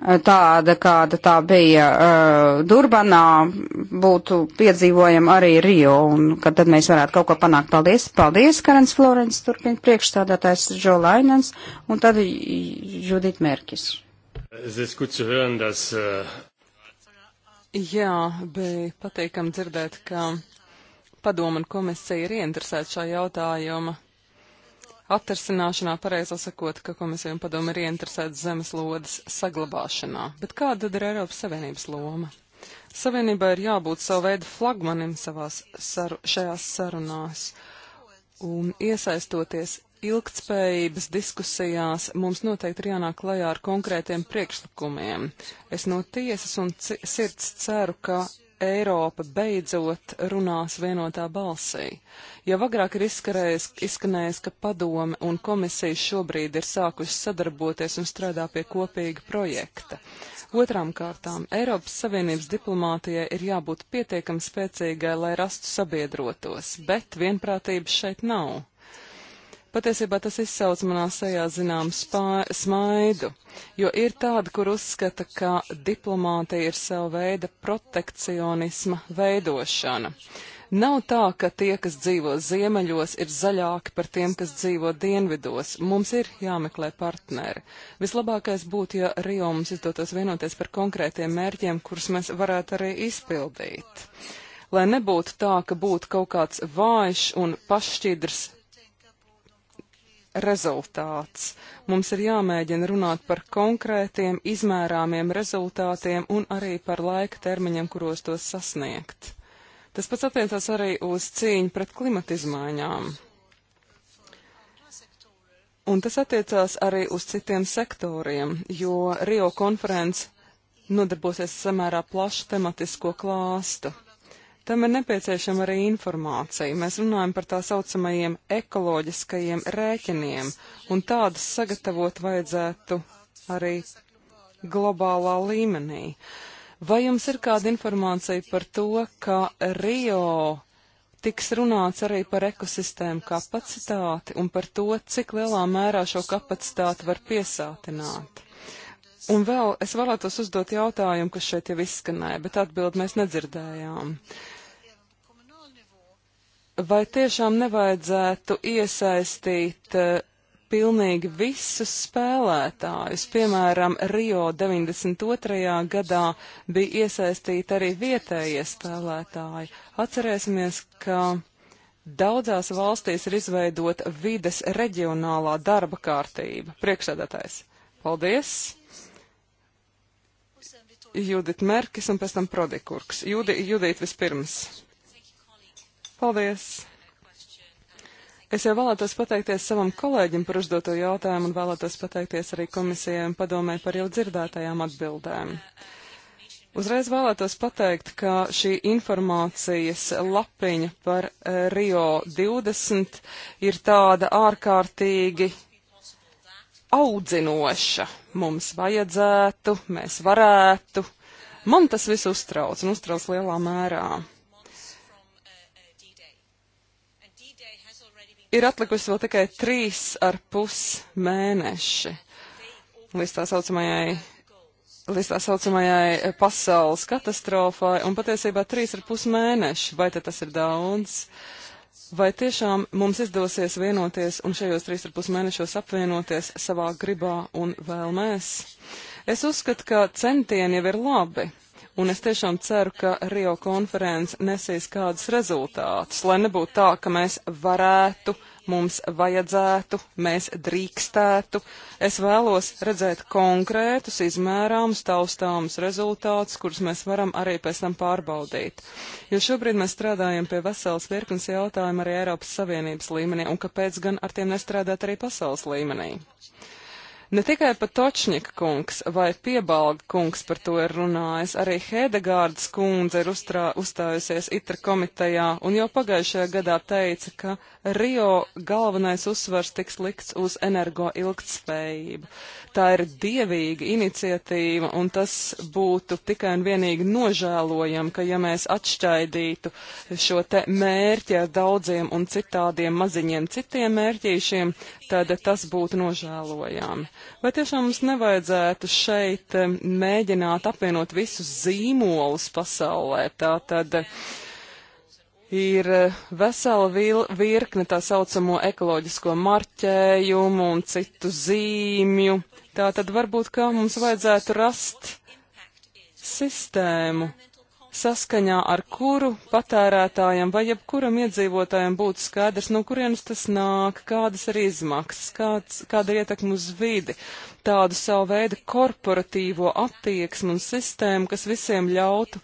tāda, kāda tā bija uh, Durbanā, būtu piedzīvojama arī Rio, un kad tad mēs varētu kaut ko panākt. Paldies, paldies, Karens Florence, turpina priekšstādātājs Džo Lainens, un tad Judit Merkis. Uh, Jā, bija patīkam dzirdēt, ka padoma un komisija ir ieinteresēta šā jautājuma atrasināšanā, pareizāk sakot, ka komisija un padomi ir ieinteresēti zemeslodes saglabāšanā. Bet kāda tad ir Eiropas Savienības loma? Savienībai ir jābūt savu veidu flagmanim savās saru, šajās sarunās un iesaistoties ilgtspējības diskusijās mums noteikti ir jānāk klajā ar konkrētiem priekšlikumiem. Es no tiesas un sirds ceru, ka Eiropa beidzot runās vienotā balsī. Jau agrāk ir izskanējis, ka padome un komisija šobrīd ir sākuši sadarboties un strādā pie kopīga projekta. Otrām kārtām, Eiropas Savienības diplomātijai ir jābūt pietiekami spēcīgai, lai rastu sabiedrotos, bet vienprātības šeit nav. Patiesībā tas izsauc manā sejā zinām spā, smaidu, jo ir tāda, kur uzskata, ka diplomātija ir sava veida protekcionisma veidošana. Nav tā, ka tie, kas dzīvo ziemeļos, ir zaļāki par tiem, kas dzīvo dienvidos. Mums ir jāmeklē partneri. Vislabākais būtu, ja Rio mums izdotos vienoties par konkrētiem mērķiem, kurus mēs varētu arī izpildīt lai nebūtu tā, ka būtu kaut kāds vājš un pašķidrs rezultāts. Mums ir jāmēģina runāt par konkrētiem, izmērāmiem rezultātiem un arī par laika termiņiem, kuros tos sasniegt. Tas pats attiecās arī uz cīņu pret klimata izmaiņām. Un tas attiecās arī uz citiem sektoriem, jo Rio konferences nodarbosies samērā plašu tematisko klāstu. Tam ir nepieciešama arī informācija. Mēs runājam par tā saucamajiem ekoloģiskajiem rēķiniem, un tādas sagatavot vajadzētu arī globālā līmenī. Vai jums ir kāda informācija par to, ka Rio tiks runāts arī par ekosistēmu kapacitāti un par to, cik lielā mērā šo kapacitāti var piesātināt? Un vēl es vēlētos uzdot jautājumu, kas šeit jau izskanēja, bet atbildi mēs nedzirdējām. Vai tiešām nevajadzētu iesaistīt eh, pilnīgi visus spēlētājus? Piemēram, Rio 92. gadā bija iesaistīti arī vietējie spēlētāji. Atcerēsimies, ka. Daudzās valstīs ir izveidota vides reģionālā darba kārtība. Priekšsēdētājs. Paldies! Judita Merkis un pēc tam Prodikurks. Judi, Judita vispirms. Paldies! Es jau vēlētos pateikties savam kolēģim par uzdoto jautājumu un vēlētos pateikties arī komisijai un padomē par jau dzirdētajām atbildēm. Uzreiz vēlētos pateikt, ka šī informācijas lapiņa par eh, Rio 20 ir tāda ārkārtīgi audzinoša. Mums vajadzētu, mēs varētu. Man tas viss uztrauc un uztrauc lielā mērā. Ir atlikusi vēl tikai trīs ar pus mēneši līdz tā saucamajai līdz tā saucamajai pasaules katastrofai, un patiesībā trīs ar pus mēneši, vai te tas ir daudz? Uh, vai tiešām mums izdosies vienoties un šajos 3,5 mēnešos apvienoties savā gribā un vēlmēs. Es uzskatu, ka centieni jau ir labi, un es tiešām ceru, ka Rio konference nesīs kādus rezultātus, lai nebūtu tā, ka mēs varētu, mums vajadzētu, mēs drīkstētu. Es vēlos redzēt konkrētus, izmērāmus, taustāmus rezultātus, kurus mēs varam arī pēc tam pārbaudīt. Jo šobrīd mēs strādājam pie veselas virknes jautājumu arī Eiropas Savienības līmenī, un kāpēc gan ar tiem nestrādāt arī pasaules līmenī? Ne tikai Patočņika kungs vai Piebalga kungs par to ir runājis, arī Hedegārdas kundze ir uztrā, uzstājusies ITRA komitejā un jau pagājušajā gadā teica, ka Rio galvenais uzsvars tiks likts uz energo ilgtspējību. Tā ir dievīga iniciatīva un tas būtu tikai un vienīgi nožēlojam, ka ja mēs atšķaidītu šo te mērķi ar daudziem un citādiem maziņiem citiem mērķīšiem, tad tas būtu nožēlojami. Vai tiešām mums nevajadzētu šeit eh, mēģināt apvienot visus zīmolus pasaulē? Tātad eh, ir eh, vesela virkne tā saucamo ekoloģisko marķējumu un citu zīmju. Tātad varbūt kā mums vajadzētu rast sistēmu, saskaņā ar kuru patērētājiem vai jebkuram iedzīvotājiem būtu skaidrs, no kurienes tas nāk, kādas ir izmaksas, kāds, kāda ir ietekme uz vidi, tādu savu veidu korporatīvo attieksmu un sistēmu, kas visiem ļautu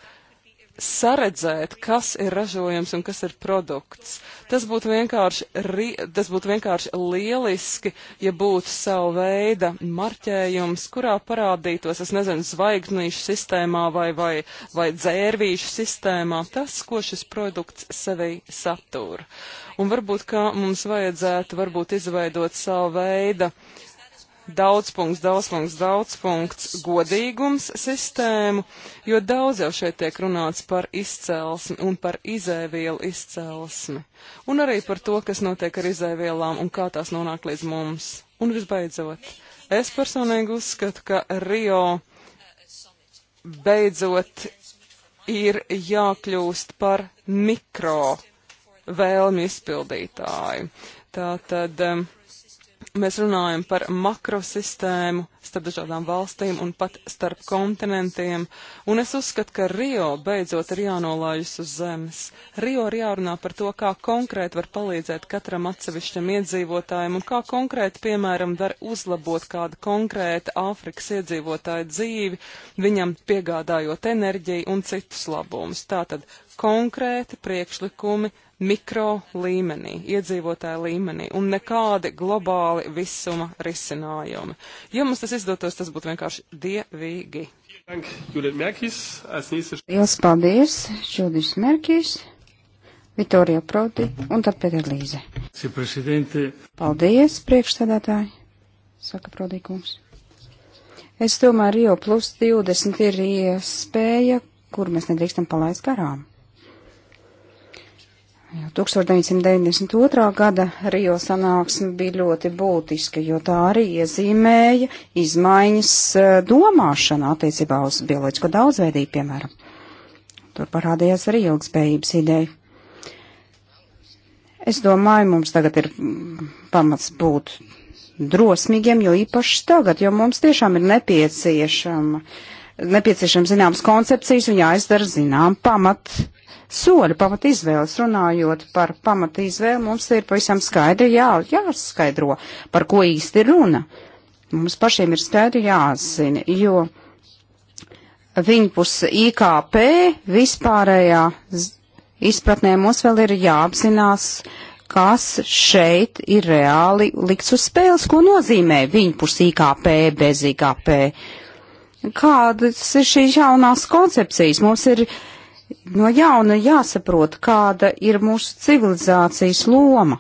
saredzēt, kas ir ražojams un kas ir produkts. Tas būtu vienkārši, ri, tas būtu vienkārši lieliski, ja būtu savu veida marķējums, kurā parādītos, es nezinu, zvaigznīšu sistēmā vai, vai, vai dzērvīšu sistēmā, tas, ko šis produkts sevī satura. Un varbūt, ka mums vajadzētu varbūt izveidot savu veidu daudzpunkts, daudzpunkts, daudzpunkts godīgums sistēmu, jo daudz jau šeit tiek runāts par izcelsmi un par izēvielu izcelsmi. Un arī par to, kas notiek ar izēvielām un kā tās nonāk līdz mums. Un visbeidzot, es personīgi uzskatu, ka Rio beidzot ir jākļūst par mikro vēlmi izpildītāju. Tātad. Um, mēs runājam par makrosistēmu starp dažādām valstīm un pat starp kontinentiem, un es uzskatu, ka Rio beidzot ir jānolājas uz zemes. Rio ir jārunā par to, kā konkrēti var palīdzēt katram atsevišķam iedzīvotājiem un kā konkrēti, piemēram, var uzlabot kādu konkrētu Āfrikas iedzīvotāju dzīvi, viņam piegādājot enerģiju un citus labumus. Tātad konkrēti priekšlikumi mikro līmenī, iedzīvotāja līmenī un nekādi globāli visuma risinājumi. Ja mums tas izdotos, tas būtu vienkārši dievīgi. Lielas paldies, Čudis Merkis, Vitorija Proti un tad Pēterlīze. Paldies, priekšstādātāji, saka Proti kungs. Es domāju, Rio plus 20 ir iespēja, kur mēs nedrīkstam palaist garām. Jau 1992. gada Rio sanāksme bija ļoti būtiska, jo tā arī iezīmēja izmaiņas e, domāšana attiecībā uz bioloģisko daudzveidību, piemēram. Tur parādījās arī ilgspējības ideja. Es domāju, mums tagad ir pamats būt drosmīgiem, jo īpaši tagad, jo mums tiešām ir nepieciešama, nepieciešama zināmas koncepcijas un jāizdara zinām pamat soļi pamat izvēles. Runājot par pamat izvēli, mums ir pavisam skaidri jā, jāskaidro, par ko īsti runa. Mums pašiem ir skaidri jāzina, jo viņpus IKP vispārējā izpratnē mums vēl ir jāapzinās, kas šeit ir reāli likts uz spēles, ko nozīmē viņpus IKP bez IKP. Kādas ir šīs jaunās koncepcijas? Mums ir no jauna jāsaprot, kāda ir mūsu civilizācijas loma.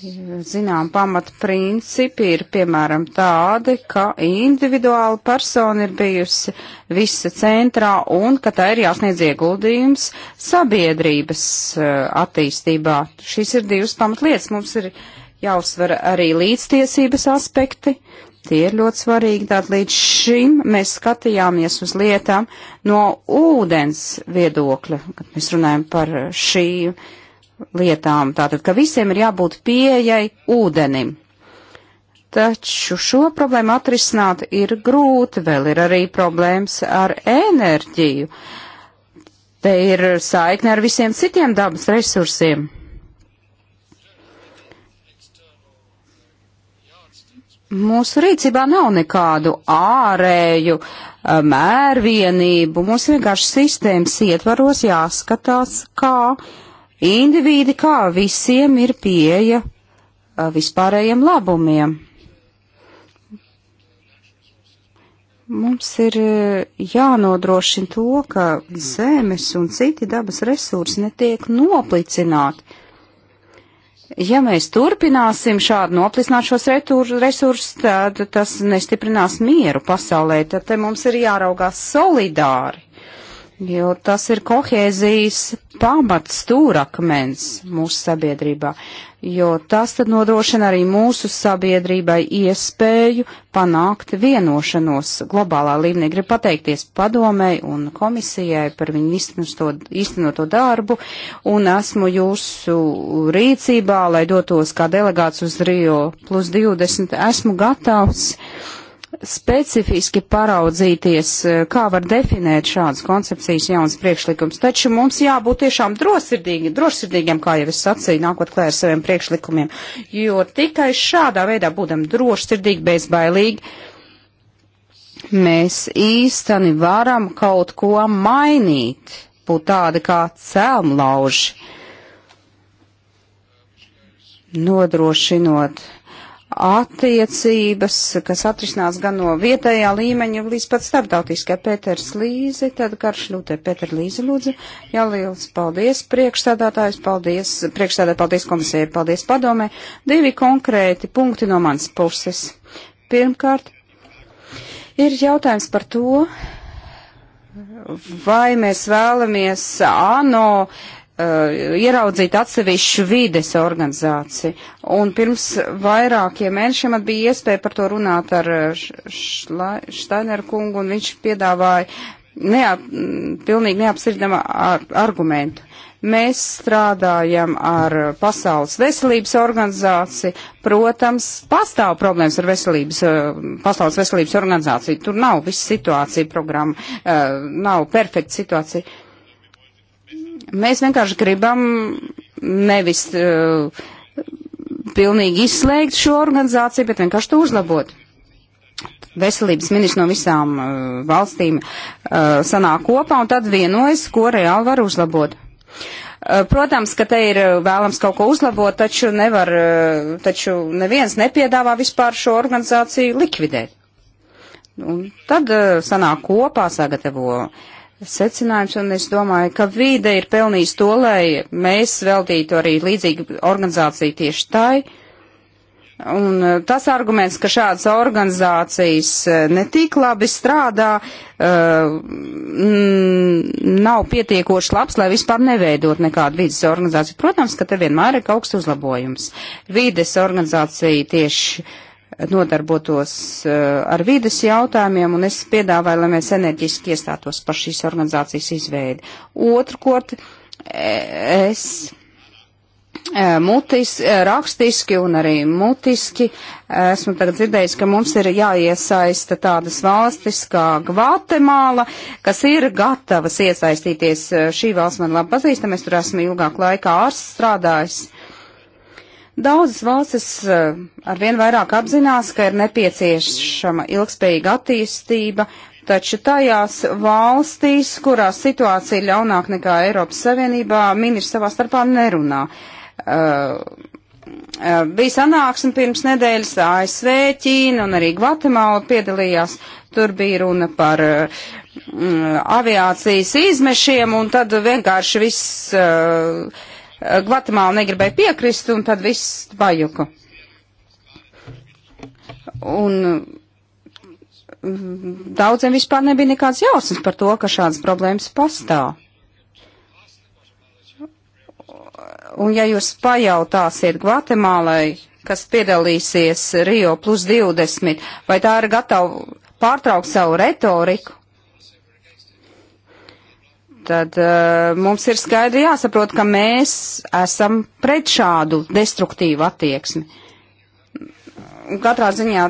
Zinām, pamatprincipi ir piemēram tādi, ka individuāla persona ir bijusi visa centrā un ka tā ir jāsniedz ieguldījums sabiedrības eh, attīstībā. Šīs ir divas pamatlietas. Mums ir jāuzsver arī līdztiesības aspekti, Tie ir ļoti svarīgi. Tātad līdz šim mēs skatījāmies uz lietām no ūdens viedokļa, kad mēs runājam par šī lietām. Tātad, ka visiem ir jābūt pieejai ūdenim. Taču šo problēmu atrisināt ir grūti, vēl ir arī problēmas ar enerģiju. Te ir saikne ar visiem citiem dabas resursiem. Mūsu rīcībā nav nekādu ārēju eh, mērvienību. Mums vienkārši sistēmas ietvaros jāskatās, kā indivīdi, kā visiem ir pieeja eh, vispārējiem labumiem. Mums ir eh, jānodrošina to, ka mm. zemes un citi dabas resursi netiek noplicināti Ja mēs turpināsim šādu noplisināt šos resursus, tad tas nestiprinās mieru pasaulē, tad te mums ir jāraugās solidāri jo tas ir kohēzijas pamats stūrakmens mūsu sabiedrībā, jo tas tad nodrošina arī mūsu sabiedrībai iespēju panākt vienošanos globālā līmenī. Gribu pateikties padomēji un komisijai par viņu īstenoto, īstenoto darbu un esmu jūsu rīcībā, lai dotos kā delegāts uz Rio plus 20. Esmu gatavs specifiski paraudzīties, e, kā var definēt šādas koncepcijas jaunas priekšlikums. Taču mums jābūt tiešām drosirdīgi, drošsirdīgiem, kā jau es sacīju, nākot klē ar saviem priekšlikumiem, jo tikai šādā veidā būdam drošsirdīgi, bezbailīgi, mēs īsteni varam kaut ko mainīt, būt tādi kā cēlmlauži, nodrošinot attiecības, kas atrisinās gan no vietējā līmeņa līdz pat starptautiskai. Pēters Līzi, tad karš ļūtē nu, Pēter Līzi lūdzu. Jā, liels paldies priekšstādātājs, paldies priekšstādā, paldies komisijai, paldies padomē. Divi konkrēti punkti no manas puses. Pirmkārt, ir jautājums par to, vai mēs vēlamies ANO. Uh, Uh, ieraudzīt atsevišķu vides organizāciju. Un pirms vairākiem mēnešiem man bija iespēja par to runāt ar uh, Štainer kungu, un viņš piedāvāja neap, mm, pilnīgi neapsirdama ar, argumentu. Mēs strādājam ar Pasaules veselības organizāciju. Protams, pastāv problēmas ar veselības, uh, Pasaules veselības organizāciju. Tur nav viss situācija programma, nav perfekta situācija Mēs vienkārši gribam nevis uh, pilnīgi izslēgt šo organizāciju, bet vienkārši to uzlabot. Veselības ministri no visām uh, valstīm uh, sanāk kopā un tad vienojas, ko reāli var uzlabot. Uh, protams, ka te ir vēlams kaut ko uzlabot, taču nevar, uh, taču neviens nepiedāvā vispār šo organizāciju likvidēt. Un tad uh, sanāk kopā, sagatavo uh, secinājums, un es domāju, ka vīde ir pelnījis to, lai mēs veltītu arī līdzīgu organizāciju tieši tai. Un e, tas arguments, ka šādas organizācijas e, netik labi strādā, e, nav pietiekoši labs, lai vispār neveidot nekādu vidas organizāciju. Protams, ka te vienmēr ir kaut kas uzlabojums. Vides organizācija tieši nodarbotos eh, ar vides jautājumiem, un es piedāvāju, lai mēs enerģiski iestātos par šīs organizācijas izveidi. Otrkot, eh, es eh, mutis, rakstiski un arī mutiski. Esmu tagad dzirdējis, ka mums ir jāiesaista tādas valstis kā Gvatemāla, kas ir gatavas iesaistīties. Šī valsts man labi pazīstama, es tur esmu ilgāk laikā ārsts strādājis. Daudzas valstis eh, arvien vairāk apzinās, ka ir nepieciešama ilgspējīga attīstība, taču tajās valstīs, kurās situācija ir ļaunāk nekā Eiropas Savienībā, ministri savā starpā nerunā. Uh, bija sanāksme pirms nedēļas ASV, Ķīna un arī Gvatemala piedalījās. Tur bija runa par mm, aviācijas izmešiem un tad vienkārši viss uh, Gvatemāla negribēja piekrist, un tad viss bajuka. Un mm, daudziem vispār nebija nekāds jausmas par to, ka šādas problēmas pastāv. Un ja jūs pajautāsiet Gvatemālai, kas piedalīsies Rio plus 20, vai tā ir gatava pārtraukt savu retoriku, Tātad eh, mums ir skaidri jāsaprot, ka mēs esam pret šādu destruktīvu attieksmi. Katrā ziņā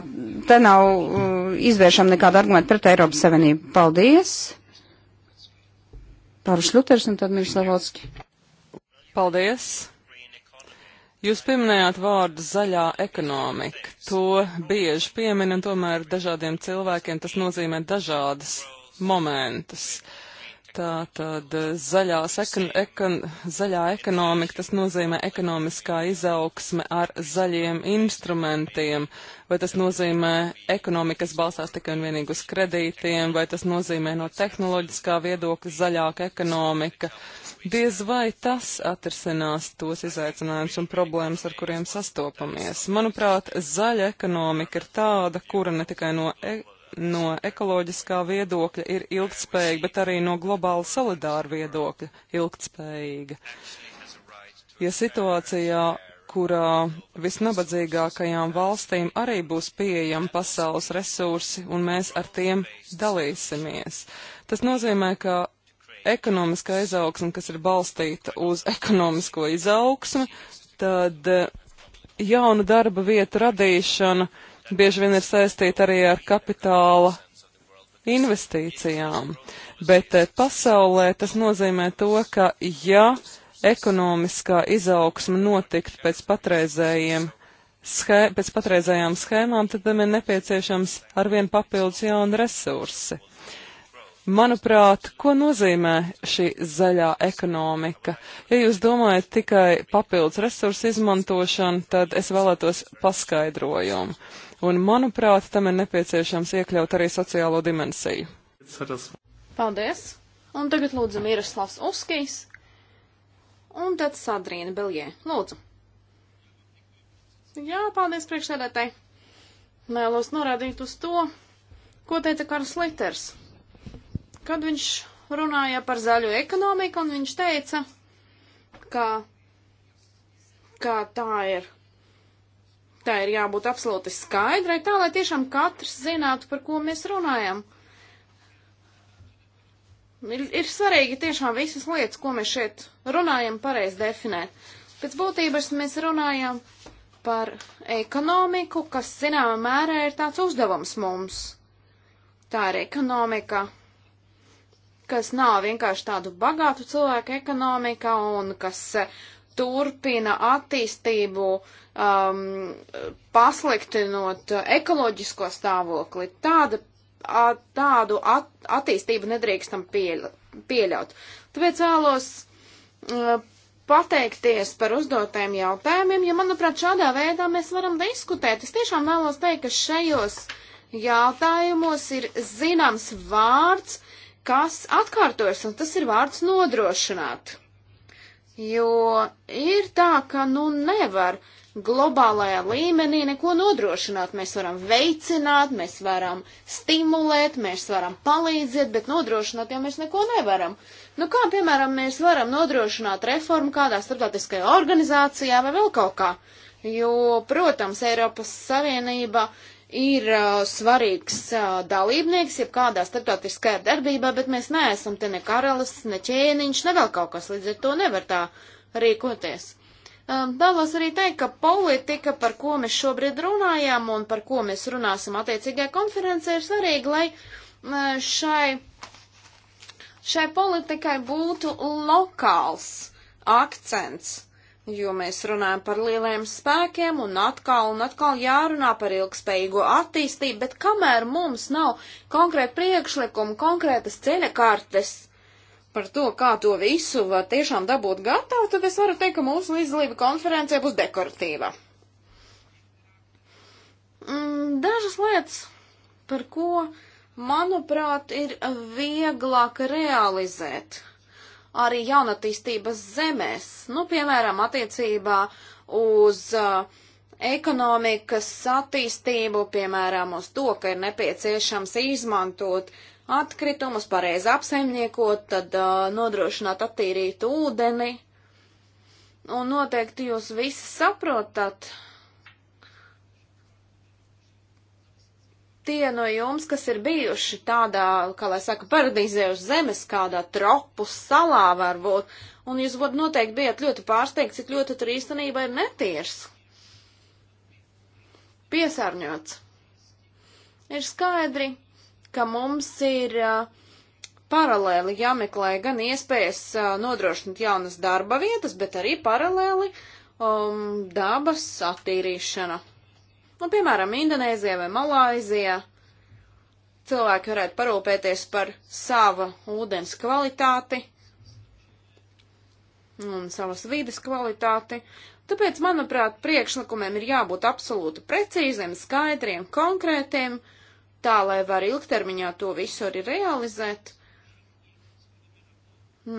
te nav eh, izvēršama nekāda argumenta pret Eiropas Savienību. Paldies! Pāruš Ļuters un tad Mirslavotski. Paldies! Jūs pieminējāt vārdu zaļā ekonomika. To bieži piemin un tomēr dažādiem cilvēkiem tas nozīmē dažādas momentus. Uh, Tā tad eh, zaļās, ekon, ekon, zaļā ekonomika, tas nozīmē ekonomiskā izaugsme ar zaļiem instrumentiem, vai tas nozīmē ekonomika, kas balstās tikai un vienīgi uz kredītiem, vai tas nozīmē no tehnoloģiskā viedokļa zaļāka ekonomika. Diez vai tas atrisinās tos izaicinājumus un problēmas, ar kuriem sastopamies. Manuprāt, zaļa ekonomika ir tāda, kura ne tikai no. E no ekoloģiskā viedokļa ir ilgtspējīga, bet arī no globāla solidāra viedokļa ilgtspējīga. Ja situācijā, kurā visnabadzīgākajām valstīm arī būs pieejami pasaules resursi un mēs ar tiem dalīsimies. Tas nozīmē, ka ekonomiskā izaugsme, kas ir balstīta uz ekonomisko izaugsmi, tad eh, jauna darba vietu radīšana uh, bieži vien ir saistīta arī ar kapitāla investīcijām. Bet eh, pasaulē tas nozīmē to, ka ja ekonomiskā izaugsma notikt pēc patreizējiem Schē, pēc patreizējām schēmām, tad tam ir nepieciešams arvien papildus jauni resursi. Manuprāt, ko nozīmē šī zaļā ekonomika? Ja jūs domājat tikai papildus resursu izmantošanu, tad es vēlētos paskaidrojumu. Un, manuprāt, tam ir nepieciešams iekļaut arī sociālo dimensiju. Paldies! Un tagad lūdzu Miroslavs Uskijs un tad Sadrīna Beljē. Lūdzu! Jā, paldies priekšsēdētāji! Mēlos norādīt uz to, ko teica Karls Liters, kad viņš runāja par zaļo ekonomiku, un viņš teica, ka, ka tā ir Tā ir jābūt absolūti skaidrai, tā lai tiešām katrs zinātu, par ko mēs runājam. Ir, ir svarīgi tiešām visas lietas, ko mēs šeit runājam, pareizi definēt. Pēc būtības mēs runājam par ekonomiku, kas zināmā mērā ir tāds uzdevums mums. Tā ir ekonomika, kas nav vienkārši tādu bagātu cilvēku ekonomika un kas turpina attīstību, um, pasliktinot ekoloģisko stāvokli. Tāda, at, tādu at, attīstību nedrīkstam pieļa, pieļaut. Tāpēc vēlos uh, pateikties par uzdotajiem jautājumiem, jo, manuprāt, šādā veidā mēs varam diskutēt. Es tiešām vēlos teikt, ka šajos jautājumos ir zināms vārds, kas atkārtojas, un tas ir vārds nodrošināt jo ir tā, ka nu nevar globālajā līmenī neko nodrošināt. Mēs varam veicināt, mēs varam stimulēt, mēs varam palīdzēt, bet nodrošināt jau mēs neko nevaram. Nu kā, piemēram, mēs varam nodrošināt reformu kādā starptautiskajā organizācijā vai vēl kaut kā. Jo, protams, Eiropas Savienība ir uh, svarīgs uh, dalībnieks, jeb kādā starptautiskā darbībā, bet mēs neesam te ne karalis, ne ķēniņš, ne vēl kaut kas, līdz ar to nevar tā rīkoties. Um, Vēlos arī teikt, ka politika, par ko mēs šobrīd runājām un par ko mēs runāsim attiecīgajā konferencē, ir svarīga, lai uh, šai, šai politikai būtu lokāls akcents jo mēs runājam par lieliem spēkiem un atkal un atkal jārunā par ilgspējīgo attīstību, bet kamēr mums nav konkrēta priekšlikuma, konkrētas ceļakārtes par to, kā to visu var tiešām dabūt gatavu, tad es varu teikt, ka mūsu līdzdalība konferencē būs dekoratīva. Mm, dažas lietas, par ko, manuprāt, ir vieglāk realizēt arī jaunatīstības zemēs, nu, piemēram, attiecībā uz uh, ekonomikas attīstību, piemēram, uz to, ka ir nepieciešams izmantot atkritumus, pareizi apsaimniekot, tad uh, nodrošināt attīrītu ūdeni. Un noteikti jūs visi saprotat, uh, tie no jums, kas ir bijuši tādā, kā lai saka, paradīzē uz zemes, kādā tropu salā varbūt, un jūs būtu noteikti bijat ļoti pārsteigts, cik ļoti tur īstenībā ir netīrs. Piesārņots. Ir skaidri, ka mums ir uh, paralēli jāmeklē gan iespējas uh, nodrošināt jaunas darba vietas, bet arī paralēli um, dabas attīrīšana. Nu, piemēram, Indonēzija vai Malāizija cilvēki varētu parūpēties par sava ūdens kvalitāti un savas vides kvalitāti. Tāpēc, manuprāt, priekšlikumiem ir jābūt absolūti precīziem, skaidriem, konkrētiem, tā lai var ilgtermiņā to visu arī realizēt.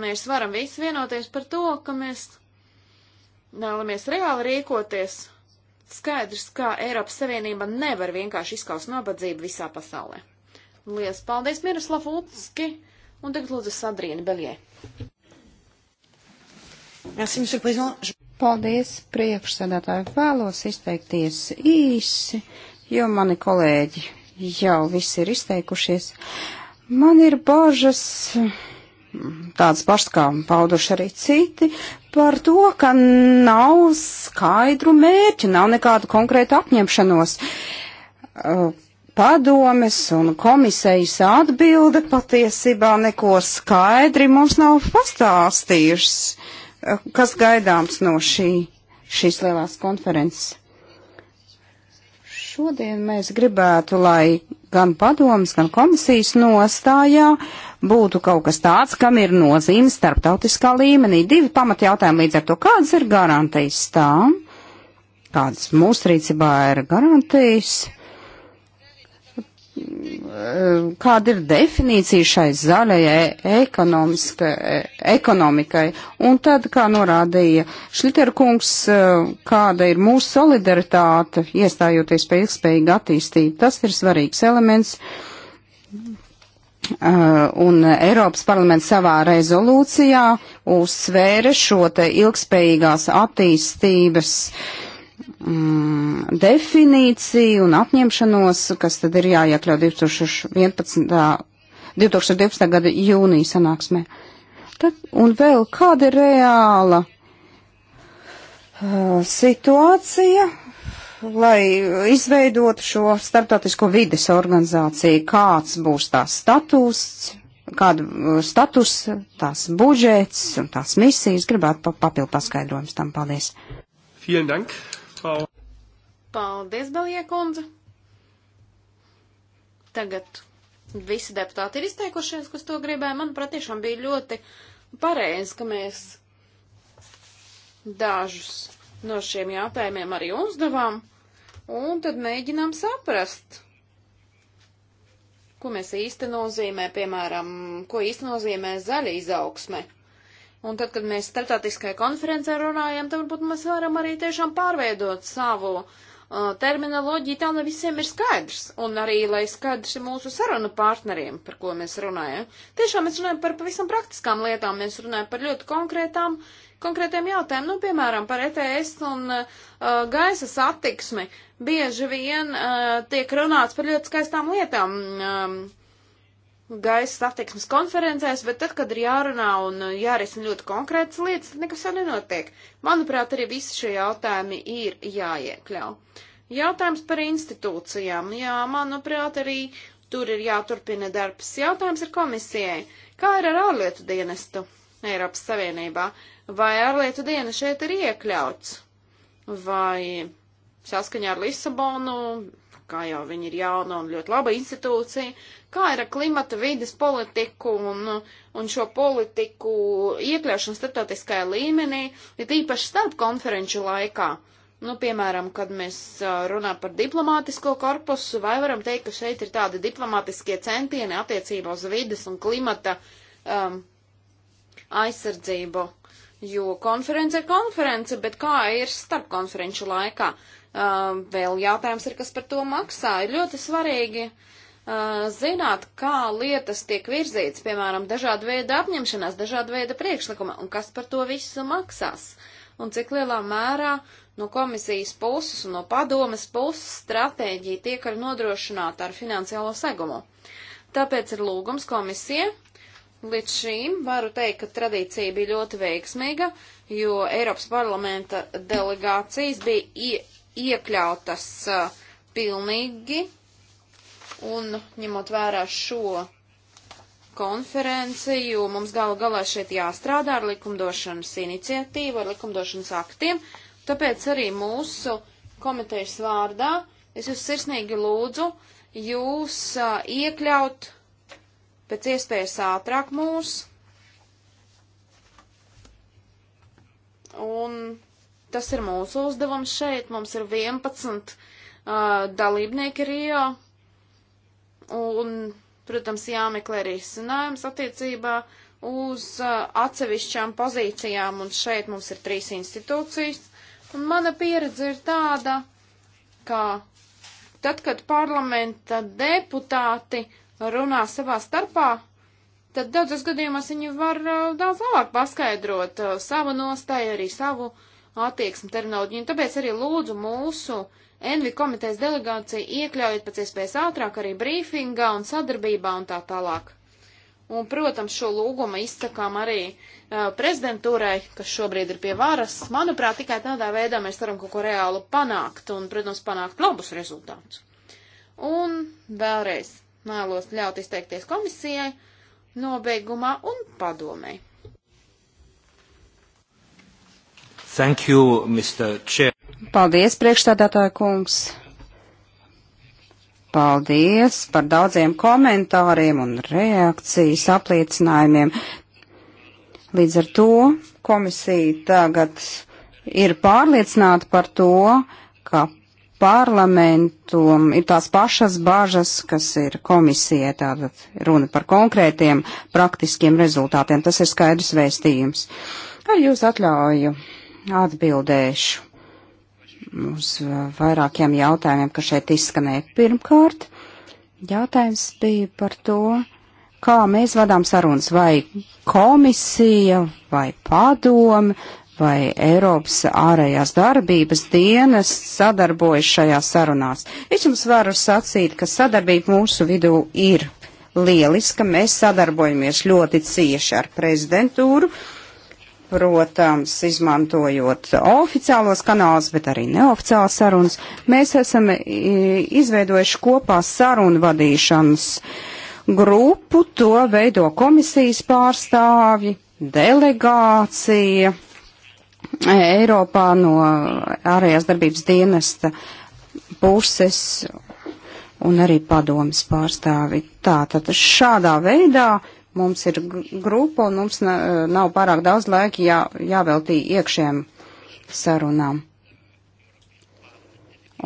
Mēs varam visi vienoties par to, ka mēs vēlamies reāli rīkoties skaidrs, ka Eiropas Savienība nevar vienkārši izskaust nabadzību visā pasaulē. Lielas paldies, Miroslav Ulski, un tagad lūdzu Sadrīna Beļie. Paldies, priekšsēdētāji, vēlos izteikties īsi, jo mani kolēģi jau visi ir izteikušies. Man ir bažas tāds pašs, kā pauduši arī citi, par to, ka nav skaidru mērķu, nav nekādu konkrētu apņemšanos. Uh, padomes un komisējas atbilde patiesībā neko skaidri mums nav pastāstījušas, uh, kas gaidāms no šī, šīs lielās konferences. Šodien mēs gribētu, lai gan padomas, gan komisijas nostājā uh, būtu kaut kas tāds, kam ir nozīme starptautiskā līmenī. Divi pamatjautājumi līdz ar to, kādas ir garantijas tām, kādas mūsu rīcībā ir garantijas, kāda ir definīcija šai zaļajai ekonomikai, un tad, kā norādīja Šliterkungs, kāda ir mūsu solidaritāte, iestājoties par ilgspējīgu attīstību, tas ir svarīgs elements. Uh, Uh, un Eiropas parlaments savā rezolūcijā uzsvēra šo te ilgspējīgās attīstības mm, definīciju un apņemšanos, kas tad ir jāiekļau 2011. 2012. gada jūnija sanāksmē. Tad, un vēl kāda ir reāla uh, situācija lai izveidotu šo starptautisko vides organizāciju, kāds būs tās status, kādu uh, status, tās budžets un tās misijas, gribētu papildu paskaidrojums tam. Paldies! Dank, Frau. Paldies, Beliekundze! Tagad visi deputāti ir izteikušies, kas to gribēja. Manuprāt, tiešām bija ļoti pareizi, ka mēs dažus no šiem jautājumiem arī uzdevām un tad mēģinām saprast, ko mēs īsti nozīmē, piemēram, ko īsti nozīmē zaļa izaugsme. Un tad, kad mēs starptautiskajā konferencē runājam, tad varbūt mēs varam arī tiešām pārveidot savu uh, terminoloģiju tā, lai visiem ir skaidrs, un arī, lai skaidrs ir mūsu sarunu partneriem, par ko mēs runājam. Tiešām mēs runājam par pavisam praktiskām lietām, mēs runājam par ļoti konkrētām konkrētiem jautājumiem, nu, piemēram, par ETS un uh, gaisa satiksmi. Bieži vien uh, tiek runāts par ļoti skaistām lietām. Um, gaisa satiksmes konferencēs, bet tad, kad ir jārunā un jārisina ļoti konkrētas lietas, tad nekas jau nenotiek. Manuprāt, arī visi šie jautājumi ir jāiekļau. Jautājums par institūcijām. Jā, manuprāt, arī tur ir jāturpina darbs. Jautājums ir komisijai. Kā ir ar ārlietu dienestu Eiropas Savienībā? vai ārlietu diena šeit ir iekļauts, vai saskaņā ar Lisabonu, kā jau viņi ir jauna un ļoti laba institūcija, kā ir ar klimata vides politiku un, un šo politiku iekļaušanu starptautiskajā līmenī, ir ja īpaši starp konferenču laikā. Nu, piemēram, kad mēs runājam par diplomātisko korpusu, vai varam teikt, ka šeit ir tādi diplomātiskie centieni attiecībā uz vides un klimata um, aizsardzību jo konference ir konference, bet kā ir starp konferenču laikā? Uh, vēl jautājums ir, kas par to maksā. Ir ļoti svarīgi uh, zināt, kā lietas tiek virzītas, piemēram, dažāda veida apņemšanās, dažāda veida priekšlikuma, un kas par to visu maksās. Un cik lielā mērā no komisijas puses un no padomes puses stratēģija tiek ar nodrošināta ar finansiālo segumu. Tāpēc ir lūgums komisija Līdz šīm varu teikt, ka tradīcija bija ļoti veiksmīga, jo Eiropas parlamenta delegācijas bija ie, iekļautas uh, pilnīgi, un ņemot vērā šo konferenci, jo mums galu galā šeit jāstrādā ar likumdošanas iniciatīvu, ar likumdošanas aktiem, tāpēc arī mūsu komitejas vārdā es jūs sirsnīgi lūdzu jūs uh, iekļaut pēc iespējas ātrāk mūs. Un tas ir mūsu uzdevums šeit. Mums ir 11 uh, dalībnieki Rio. Un, protams, jāmeklē arī sinājums attiecībā uz uh, atsevišķām pozīcijām. Un šeit mums ir trīs institūcijas. Un mana pieredze ir tāda, ka tad, kad parlamenta deputāti uh, runā savā starpā, tad daudzos gadījumos viņi var uh, daudz labāk paskaidrot uh, savu nostāju, arī savu attieksmi terminoloģiju. Tāpēc arī lūdzu mūsu Envi komitejas delegāciju iekļaujiet pēc iespējas ātrāk arī brīfingā un sadarbībā un tā tālāk. Un, protams, šo lūgumu izsakām arī uh, prezidentūrai, kas šobrīd ir pie varas. Manuprāt, tikai tādā veidā mēs varam kaut ko reālu panākt un, protams, panākt labus rezultātus. Un vēlreiz Mēlos ļaut izteikties komisijai nobeigumā un padomēji. Thank you, Mr. Chair. Paldies, priekšstādātāja kungs. Paldies par daudziem komentāriem un reakcijas apliecinājumiem. Līdz ar to komisija tagad ir pārliecināta par to, ka parlamentum ir tās pašas bažas, kas ir komisijai, tātad runa par konkrētiem praktiskiem rezultātiem. Tas ir skaidrs vēstījums. Ar jūs atļauju atbildēšu uz vairākiem jautājumiem, kas šeit izskanēja. Pirmkārt, jautājums bija par to, kā mēs vadām sarunas, vai komisija, vai padomi, vai Eiropas ārējās darbības dienas sadarbojas šajā sarunās. Es jums varu sacīt, ka sadarbība mūsu vidū ir lieliska. Mēs sadarbojamies ļoti cieši ar prezidentūru, protams, izmantojot oficiālos kanālus, bet arī neoficiālas sarunas. Mēs esam izveidojuši kopā sarunu vadīšanas grupu, to veido komisijas pārstāvji, delegācija Eiropā no ārējās darbības dienesta puses un arī padomas pārstāvi. Tātad šādā veidā mums ir grupa un mums nav pārāk daudz laika jā, jāveltī iekšējām sarunām.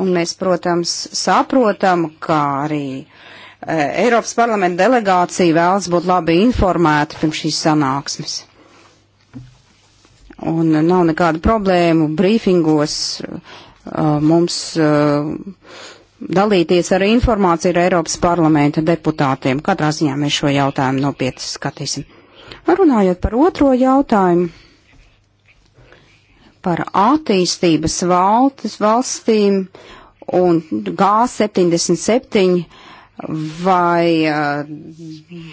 Un mēs, protams, saprotam, kā arī eh, Eiropas parlamenta delegācija vēlas būt labi informēta pirms šīs sanāksmes. Un nav nekādu problēmu brīfingos uh, mums uh, dalīties ar informāciju ar Eiropas parlamenta deputātiem. Katrā ziņā mēs šo jautājumu nopietni skatīsim. Runājot par otro jautājumu, par attīstības valstis, valstīm un G77 vai uh,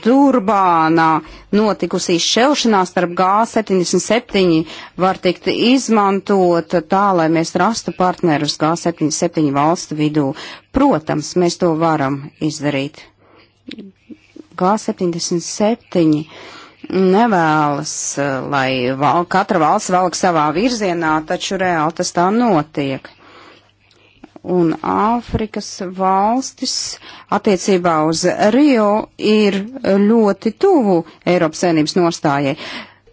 Durbānā notikusī šķelšanās starp G77 var tikt izmantot tā, lai mēs rastu partnerus G77 valstu vidū. Protams, mēs to varam izdarīt. G77 nevēlas, lai val, katra valsts valk savā virzienā, taču reāli tas tā notiek un Āfrikas valstis attiecībā uz Rio ir ļoti tuvu Eiropas savienības nostājai.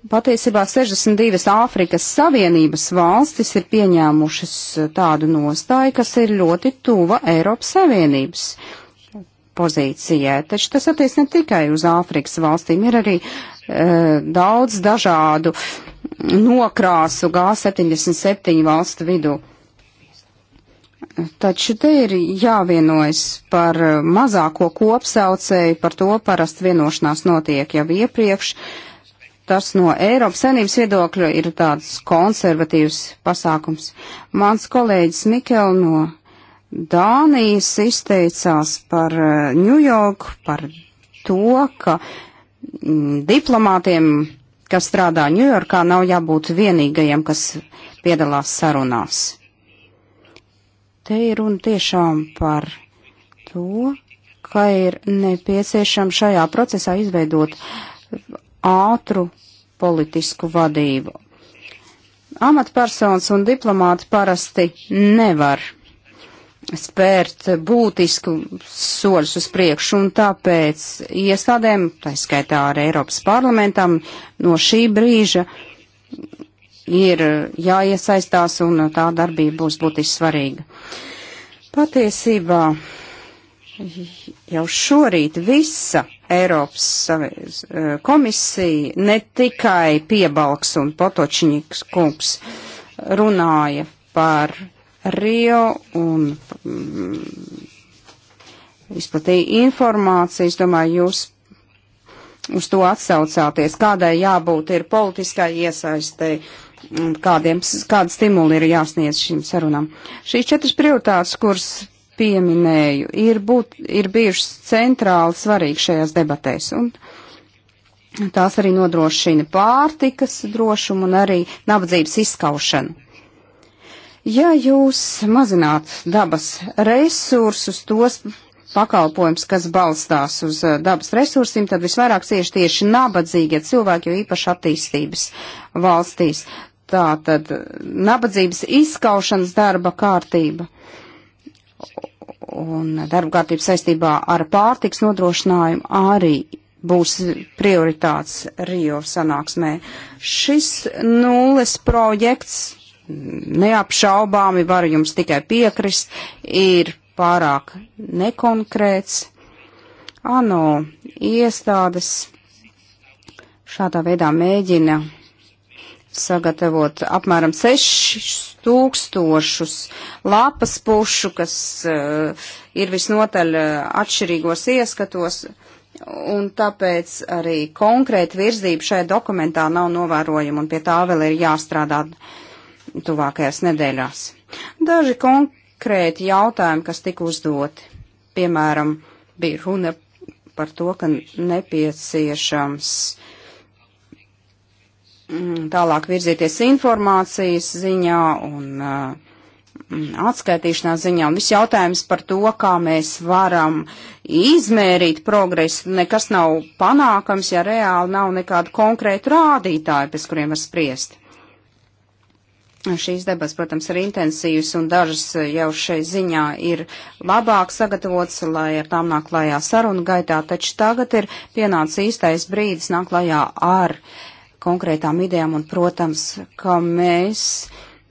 Patiesībā 62 Āfrikas Savienības valstis ir pieņēmušas tādu nostāju, kas ir ļoti tuva Eiropas Savienības pozīcijai. Taču tas attiec ne tikai uz Āfrikas valstīm, ir arī e, daudz dažādu nokrāsu G77 valstu vidū. Taču te ir jāvienojas par eh, mazāko kopsaucēju, par to parasti vienošanās notiek jau iepriekš. Tas no Eiropas saimnības viedokļa ir tāds konservatīvs pasākums. Mans kolēģis Mikel no Dānijas izteicās par Ņujorku, eh, par to, ka mm, diplomātiem, kas strādā Ņujorkā, nav jābūt vienīgajiem, kas piedalās sarunās. Te ir runa tiešām par to, ka ir nepieciešams šajā procesā izveidot ātru politisku vadību. Amatpersonas un diplomāti parasti nevar spērt būtisku soļus uz priekšu, un tāpēc iestādēm, tā skaitā arī Eiropas parlamentam, no šī brīža ir eh, jāiesaistās un tā darbība būs būtiski svarīga. Patiesībā jau šorīt visa Eiropas eh, komisija, ne tikai Piebalgs un Potočņiks kungs runāja par Rio un mm, izplatīja informāciju, es domāju, jūs uz to atsaucāties, kādai jābūt ir politiskai iesaistei kādiem, kāda stimuli ir jāsniedz šīm sarunām. Šīs četras prioritātes, kuras pieminēju, ir, būt, ir bijušas centrāli svarīgi šajās debatēs. Un tās arī nodrošina pārtikas drošumu un arī nabadzības izskaušanu. Ja jūs mazināt dabas resursus, tos pakalpojums, kas balstās uz eh, dabas resursiem, tad visvairāk cieši tieši nabadzīgie cilvēki, jo īpaši attīstības valstīs tā tad nabadzības izskaušanas darba kārtība un darba kārtība saistībā ar pārtiks nodrošinājumu arī būs prioritāts Rio sanāksmē. Šis nulles projekts, neapšaubāmi varu jums tikai piekrist, ir pārāk nekonkrēts. ANO iestādes šādā veidā mēģina sagatavot apmēram 6000 lapas pušu, kas uh, ir visnotaļ uh, atšķirīgos ieskatos, un tāpēc arī konkrēta virzība šajā dokumentā nav novērojama, un pie tā vēl ir jāstrādā tuvākajās nedēļās. Daži konkrēti jautājumi, kas tika uzdoti, piemēram, bija runa par to, ka nepieciešams Mm, tālāk virzīties informācijas ziņā un uh, mm, atskaitīšanās ziņā. Un viss jautājums par to, kā mēs varam izmērīt progresu, nekas nav panākams, ja reāli nav nekādu konkrētu rādītāju, pēc kuriem var spriest. Šīs debats, protams, ir intensīvas un dažas jau šai ziņā ir labāk sagatavots, lai ar tām nāk klajā sarunu gaitā, taču tagad ir pienācis īstais brīdis nāk klajā ar uh, konkrētām idejām un, protams, ka mēs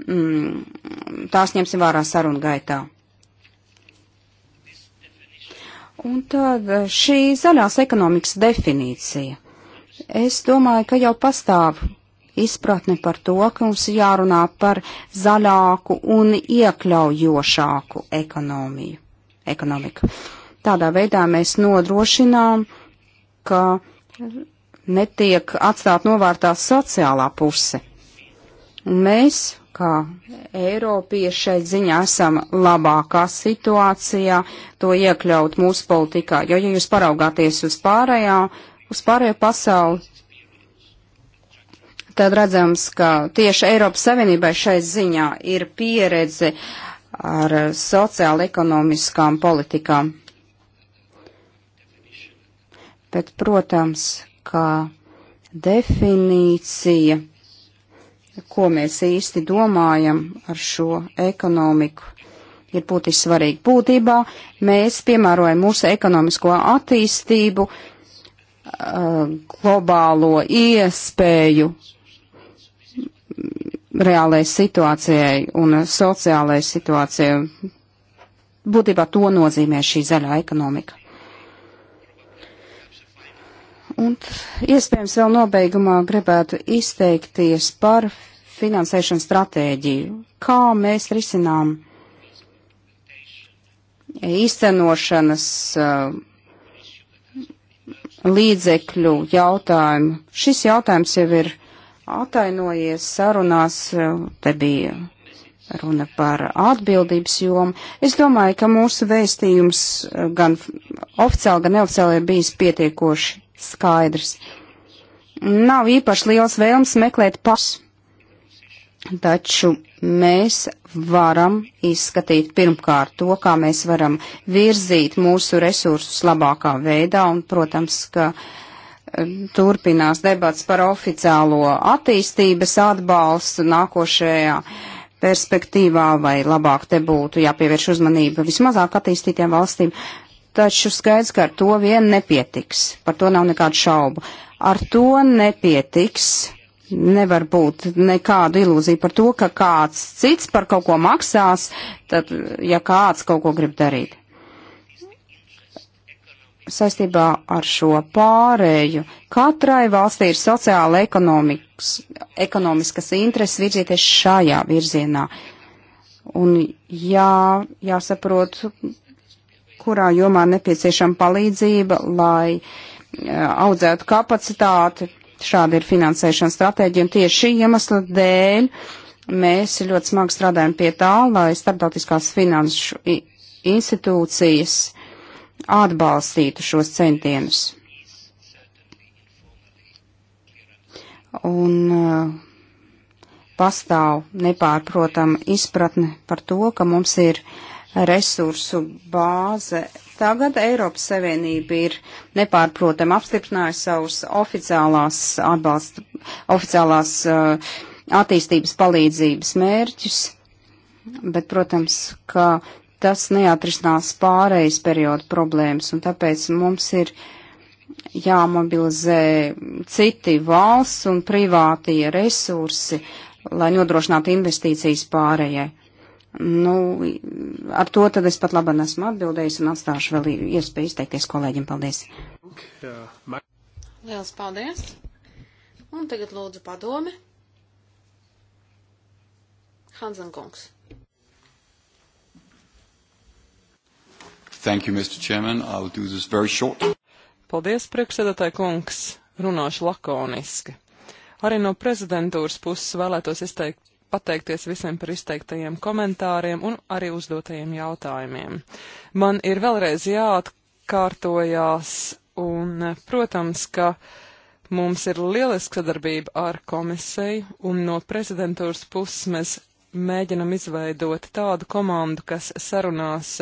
mm, tās ņemsim vērā sarunu gaitā. Un tad eh, šī zaļās ekonomikas definīcija. Es domāju, ka jau pastāv izpratne par to, ka mums jārunā par zaļāku un iekļaujošāku ekonomiju, ekonomiku. Tādā veidā mēs nodrošinām, ka netiek atstāt novārtā sociālā puse. Un mēs, kā Eiropieši, šeit ziņā esam labākā situācijā to iekļaut mūsu politikā, jo, ja jūs paraugāties uz pārējā, uz pārējo pasauli, tad redzams, ka tieši Eiropas Savienībai šai ziņā ir pieredze ar sociāli-ekonomiskām politikām. Bet, protams, kā definīcija, ko mēs īsti domājam ar šo ekonomiku, ir būtiski svarīgi. Būtībā mēs piemērojam mūsu ekonomisko attīstību, uh, globālo iespēju reālajai situācijai un sociālajai situācijai. Būtībā to nozīmē šī zaļā ekonomika. Un iespējams vēl nobeigumā gribētu izteikties par finansēšanas stratēģiju. Kā mēs risinām īstenošanas uh, līdzekļu jautājumu? Šis jautājums jau ir atainojies sarunās, uh, te bija runa par atbildības jomu. Es domāju, ka mūsu vēstījums uh, gan oficiāli, gan neoficiāli ir bijis pietiekoši skaidrs. Nav īpaši liels vēlms meklēt pas, taču mēs varam izskatīt pirmkārt to, kā mēs varam virzīt mūsu resursus labākā veidā, un, protams, ka eh, turpinās debats par oficiālo attīstības atbalstu nākošajā perspektīvā, vai labāk te būtu jāpievērš uzmanība vismazāk attīstītiem valstīm. Uh, taču skaidrs, ka ar to vien nepietiks. Par to nav nekādu šaubu. Ar to nepietiks. Nevar būt nekādu ilūziju par to, ka kāds cits par kaut ko maksās, tad, ja kāds kaut ko grib darīt. Saistībā ar šo pārēju, katrai valstī ir sociāla ekonomiskas intereses virzīties šajā virzienā. Un jā, jāsaprot, kurā jomā nepieciešama palīdzība, lai eh, audzētu kapacitāti. Šāda ir finansēšana stratēģija, un tieši šī iemesla dēļ mēs ļoti smagi strādājam pie tā, lai starptautiskās finanšu institūcijas atbalstītu šos centienus. Un uh, pastāv nepārprotama izpratne par to, ka mums ir resursu bāze. Tagad Eiropas Savienība ir nepārprotam apstiprinājusi savus oficiālās atbalsta, oficiālās uh, attīstības palīdzības mērķus, bet, protams, ka tas neatrisinās pārejas periodu problēmas, un tāpēc mums ir jāmobilizē citi valsts un privātie resursi, lai nodrošinātu investīcijas pārējai. Nu, ar to tad es pat labi nesmu atbildējis un atstāšu vēl iespēju izteikties kolēģim. Paldies! Liels paldies! Un tagad lūdzu padomi. Hansen kungs. Thank you, Mr. Chairman. I'll do this very short. Paldies, priekšsēdētāji kungs. Runāšu lakoniski. Arī no prezidentūras puses vēlētos izteikt pateikties visiem par izteiktajiem komentāriem un arī uzdotajiem jautājumiem. Man ir vēlreiz jāatkārtojās un, protams, ka mums ir lieliska sadarbība ar komisiju un no prezidentūras puses mēs mēģinam izveidot tādu komandu, kas sarunās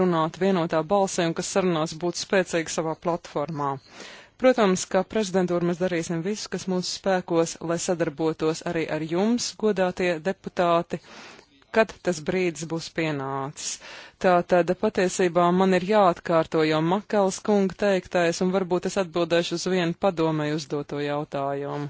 runāt vienotā balsī un kas sarunās būt spēcīgi savā platformā. Uh, Protams, kā prezidentūra mēs darīsim visu, kas mūsu spēkos, lai sadarbotos arī ar jums, godātie deputāti, kad tas brīdis būs pienācis. Tātad patiesībā man ir jāatkārto jau Makals kunga teiktais, un varbūt es atbildēšu uz vienu padomēju uzdoto jautājumu.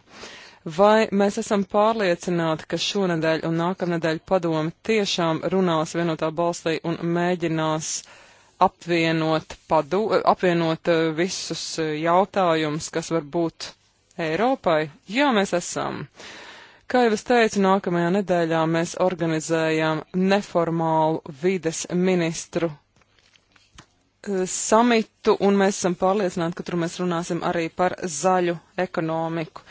Vai mēs esam pārliecināti, ka šonadēļ un nākamnedēļ padomi tiešām runās vienotā balstī un mēģinās uh, apvienot, padu, apvienot eh, visus eh, jautājumus, kas var būt Eiropai? Jā, mēs esam. Kā jau es teicu, nākamajā nedēļā mēs organizējam neformālu vides ministru Eh, samitu, un mēs esam pārliecināti, ka tur mēs runāsim arī par zaļu ekonomiku.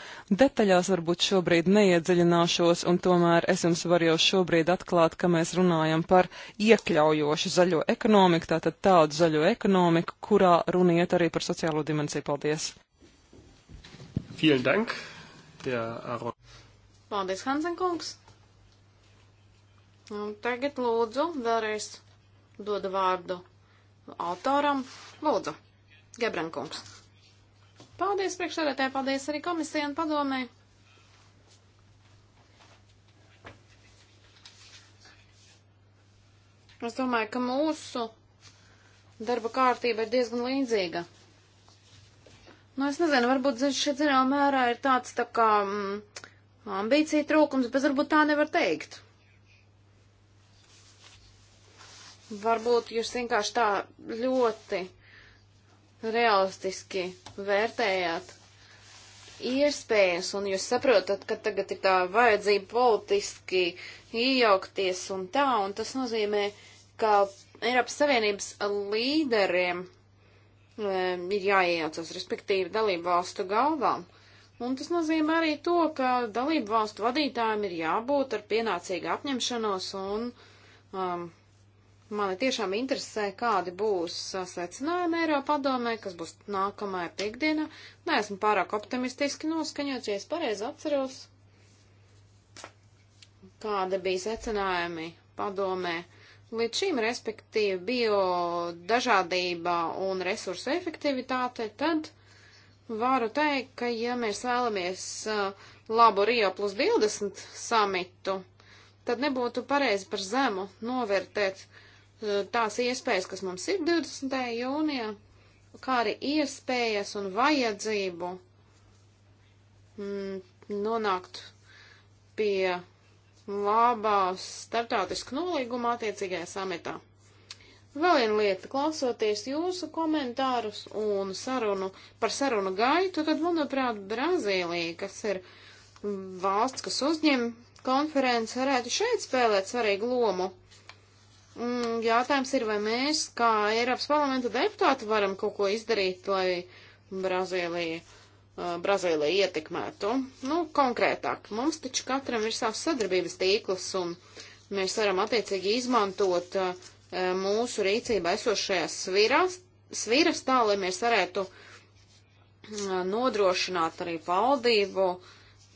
Detaļās varbūt šobrīd neiedziļināšos, un tomēr es jums varu jau šobrīd atklāt, ka mēs runājam par iekļaujošu zaļo ekonomiku, tātad tādu zaļo ekonomiku, kurā runa iet arī par sociālo dimensiju. Paldies! Dank, Paldies, Hansenkungs! Un tagad lūdzu vēlreiz dodu vārdu autoram. Lūdzu, Gebrenkungs. Paldies priekšsēdētāji, paldies arī komisijai un padomē. Es domāju, ka mūsu darba kārtība ir diezgan līdzīga. Nu, es nezinu, varbūt šeit zināmā mērā ir tāds tā kā m, mm, ambīcija trūkums, bet varbūt tā nevar teikt. Varbūt jūs vienkārši tā ļoti realistiski vērtējāt iespējas, un jūs saprotat, ka tagad ir tā vajadzība politiski iejaukties un tā, un tas nozīmē, ka Eiropas Savienības līderiem e, ir jāiejaucas, respektīvi, dalību valstu galvām. Un tas nozīmē arī to, ka dalību valstu vadītājiem ir jābūt ar pienācīgu apņemšanos un um, Mani tiešām interesē, kādi būs secinājumi Eiropa padomē, kas būs nākamajā piekdienā. Nē, esmu pārāk optimistiski noskaņots, ja es pareizi atceros, kāda bija secinājumi padomē līdz šim, respektīvi bio dažādība un resursu efektivitāte, tad varu teikt, ka ja mēs vēlamies labu Rio plus 20 samitu, tad nebūtu pareizi par zemu novērtēt tās iespējas, kas mums ir 20. jūnijā, kā arī iespējas un vajadzību mm, nonākt pie labās starptautisku nolīguma attiecīgajā samitā. Vēl viena lieta, klausoties jūsu komentārus un sarunu par sarunu gaitu, tad, manuprāt, Brazīlija, kas ir valsts, kas uzņem konferences, varētu šeit spēlēt svarīgu lomu. Mm, jautājums ir, vai mēs, kā Eiropas parlamenta deputāti, varam kaut ko izdarīt, lai Brazīlija, uh, Brazīlija ietekmētu. Nu, konkrētāk, mums taču katram ir savs sadarbības tīkls, un mēs varam attiecīgi izmantot uh, mūsu rīcībā esošajās svirās, sviras tā, lai mēs varētu uh, nodrošināt arī valdību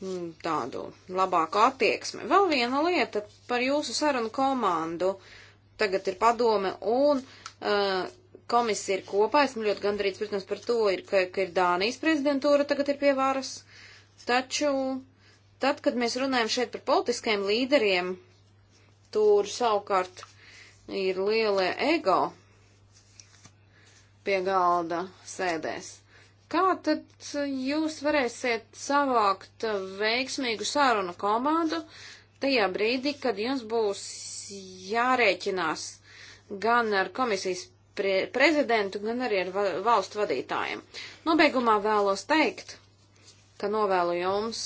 mm, tādu labāku attieksmi. Vēl viena lieta par jūsu sarunu komandu. Uh, tagad ir padome un uh, komisija ir kopā. Esmu ļoti gandrīz, protams, par to, ir, ka, ka ir Dānijas prezidentūra tagad ir pie varas. Taču tad, kad mēs runājam šeit par politiskiem līderiem, tur savukārt ir lielie ego pie galda sēdēs. Kā tad jūs varēsiet savākt veiksmīgu sārunu komandu tajā brīdī, kad jums būs jārēķinās gan ar komisijas pre prezidentu, gan arī ar va valstu vadītājiem. Nobeigumā vēlos teikt, ka novēlu jums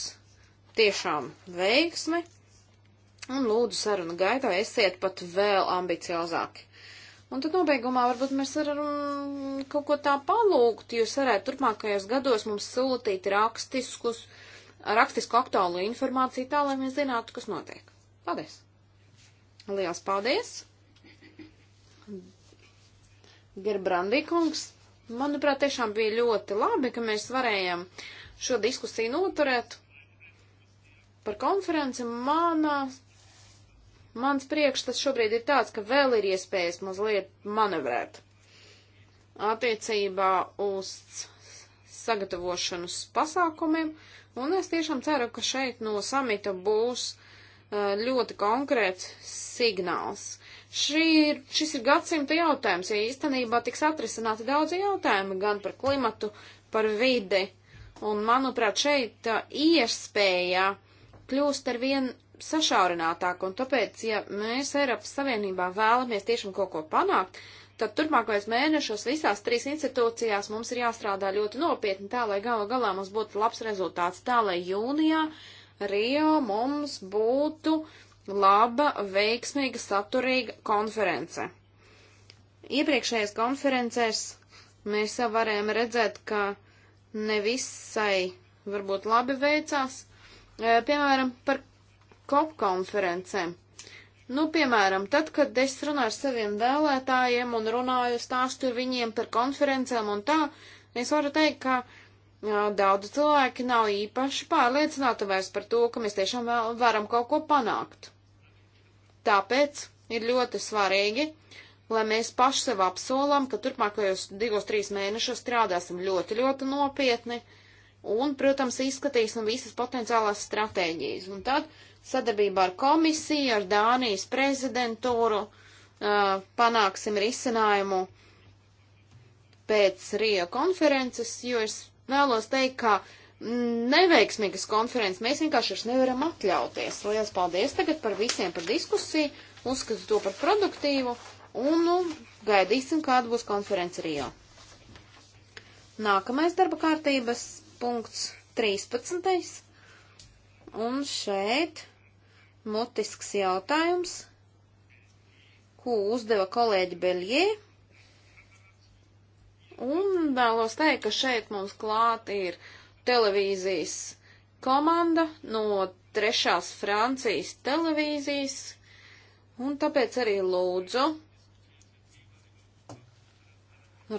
tiešām veiksmi un lūdzu sarunu gaitā esiet pat vēl ambiciozāki. Un tad nobeigumā varbūt mēs varam kaut ko tā palūgt, jūs varētu turpmākajos gados mums sūtīt rakstiskus, rakstisku aktuālu informāciju tā, lai mēs zinātu, kas notiek. Paldies! Liels paldies! Gerbrandī kungs, manuprāt, tiešām bija ļoti labi, ka mēs varējām šo diskusiju noturēt par konferenci. Manā, mans priekšstats šobrīd ir tāds, ka vēl ir iespējas mazliet manevrēt attiecībā uz sagatavošanas pasākumiem, un es tiešām ceru, ka šeit no samita būs ļoti konkrēts signāls. Šī ir, šis ir gadsimta jautājums, ja īstenībā tiks atrisināti daudzi jautājumi gan par klimatu, par vidi, un manuprāt šeit iespēja kļūst ar vien sašaurinātāk, un tāpēc, ja mēs Eiropas Savienībā vēlamies tiešām kaut ko panākt, tad turpmākajos mēnešos visās trīs institūcijās mums ir jāstrādā ļoti nopietni tā, lai gala galā mums būtu labs rezultāts, tā, lai jūnijā uh, Rio mums būtu laba, veiksmīga, saturīga konference. Iepriekšējās konferencēs mēs jau varējām redzēt, ka nevisai varbūt labi veicās, e, piemēram, par kop konferencēm. Nu, piemēram, tad, kad es runāju ar saviem vēlētājiem un runāju stāstu viņiem par konferencēm un tā, es varu teikt, ka daudz cilvēki nav īpaši pārliecināti vairs par to, ka mēs tiešām varam kaut ko panākt. Tāpēc ir ļoti svarīgi, lai mēs paši sev apsolam, ka turpmākajos divos, trīs mēnešos strādāsim ļoti, ļoti nopietni un, protams, izskatīsim visas potenciālās stratēģijas. Un tad sadarbībā ar komisiju, ar Dānijas prezidentūru panāksim risinājumu pēc Rio konferences, jo es vēlos teikt, ka mm, neveiksmīgas konferences mēs vienkārši vairs nevaram atļauties. Lielas paldies tagad par visiem par diskusiju, uzskatu to par produktīvu un nu, gaidīsim, kāda būs konference Rio. Nākamais darba kārtības punkts 13. Un šeit mutisks jautājums, ko uzdeva kolēģi Beļie Un vēlos teikt, ka šeit mums klāt ir televīzijas komanda no trešās Francijas televīzijas, un tāpēc arī lūdzu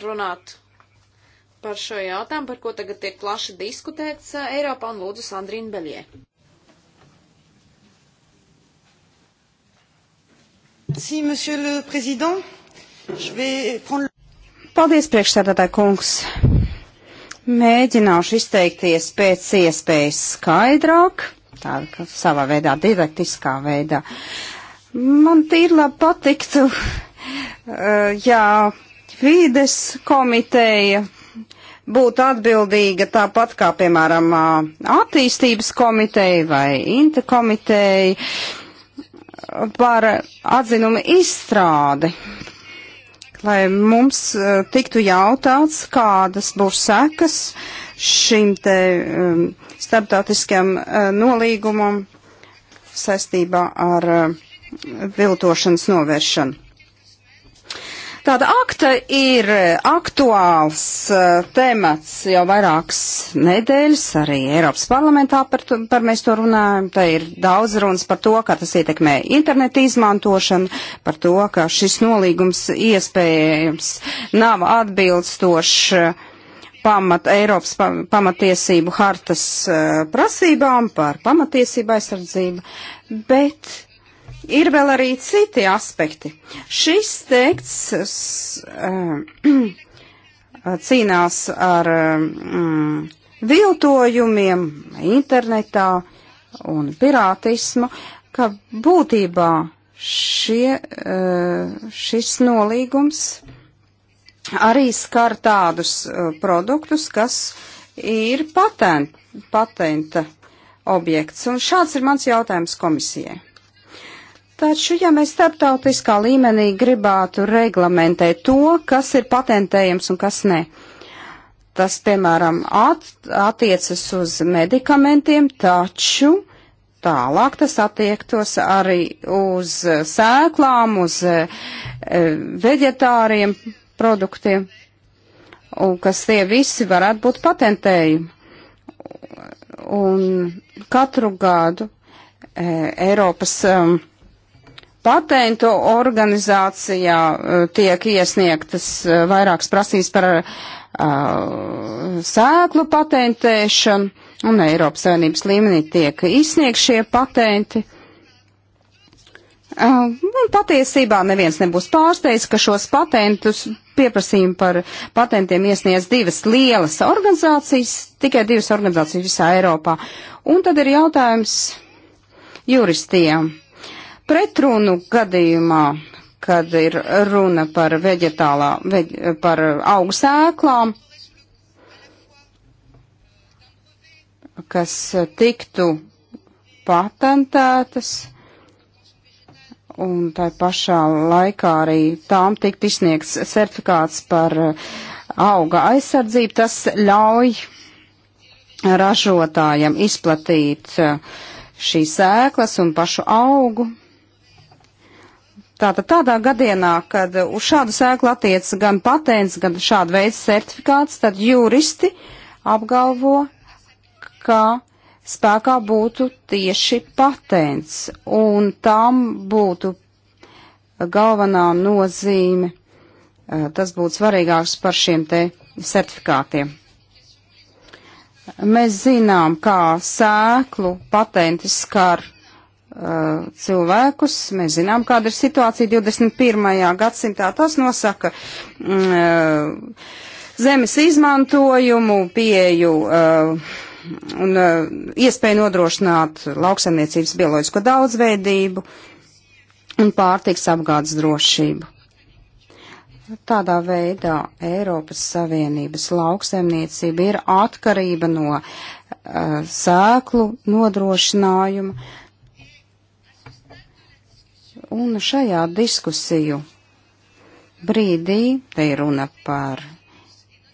runāt par šo jautājumu, par ko tagad tiek plaši diskutēts Eiropā, un lūdzu Sandrīnu Beļie. Merci, monsieur le président. Je vais prendre Paldies, priekšsēdētāji kungs. Mēģināšu izteikties pēc iespējas skaidrāk, tādā savā veidā, didaktiskā veidā. Man tīri labi patiktu, uh, ja vīdes komiteja būtu atbildīga tāpat kā, piemēram, eh, attīstības komiteja vai interkomiteja par atzinumu izstrādi lai mums eh, tiktu jautāts, kādas būs sekas šim te um, starptautiskam uh, nolīgumam saistībā ar uh, viltošanas novēršanu. Tāda akta ir aktuāls uh, temats jau vairākas nedēļas, arī Eiropas parlamentā par, to, par mēs to runājam. Te ir daudz runas par to, kā tas ietekmē internetu izmantošanu, par to, ka šis nolīgums iespējams nav atbilstošs uh, pamat, Eiropas pamatiesību hartas uh, prasībām par pamatiesību aizsardzību, bet Ir vēl arī citi aspekti. Šis teksts eh, cīnās ar mm, viltojumiem internetā un pirātismu, ka būtībā šie, eh, šis nolīgums arī skar tādus eh, produktus, kas ir patent, patenta objekts. Un šāds ir mans jautājums komisijai. Taču, ja mēs starptautiskā līmenī gribētu reglamentēt to, kas ir patentējams un kas ne, tas, piemēram, at, attiecas uz medikamentiem, taču tālāk tas attiektos arī uz sēklām, uz e, e, veģetāriem produktiem, un kas tie visi varētu būt patentējumi. Un katru gadu e, Eiropas um, e, patentu organizācijā eh, tiek iesniegtas eh, vairākas prasības par uh, sēklu patentēšanu, un Eiropas Savienības līmenī tiek izsniegt šie patenti. Uh, un patiesībā neviens nebūs pārsteigts, ka šos patentus pieprasījumu par patentiem iesniedz divas lielas organizācijas, tikai divas organizācijas visā Eiropā. Un tad ir jautājums juristiem pretrunu gadījumā, kad ir runa par veģetālā, veģ, par augsēklām, kas tiktu patentētas, un tai pašā laikā arī tām tiktu izsniegts certifikāts par auga aizsardzību, tas ļauj ražotājam izplatīt šīs sēklas un pašu augu. Tātad tādā gadienā, kad uz šādu sēklu attiec gan patents, gan šāda veida certifikāts, tad juristi apgalvo, ka spēkā būtu tieši patents, un tam būtu galvenā nozīme. Eh, tas būtu svarīgāks par šiem te certifikātiem. Mēs zinām, kā sēklu patenti skar Uh, cilvēkus. Mēs zinām, kāda ir situācija 21. gadsimtā. Tas nosaka mm, uh, zemes izmantojumu, pieju uh, un uh, iespēju nodrošināt lauksaimniecības bioloģisko daudzveidību un pārtiks apgādes drošību. Tādā veidā Eiropas Savienības lauksaimniecība ir atkarība no uh, sēklu nodrošinājuma, uh, Un šajā diskusiju brīdī te ir runa par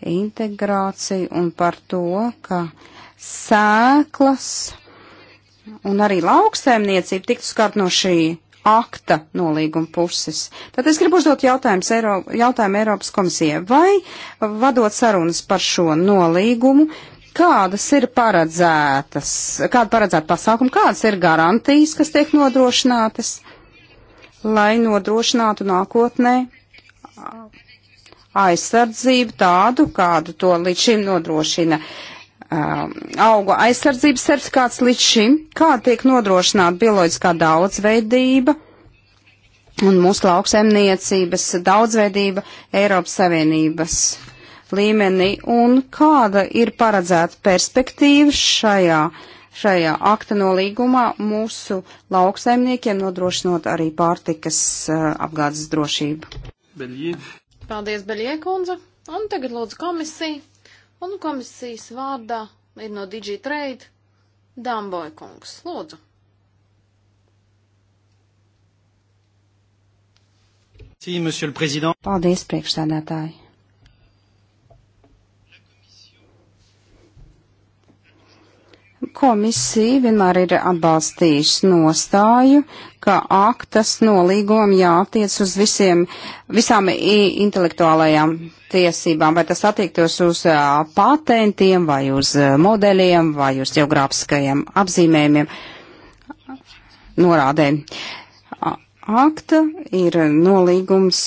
integrāciju un par to, ka sēklas un arī lauksēmniecība tiktu skart no šī akta nolīguma puses. Tad es gribu uzdot jautājumu, Eiro, jautājumu Eiropas komisijai. Vai, vadot sarunas par šo nolīgumu, kādas ir paredzētas, kāda paredzēta pasākuma, kādas ir garantijas, kas tiek nodrošinātas? lai nodrošinātu nākotnē aizsardzību tādu, kādu to līdz šim nodrošina um, auga aizsardzības certifikāts līdz šim, kā tiek nodrošināta bioloģiskā daudzveidība un mūsu lauksaimniecības daudzveidība Eiropas Savienības līmenī un kāda ir paredzēta perspektīva šajā uh, šajā akta nolīgumā mūsu lauksaimniekiem nodrošinot arī pārtikas eh, apgādes drošību. Beļie. Paldies, Beļie kundze! Un tagad lūdzu komisiju. Un komisijas vārdā ir no DigiTrade Damboj kungs. Lūdzu! Paldies, priekšsēdētāji! Komisija vienmēr ir atbalstījusi nostāju, ka aktas nolīgumi jātiec uz visiem, visām intelektuālajām tiesībām, vai tas attiektos uz patentiem, vai uz modeļiem, vai uz geogrāfiskajiem apzīmējumiem, norādēm. Akta ir nolīgums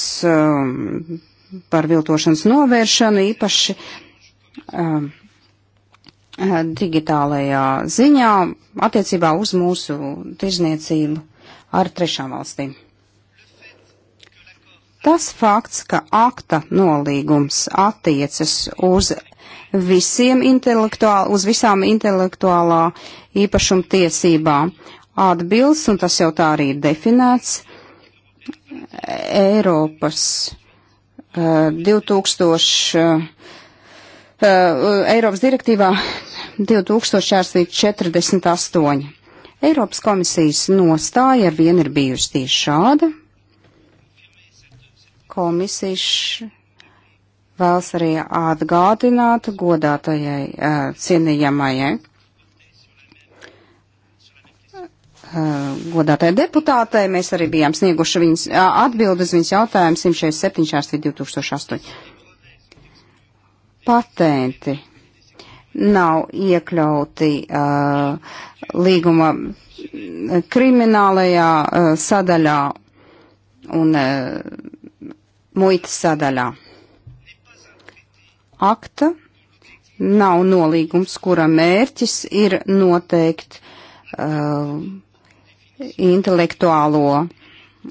par viltošanas novēršanu īpaši Eh, digitālajā ziņā attiecībā uz mūsu tirzniecību ar trešām valstīm. Tas fakts, ka akta nolīgums attiecas uz visiem intelektuāli, uz visām intelektuālā īpašuma tiesībām atbilst, un tas jau tā arī ir definēts, Eiropas uh, 2000. Uh, Eiropas direktīvā 2000 līdz 48. Eiropas komisijas nostāja ar vienu ir bijusi tieši šāda. Komisija vēlas arī atgādināt godātajai cienījamajai godātajai deputātei. Mēs arī bijām snieguši viņas atbildes viņas jautājumu 167. 2008. Patenti nav iekļauti uh, līguma kriminālajā uh, sadaļā un uh, muitas sadaļā. Akta nav nolīgums, kura mērķis ir noteikt uh, intelektuālo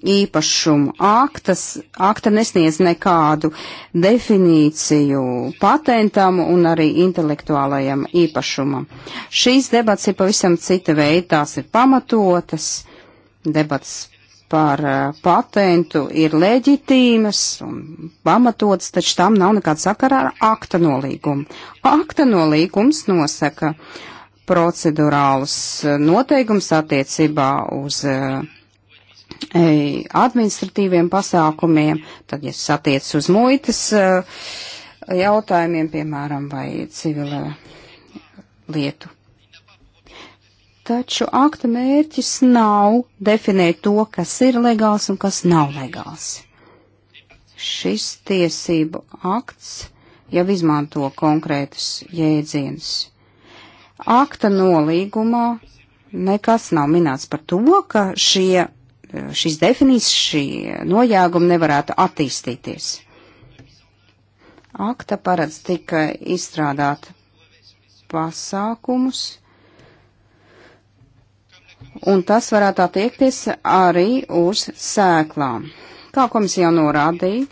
īpašumu. Aktas, akta nesniedz nekādu definīciju patentam un arī intelektuālajam īpašumam. Šīs debats ir pavisam cita veida, tās ir pamatotas. Debats par eh, patentu ir leģitīmas un pamatotas, taču tam nav nekāda sakara ar akta nolīgumu. Akta nolīgums nosaka procedurālus eh, noteikums attiecībā uz uh, administratīviem pasākumiem, tad, ja satiec uz muitas eh, jautājumiem, piemēram, vai civila lietu. Taču akta mērķis nav definēt to, kas ir legāls un kas nav legāls. Šis tiesību akts jau izmanto konkrētus jēdzienus. Akta nolīgumā nekas nav minēts par to, ka šie šīs definīcijas, šī nojāguma nevarētu attīstīties. Akta paredz tikai izstrādāt pasākumus, un tas varētu attiekties arī uz sēklām. Kā komisija jau norādīja,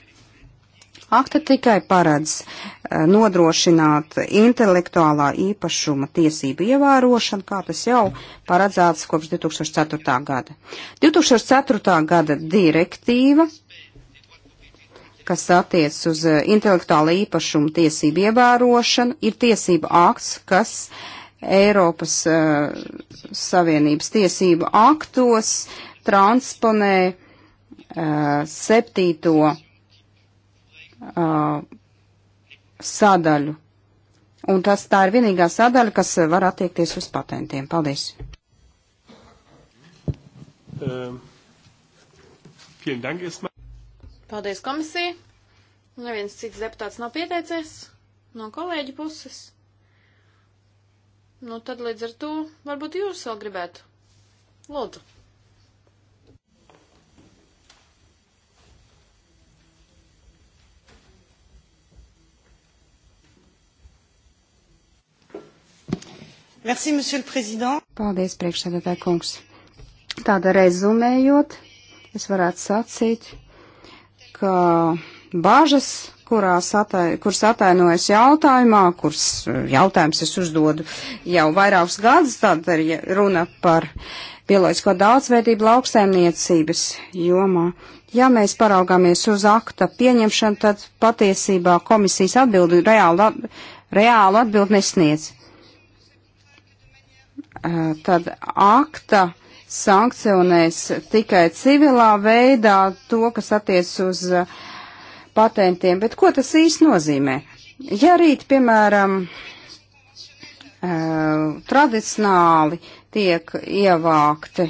akta tikai paredz eh, nodrošināt intelektuālā īpašuma tiesību ievērošanu, kā tas jau paredzēts kopš 2004. gada. 2004. gada direktīva kas attiec uz eh, intelektuāla īpašuma tiesību ievērošanu, ir tiesība akts, kas Eiropas uh, Savienības tiesību aktos transponē uh, septīto uh, sadaļu. Un tas tā ir vienīgā sadaļa, kas var attiekties uz patentiem. Paldies. Um, Paldies komisija. Neviens cits deputāts nav pieteicies no kolēģa puses. Nu, tad līdz ar to varbūt jūs vēl gribētu. Lūdzu. Merci, monsieur le président. Paldies, priekšsēdētāj kungs. Tāda rezumējot, es varētu sacīt, ka bažas, atai, kuras atainojas jautājumā, kuras eh, jautājums es uzdodu jau vairākus gadus, tad ir runa par bioloģisko daudzveidību lauksaimniecības jomā. Ja mēs paraugāmies uz akta pieņemšanu, tad patiesībā komisijas atbildi reāli, reāli atbildi nesniedz. Eh, tad akta sankcionēs tikai civilā veidā to, kas attiec uz eh, patentiem. Bet ko tas īsti nozīmē? Ja rīt, piemēram, eh, tradicionāli tiek ievākti,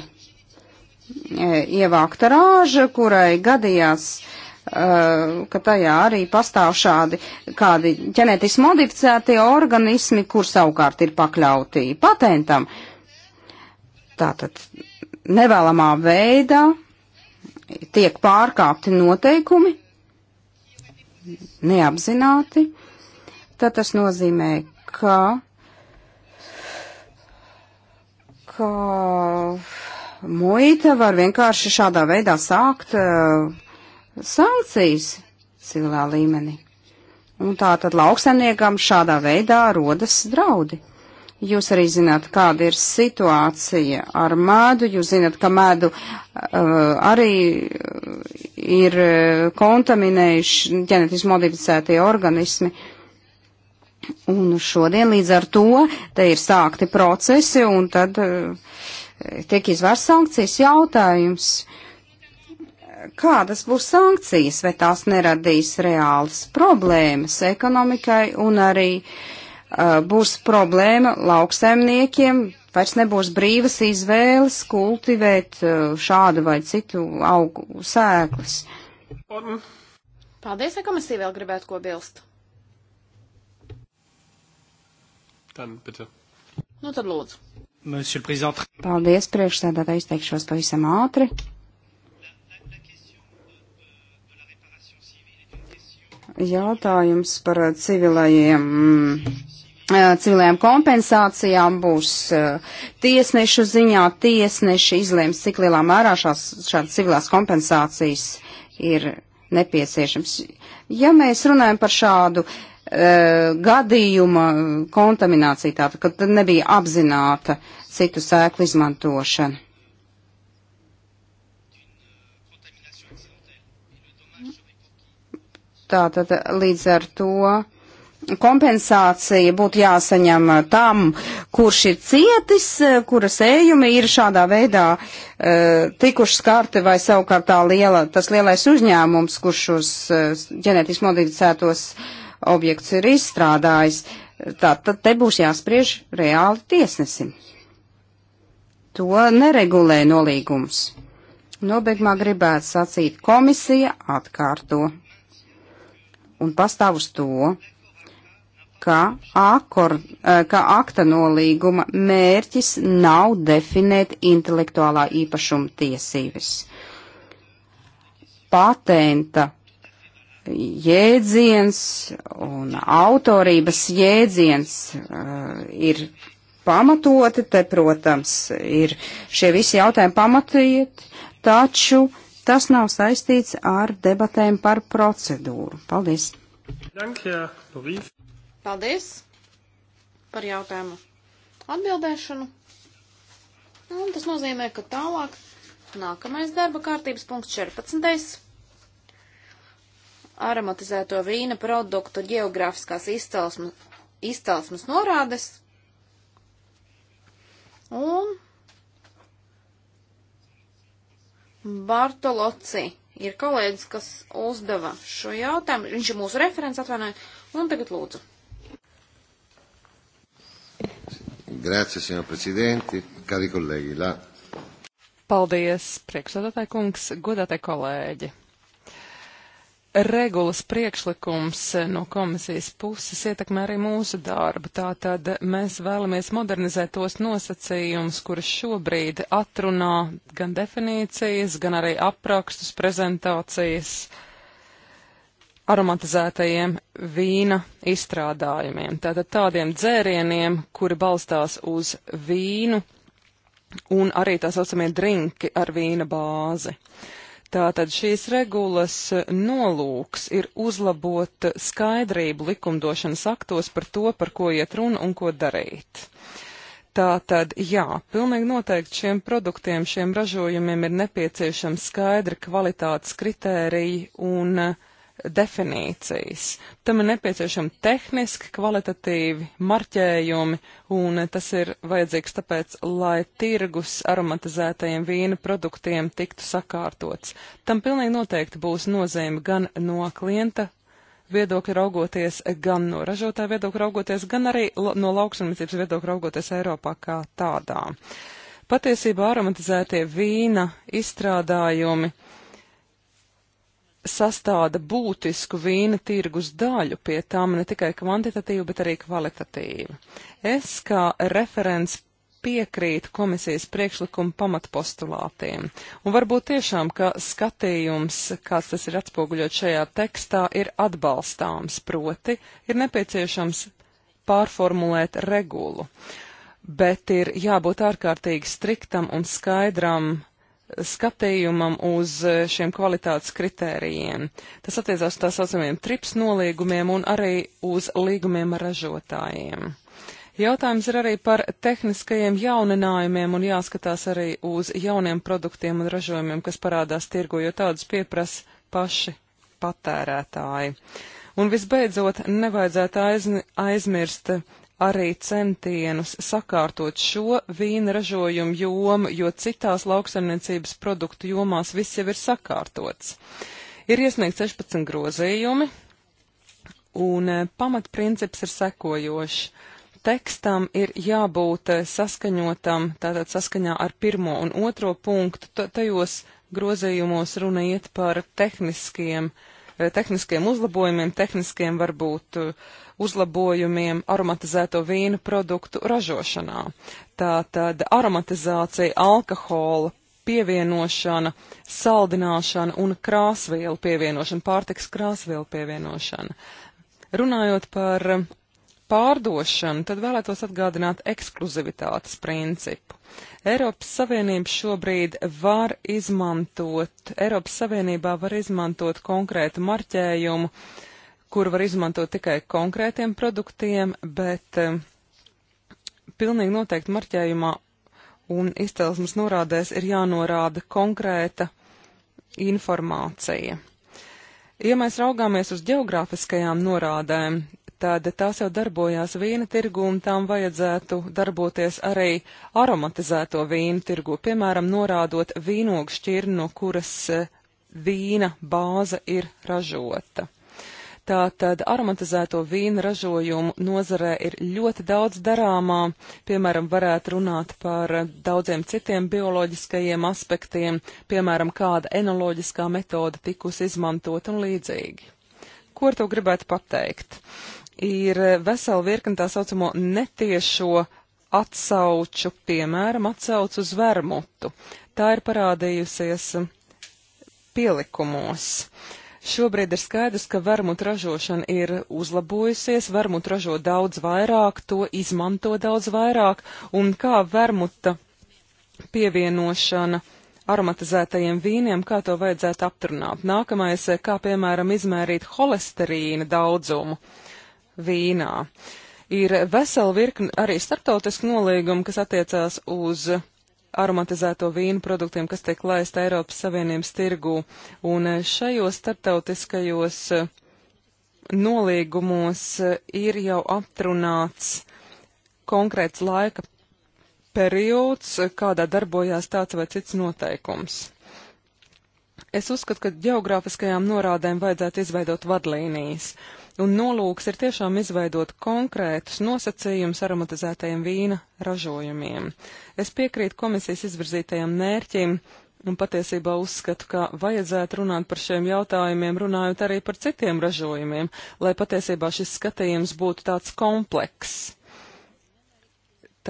ievākta rāža, kurai gadījās uh, Eh, ka tajā arī pastāv šādi kādi ģenētiski modificētie organismi, kur savukārt ir pakļauti patentam. Tātad nevēlamā veidā tiek pārkāpti noteikumi neapzināti, tad tas nozīmē, ka, ka muita var vienkārši šādā veidā sākt uh, sankcijas civilā līmenī. Un tā tad lauksaimniekam šādā veidā rodas draudi. Jūs arī zināt, kāda ir situācija ar mēdu. Jūs zināt, ka mēdu uh, arī uh, ir uh, kontaminējuši ģenetiski modificētie organismi. Un šodien līdz ar to te ir sākti procesi un tad uh, tiek izvērsts sankcijas jautājums. Uh, kādas būs sankcijas, vai tās neradīs reālas problēmas ekonomikai un arī uh, būs problēma lauksaimniekiem, vairs nebūs brīvas izvēles kultivēt uh, šādu vai citu augu sēklas. Paldies, ja komisija vēl gribētu ko bilst. Tad, nu, tad lūdzu. Paldies, priekšsēdētāji, izteikšos pavisam ātri. Jautājums par eh, civilajiem, mm, eh, civilajām kompensācijām būs eh, tiesnešu ziņā. Tiesneši izlēms, cik lielā mērā šās, šādas civilās kompensācijas ir nepieciešams. Ja mēs runājam par šādu uh, gadījuma kontaminācija, tātad, kad nebija apzināta citu sēklu izmantošana. Tātad līdz ar to kompensācija būtu jāsaņem tam, kurš ir cietis, kura sējumi ir šādā veidā uh, tikuši skarti vai savukārt tā liela, tas lielais uzņēmums, kurš uz uh, e, ģenētiski modificētos objekts ir izstrādājis. Tā tad te būs jāspriež reāli tiesnesim. To neregulē nolīgums. Nobeigumā nu, gribētu sacīt, komisija atkārto un pastāv uz to, ka, akord, eh, ka akta nolīguma mērķis nav definēt intelektuālā īpašuma tiesības. Patenta jēdziens un autorības jēdziens uh, ir pamatoti, te, protams, ir šie visi jautājumi pamatieti, taču uh, Tas nav saistīts ar debatēm par procedūru. Paldies! Paldies par jautājumu atbildēšanu. Nu, un tas nozīmē, ka tālāk nākamais darba kārtības punkts 14. Aromatizēto vīna produktu geogrāfiskās izcelsmes, izcelsmes norādes. Un Bartoloci ir kolēģis, kas uzdeva šo jautājumu. Viņš ir mūsu referents, atvainojiet, un tagad lūdzu. Grazie, signor Presidente, cari colleghi. La... Paldies, priekšsēdētāji kungs, godātie kolēģi regulas priekšlikums eh, no komisijas puses ietekmē arī mūsu darbu. Tātad eh, mēs vēlamies modernizēt tos nosacījumus, kuras šobrīd atrunā gan definīcijas, gan arī aprakstus, prezentācijas aromatizētajiem vīna izstrādājumiem. Tātad tādiem dzērieniem, kuri balstās uz vīnu un arī tā saucamie drinki ar vīna bāzi. Uh, Tātad šīs regulas nolūks ir uzlabot skaidrību likumdošanas aktos par to, par ko iet runa un ko darīt. Tātad, jā, pilnīgi noteikti šiem produktiem, šiem ražojumiem ir nepieciešama skaidra kvalitātes kritērija un uh, definīcijas. Tam ir nepieciešami tehniski, kvalitatīvi marķējumi, un tas ir vajadzīgs tāpēc, lai tirgus aromatizētajiem vīna produktiem tiktu sakārtots. Tam pilnīgi noteikti būs nozīme gan no klienta viedokļa raugoties, gan no ražotāja viedokļa raugoties, gan arī no lauksaimniecības viedokļa raugoties Eiropā kā tādā. Patiesībā aromatizētie vīna izstrādājumi sastāda būtisku vīna tirgus daļu, pie tām ne tikai kvantitatīvu, bet arī kvalitatīvu. Es kā referents piekrītu komisijas priekšlikuma pamatpostulātiem, un varbūt tiešām, ka skatījums, kāds tas ir atspoguļot šajā tekstā, ir atbalstāms, proti ir nepieciešams pārformulēt regulu, bet ir jābūt ārkārtīgi striktam un skaidram skatījumam uz eh, šiem kvalitātes kritērijiem. Tas attiecās uz tā saucamiem trips nolīgumiem un arī uz līgumiem ar ražotājiem. Jautājums ir arī par tehniskajiem jauninājumiem un jāskatās arī uz jauniem produktiem un ražojumiem, kas parādās tirgu, jo tādus pieprasa paši patērētāji. Un visbeidzot, nevajadzētu aizmirst arī centienus sakārtot šo vīna ražojumu jomu, jo citās lauksaimniecības produktu jomās viss jau ir sakārtots. Ir iesniegts 16 grozījumi, un eh, pamatprincips ir sekojošs. Tekstam ir jābūt eh, saskaņotam, tātad saskaņā ar pirmo un otro punktu, tajos grozījumos runa iet par tehniskiem, eh, tehniskiem uzlabojumiem, tehniskiem varbūt uh, uzlabojumiem aromatizēto vīnu produktu ražošanā. Tātad aromatizācija, alkohola pievienošana, saldināšana un krāsvielu pievienošana, pārtiks krāsvielu pievienošana. Runājot par pārdošanu, tad vēlētos atgādināt ekskluzivitātes principu. Eiropas Savienība šobrīd var izmantot, Eiropas Savienībā var izmantot konkrētu marķējumu, uh, kuru var izmantot tikai konkrētiem produktiem, bet um, pilnīgi noteikti marķējumā un izcelsmes norādēs ir jānorāda konkrēta informācija. Ja mēs raugāmies uz geogrāfiskajām norādēm, tad tās jau darbojās vīna tirgu un tām vajadzētu darboties arī aromatizēto vīnu tirgu, piemēram, norādot vīnogu šķirni, no kuras eh, vīna bāze ir ražota. Tātad aromatizēto vīnu ražojumu nozarē ir ļoti daudz darāmā, piemēram, varētu runāt par daudziem citiem bioloģiskajiem aspektiem, piemēram, kāda enoloģiskā metoda tikusi izmantot un līdzīgi. Ko ar to gribētu pateikt? Ir vesela virkni tā saucamo netiešo atsauču, piemēram, atsaucu uz vermutu. Tā ir parādījusies pielikumos. Uh, Šobrīd ir skaidrs, ka vermut ražošana ir uzlabojusies, vermut ražo daudz vairāk, to izmanto daudz vairāk, un kā vermuta pievienošana aromatizētajiem vīniem, kā to vajadzētu apturēt. Nākamais, kā piemēram izmērīt holesterīna daudzumu vīnā. Ir vesela virkni arī starptautisku nolīgumu, kas attiecās uz aromatizēto vīnu produktiem, kas tiek laista Eiropas Savienības tirgū. Un eh, šajos starptautiskajos eh, nolīgumos eh, ir jau aptrunāts konkrēts laika periods, kādā darbojās tāds vai cits noteikums. Es uzskatu, ka geogrāfiskajām norādēm vajadzētu izveidot vadlīnijas, un nolūks ir tiešām izveidot konkrētus nosacījumus aromatizētajiem vīna ražojumiem. Es piekrītu komisijas izvirzītajam mērķim, un patiesībā uzskatu, ka vajadzētu runāt par šiem jautājumiem, runājot arī par citiem ražojumiem, lai patiesībā šis skatījums būtu tāds komplekss.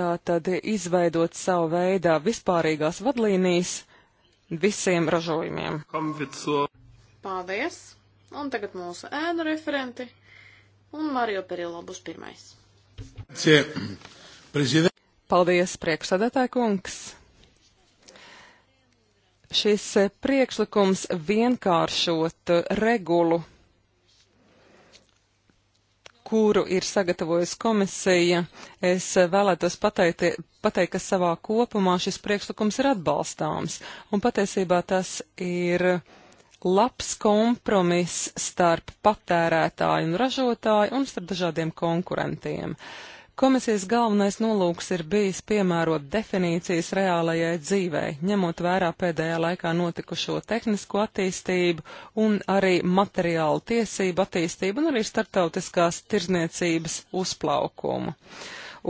Tā tad izveidot savu veidā vispārīgās vadlīnijas, visiem ražojumiem. Paldies! Un tagad mūsu ēnu referenti un Mario Perilo būs pirmais. Paldies, priekšsēdētāja kungs! Šis priekšlikums vienkāršot regulu kuru ir sagatavojusi komisija, es vēlētos pateikt, pateikt, ka savā kopumā šis priekšlikums ir atbalstāms. Un patiesībā tas ir labs kompromiss starp patērētāju un ražotāju un starp dažādiem konkurentiem. Uh, Komisijas galvenais nolūks ir bijis piemērot definīcijas reālajai dzīvei, ņemot vērā pēdējā laikā notikušo tehnisko attīstību un arī materiālu tiesību attīstību un arī starptautiskās tirzniecības uzplaukumu.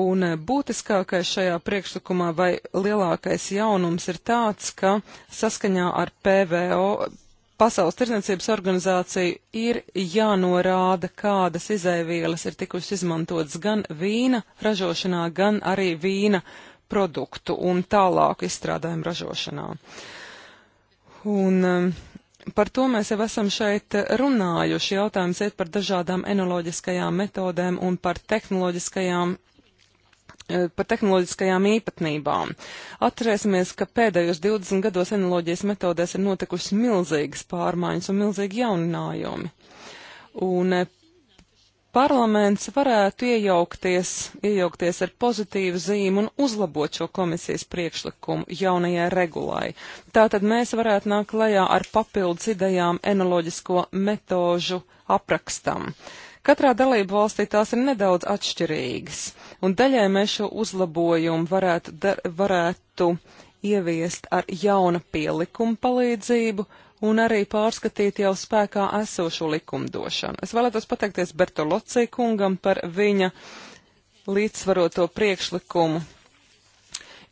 Un e, būtiskākais šajā priekšlikumā vai lielākais jaunums ir tāds, ka saskaņā ar PVO, Pasaules tirdzniecības organizāciju ir jānorāda, kādas izēvielas ir tikušas izmantotas gan vīna ražošanā, gan arī vīna produktu un tālāk izstrādājumu ražošanā. Un um, par to mēs jau esam šeit runājuši. Jautājums iet par dažādām enoloģiskajām metodēm un par tehnoloģiskajām Eh, par tehnoloģiskajām īpatnībām. Atcerēsimies, ka pēdējos 20 gados enoloģijas metodēs ir notikušas milzīgas pārmaiņas un milzīgi jauninājumi. Un eh, parlaments varētu iejaukties, iejaukties ar pozitīvu zīmu un uzlabot šo komisijas priekšlikumu jaunajai regulai. Tātad mēs varētu nākt klajā ar papildus idejām enoloģisko metožu aprakstam. Uh, Katrā dalību valstī tās ir nedaudz atšķirīgas, un daļai mēs šo uzlabojumu varētu, dar, varētu ieviest ar jauna pielikuma palīdzību un arī pārskatīt jau spēkā esošu likumdošanu. Es vēlētos pateikties Bertolocī kungam par viņa līdzsvaroto priekšlikumu.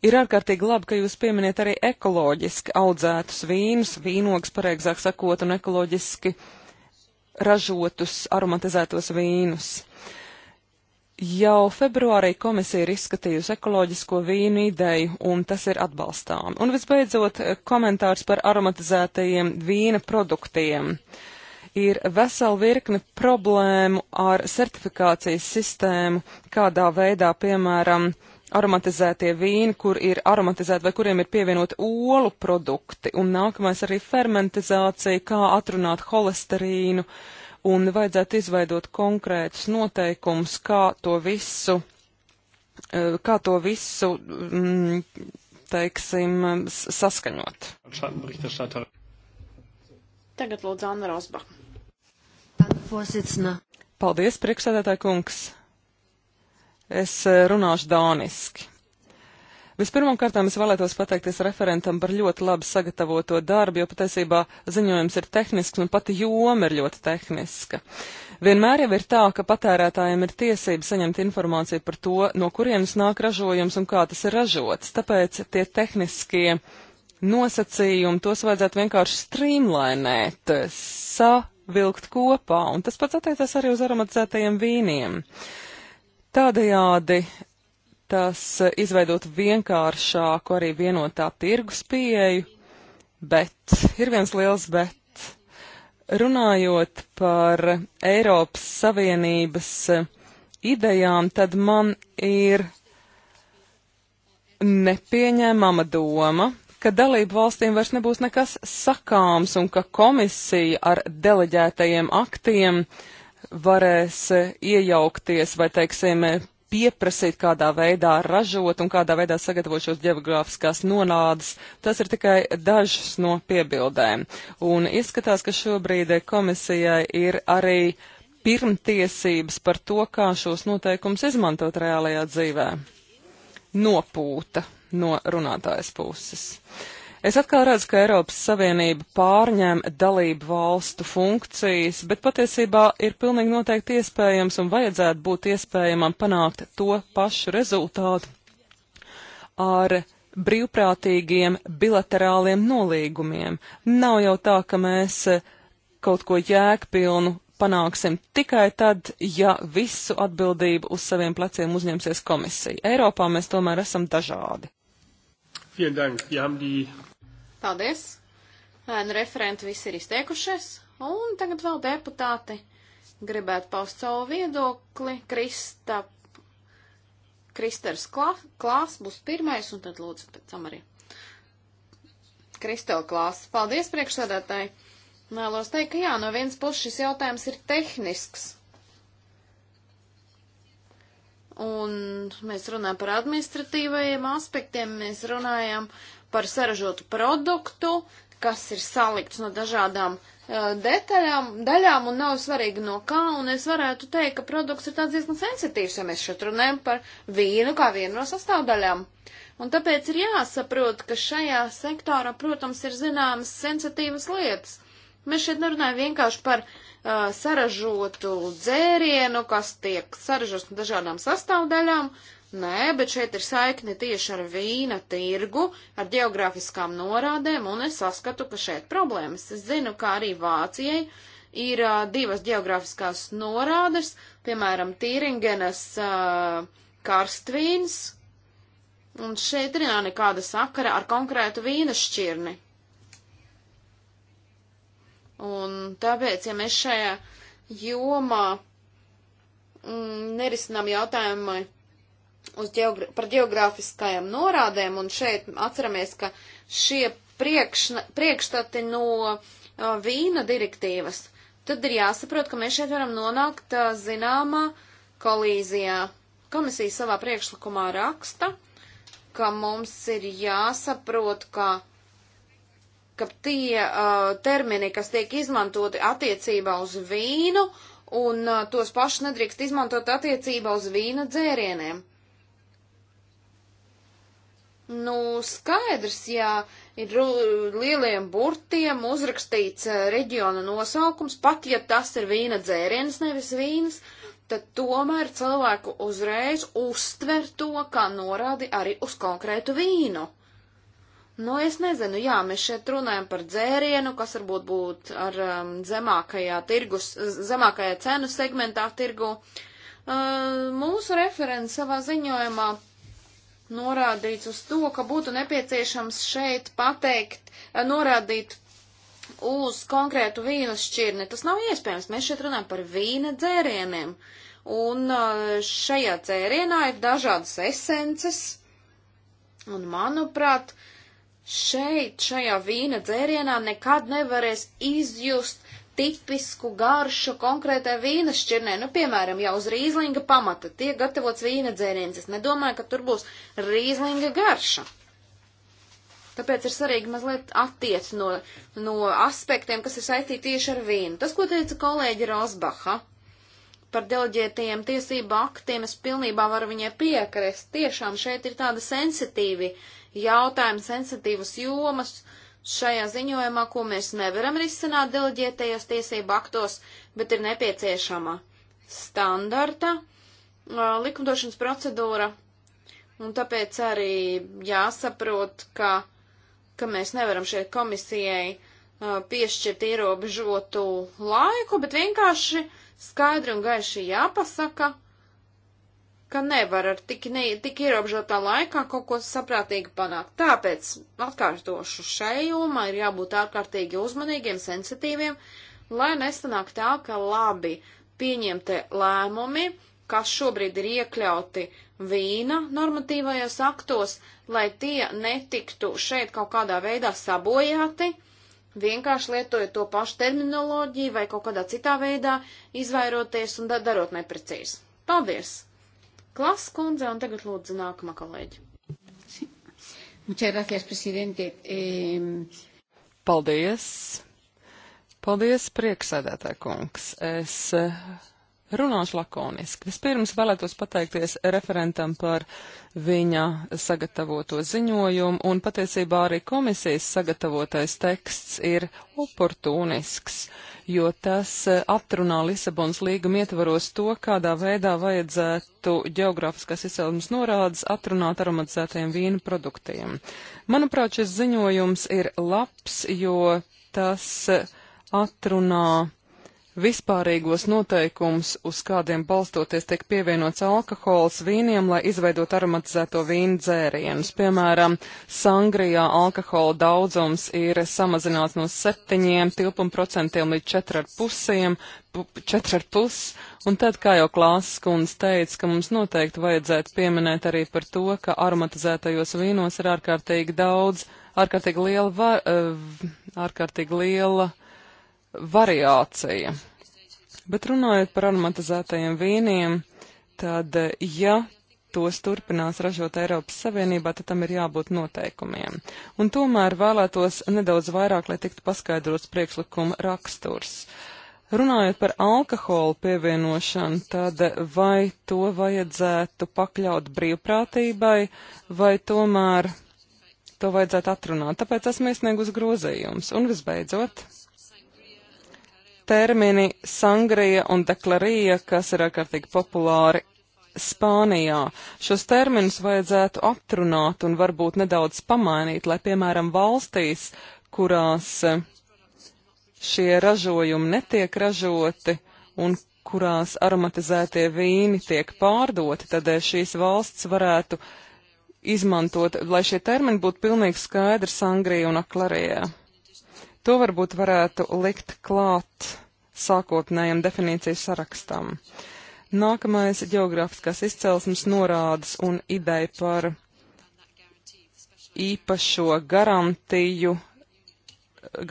Ir ārkārtīgi labi, ka jūs pieminiet arī ekoloģiski audzētus vīnus, vīnogas, pareizāk sakot, un ekoloģiski uh, ražotus aromatizētos vīnus. Jau februārī komisija ir izskatījusi ekoloģisko vīnu ideju, un tas ir atbalstām. Un visbeidzot, komentārs par aromatizētajiem vīna produktiem. Ir vesela virkne problēmu ar certifikācijas sistēmu, kādā veidā, piemēram, uh, aromatizētie vīni, kur ir aromatizēti vai kuriem ir pievienot olu produkti, un nākamais arī fermentizācija, kā atrunāt holesterīnu, un vajadzētu izveidot konkrētus noteikumus, kā to visu, eh, kā to visu, mm, teiksim, saskaņot. Tagad lūdzu Anna Rosba. Paldies, priekšsēdētāji kungs. Es eh, runāšu dāniski. Vispirmām kārtām es vēlētos pateikties referentam par ļoti labi sagatavoto darbu, jo patiesībā ziņojums ir tehnisks un pati joma ir ļoti tehniska. Vienmēr jau ir tā, ka patērētājiem ir tiesība saņemt informāciju par to, no kurienes nāk ražojums un kā tas ir ražots. Tāpēc tie tehniskie nosacījumi, tos vajadzētu vienkārši streamlainēt, savilkt kopā, un tas pats attiecas arī uz aromatizētajiem vīniem. Uh, Tādējādi tas izveidot vienkāršāku arī vienotā tirgus pieeju, bet ir viens liels bet. Runājot par Eiropas Savienības idejām, tad man ir nepieņēmama doma, ka dalību valstīm vairs nebūs nekas sakāms un ka komisija ar deleģētajiem aktiem uh, varēs e, iejaukties vai, teiksim, e, pieprasīt, kādā veidā ražot un kādā veidā sagatavot šos geogrāfiskās nonādes. Tas ir tikai dažas no piebildēm. Un izskatās, ka šobrīd e, komisijai ir arī pirmtiesības par to, kā šos noteikumus izmantot reālajā dzīvē. Nopūta no runātājas puses. Uh, Es atkal redzu, ka Eiropas Savienība pārņem dalību valstu funkcijas, bet patiesībā ir pilnīgi noteikti iespējams un vajadzētu būt iespējamam panākt to pašu rezultātu ar brīvprātīgiem bilaterāliem nolīgumiem. Nav jau tā, ka mēs kaut ko jēgpilnu panāksim tikai tad, ja visu atbildību uz saviem pleciem uzņemsies komisija. Eiropā mēs tomēr esam dažādi. Vielen Dank. Wir haben die Paldies! Ēnu referenti visi ir izteikušies, un tagad vēl deputāti gribētu paust savu viedokli. Krista, Kristers klā, Klās būs pirmais, un tad lūdzu pēc tam arī. Kristela Klās, paldies priekšsēdētāji! Mēlos teikt, ka jā, no vienas puses šis jautājums ir tehnisks, un mēs runājam par administratīvajiem aspektiem, mēs runājam par saražotu produktu, kas ir salikts no dažādām uh, detaļām, daļām un nav svarīgi no kā, un es varētu teikt, ka produkts ir tāds diezgan sensitīvs, ja mēs šeit runājam par vīnu kā vienu no sastāvdaļām. Un tāpēc ir jāsaprot, ka šajā sektorā, protams, ir zināmas sensitīvas lietas. Mēs šeit nerunājam vienkārši par uh, saražotu dzērienu, kas tiek saražots no dažādām sastāvdaļām, uh, Nē, bet šeit ir saikne tieši ar vīna tirgu, ar geogrāfiskām norādēm, un es saskatu, ka šeit problēmas. Es zinu, ka arī Vācijai ir uh, divas geogrāfiskās norādes, piemēram, Tīringenas uh, karstvīns, un šeit arī nav nekāda sakara ar konkrētu vīna šķirni. Un tāpēc, ja mēs šajā jomā mm, nerisinām jautājumu, geogra par geogrāfiskajām norādēm, un šeit atceramies, ka šie priekšna, priekšstati no uh, vīna direktīvas, tad ir jāsaprot, ka mēs šeit varam nonākt uh, zināmā kolīzijā. Komisija savā priekšlikumā raksta, ka mums ir jāsaprot, ka, ka tie uh, termini, kas tiek izmantoti attiecībā uz vīnu, un uh, tos pašus nedrīkst izmantot attiecībā uz vīna dzērieniem. Nu, skaidrs, jā, ir lieliem burtiem uzrakstīts eh, reģiona nosaukums, pat ja tas ir vīna dzēriens, nevis vīnas, tad tomēr cilvēku uzreiz uztver to, kā norādi arī uz konkrētu vīnu. Nu, es nezinu, jā, mēs šeit runājam par dzērienu, kas varbūt būtu ar um, zemākajā tirgus, zemākajā cenu segmentā tirgu. Uh, mūsu referents savā ziņojumā norādīts uz to, ka būtu nepieciešams šeit pateikt, eh, norādīt uz konkrētu vīnu šķirni. Tas nav iespējams. Mēs šeit runājam par vīna dzērieniem. Un eh, šajā dzērienā ir dažādas esences. Un, manuprāt, šeit, šajā vīna dzērienā nekad nevarēs izjust tipisku garšu konkrētai vīna šķirnē. Nu, piemēram, jau uz rīzlinga pamata tiek gatavots vīna dzēriens. Es nedomāju, ka tur būs rīzlinga garša. Tāpēc ir svarīgi mazliet attiec no, no aspektiem, kas ir saistīti tieši ar vīnu. Tas, ko teica kolēģi Rosbaha par deleģētajiem tiesību aktiem, es pilnībā varu viņai piekrist. Tiešām šeit ir tāda sensitīvi jautājumi, sensitīvas jomas, šajā ziņojumā, ko mēs nevaram risināt deleģētajos tiesību aktos, bet ir nepieciešama standarta uh, likumdošanas procedūra. Un tāpēc arī jāsaprot, ka, ka mēs nevaram šeit komisijai uh, piešķirt ierobežotu laiku, bet vienkārši skaidri un gaiši jāpasaka, ka nevar ar tik, ne, tik ierobežotā laikā kaut ko saprātīgi panākt. Tāpēc, atkārtošu, šai jomā ir jābūt ārkārtīgi uzmanīgiem, sensitīviem, lai nestanāk tā, ka labi pieņemtie lēmumi, kas šobrīd ir iekļauti vīna normatīvajos aktos, lai tie netiktu šeit kaut kādā veidā sabojāti, vienkārši lietojot to pašu terminoloģiju vai kaut kādā citā veidā, izvairoties un darot neprecīzi. Paldies! Klas kundze, un tagad lūdzu nākamā kolēģi. Muchas gracias, presidente. Paldies. Paldies, prieksēdētāj kungs. Es eh, Runāšu lakoniski. Vispirms vēlētos pateikties referentam par viņa sagatavoto ziņojumu, un patiesībā arī komisijas sagatavotais teksts ir oportunisks, jo tas eh, atrunā Lisabonas līguma ietvaros to, kādā veidā vajadzētu geogrāfiskās izcelsmes norādes atrunāt aromatizētajiem vīnu produktiem. Manuprāt, šis ziņojums ir labs, jo tas eh, atrunā vispārīgos noteikumus, uz kādiem balstoties tiek pievienots alkohols vīniem, lai izveidot aromatizēto vīnu dzērienus. Piemēram, sangrijā alkohola daudzums ir samazināts no 7,12% līdz 4,5%, un tad, kā jau klāsas kundze teica, ka mums noteikti vajadzētu pieminēt arī par to, ka aromatizētajos vīnos ir ārkārtīgi daudz, ārkārtīgi liela, var, eh, ārkārtīgi liela variācija. Bet runājot par aromatizētajiem vīniem, tad ja tos turpinās ražot Eiropas Savienībā, tad tam ir jābūt noteikumiem. Un tomēr vēlētos nedaudz vairāk, lai tiktu paskaidrots priekšlikuma raksturs. Runājot par alkoholu pievienošanu, tad vai to vajadzētu pakļaut brīvprātībai, vai tomēr to vajadzētu atrunāt. Tāpēc esmu iesniegus grozījums. Un visbeidzot termini sangrija un deklarija, kas ir ārkārtīgi populāri Spānijā. Šos terminus vajadzētu aptrunāt un varbūt nedaudz pamainīt, lai piemēram valstīs, kurās eh, šie ražojumi netiek ražoti un kurās aromatizētie vīni tiek pārdoti, tad eh, šīs valsts varētu izmantot, lai šie termini būtu pilnīgi skaidri Sangrija un Aklarijā. To varbūt varētu likt klāt sākotnējam definīcijas sarakstam. Nākamais - geogrāfiskās izcelsmes norādes un ideja par īpašo garantiju.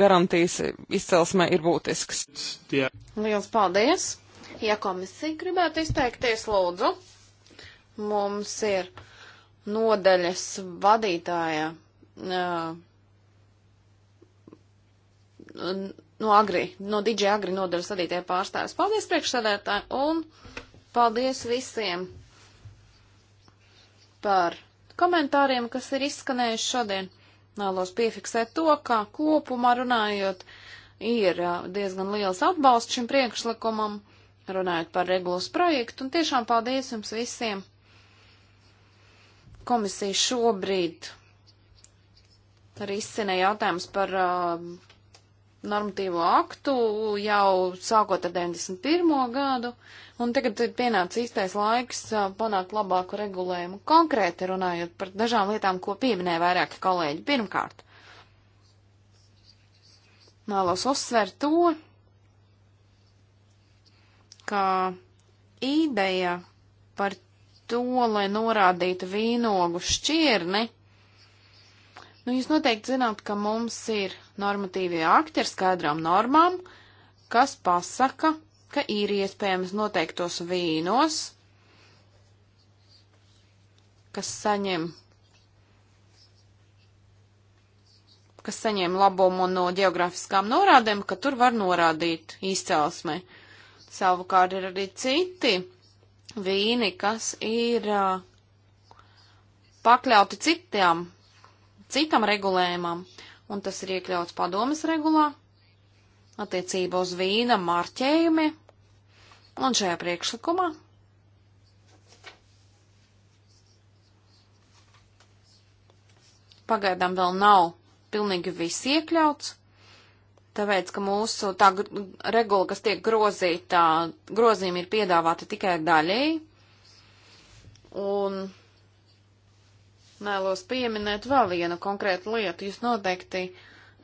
Garantijas izcelsmē ir būtisks. Lielas paldies! Ja komisija gribētu izteikties, lūdzu, mums ir nodaļas vadītāja. Uh, no Agri, no DJ Agri nodaras vadītie pārstāvis. Paldies priekšsēdētāji un paldies visiem par komentāriem, kas ir izskanējuši šodien. Nālos piefiksēt to, ka kopumā runājot ir diezgan liels atbalsts šim priekšlikumam, runājot par regulas projektu, un tiešām paldies jums visiem. Komisija šobrīd arī izsina jautājums par uh, normatīvo aktu jau sākot ar 91. gadu, un tagad ir pienācis īstais laiks panākt labāku regulējumu, konkrēti runājot par dažām lietām, ko pieminēja vairāki kolēģi. Pirmkārt, vēlos uzsvērt to, ka ideja par to, lai norādītu vīnogu šķirni, Nu, jūs noteikti zināt, ka mums ir normatīvie akti ar skaidrām normām, kas pasaka, ka ir iespējams noteiktos vīnos, kas saņem, kas saņem labumu no geogrāfiskām norādēm, ka tur var norādīt izcelsmi. Savukārt ir arī citi vīni, kas ir uh, pakļauti citām citam regulējumam, un tas ir iekļauts padomas regulā attiecībā uz vīna marķējumi, un šajā priekšlikumā pagaidām vēl nav pilnīgi viss iekļauts, tāpēc, ka mūsu tā regula, kas tiek grozīta, grozījumi ir piedāvāti tikai daļēji, un Mēlos pieminēt vēl vienu konkrētu lietu. Jūs noteikti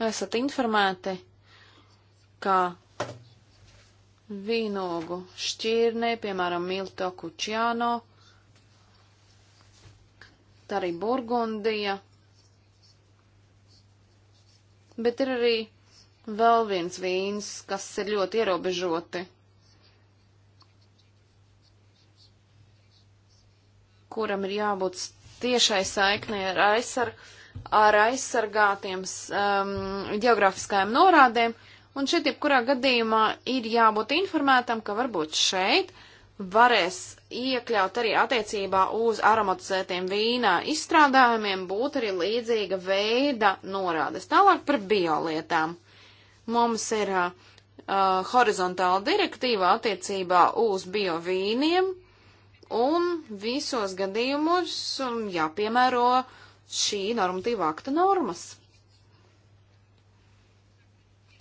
esat informēti, ka vīnogu šķirnē, piemēram, Milto Kučiano, tā arī Burgundija, bet ir arī vēl viens vīns, kas ir ļoti ierobežoti, kuram ir jābūt tiešai saiknē ar, aizsar, ar aizsargātiem um, geogrāfiskajiem norādēm, un šeit jebkurā gadījumā ir jābūt informētam, ka varbūt šeit varēs iekļaut arī attiecībā uz aromatizētiem vīnā izstrādājumiem, būt arī līdzīga veida norādes. Tālāk par biolietām. Mums ir uh, horizontāla direktīva attiecībā uz biovīniem, uh, un visos gadījumos um, jāpiemēro šī normatīva akta normas.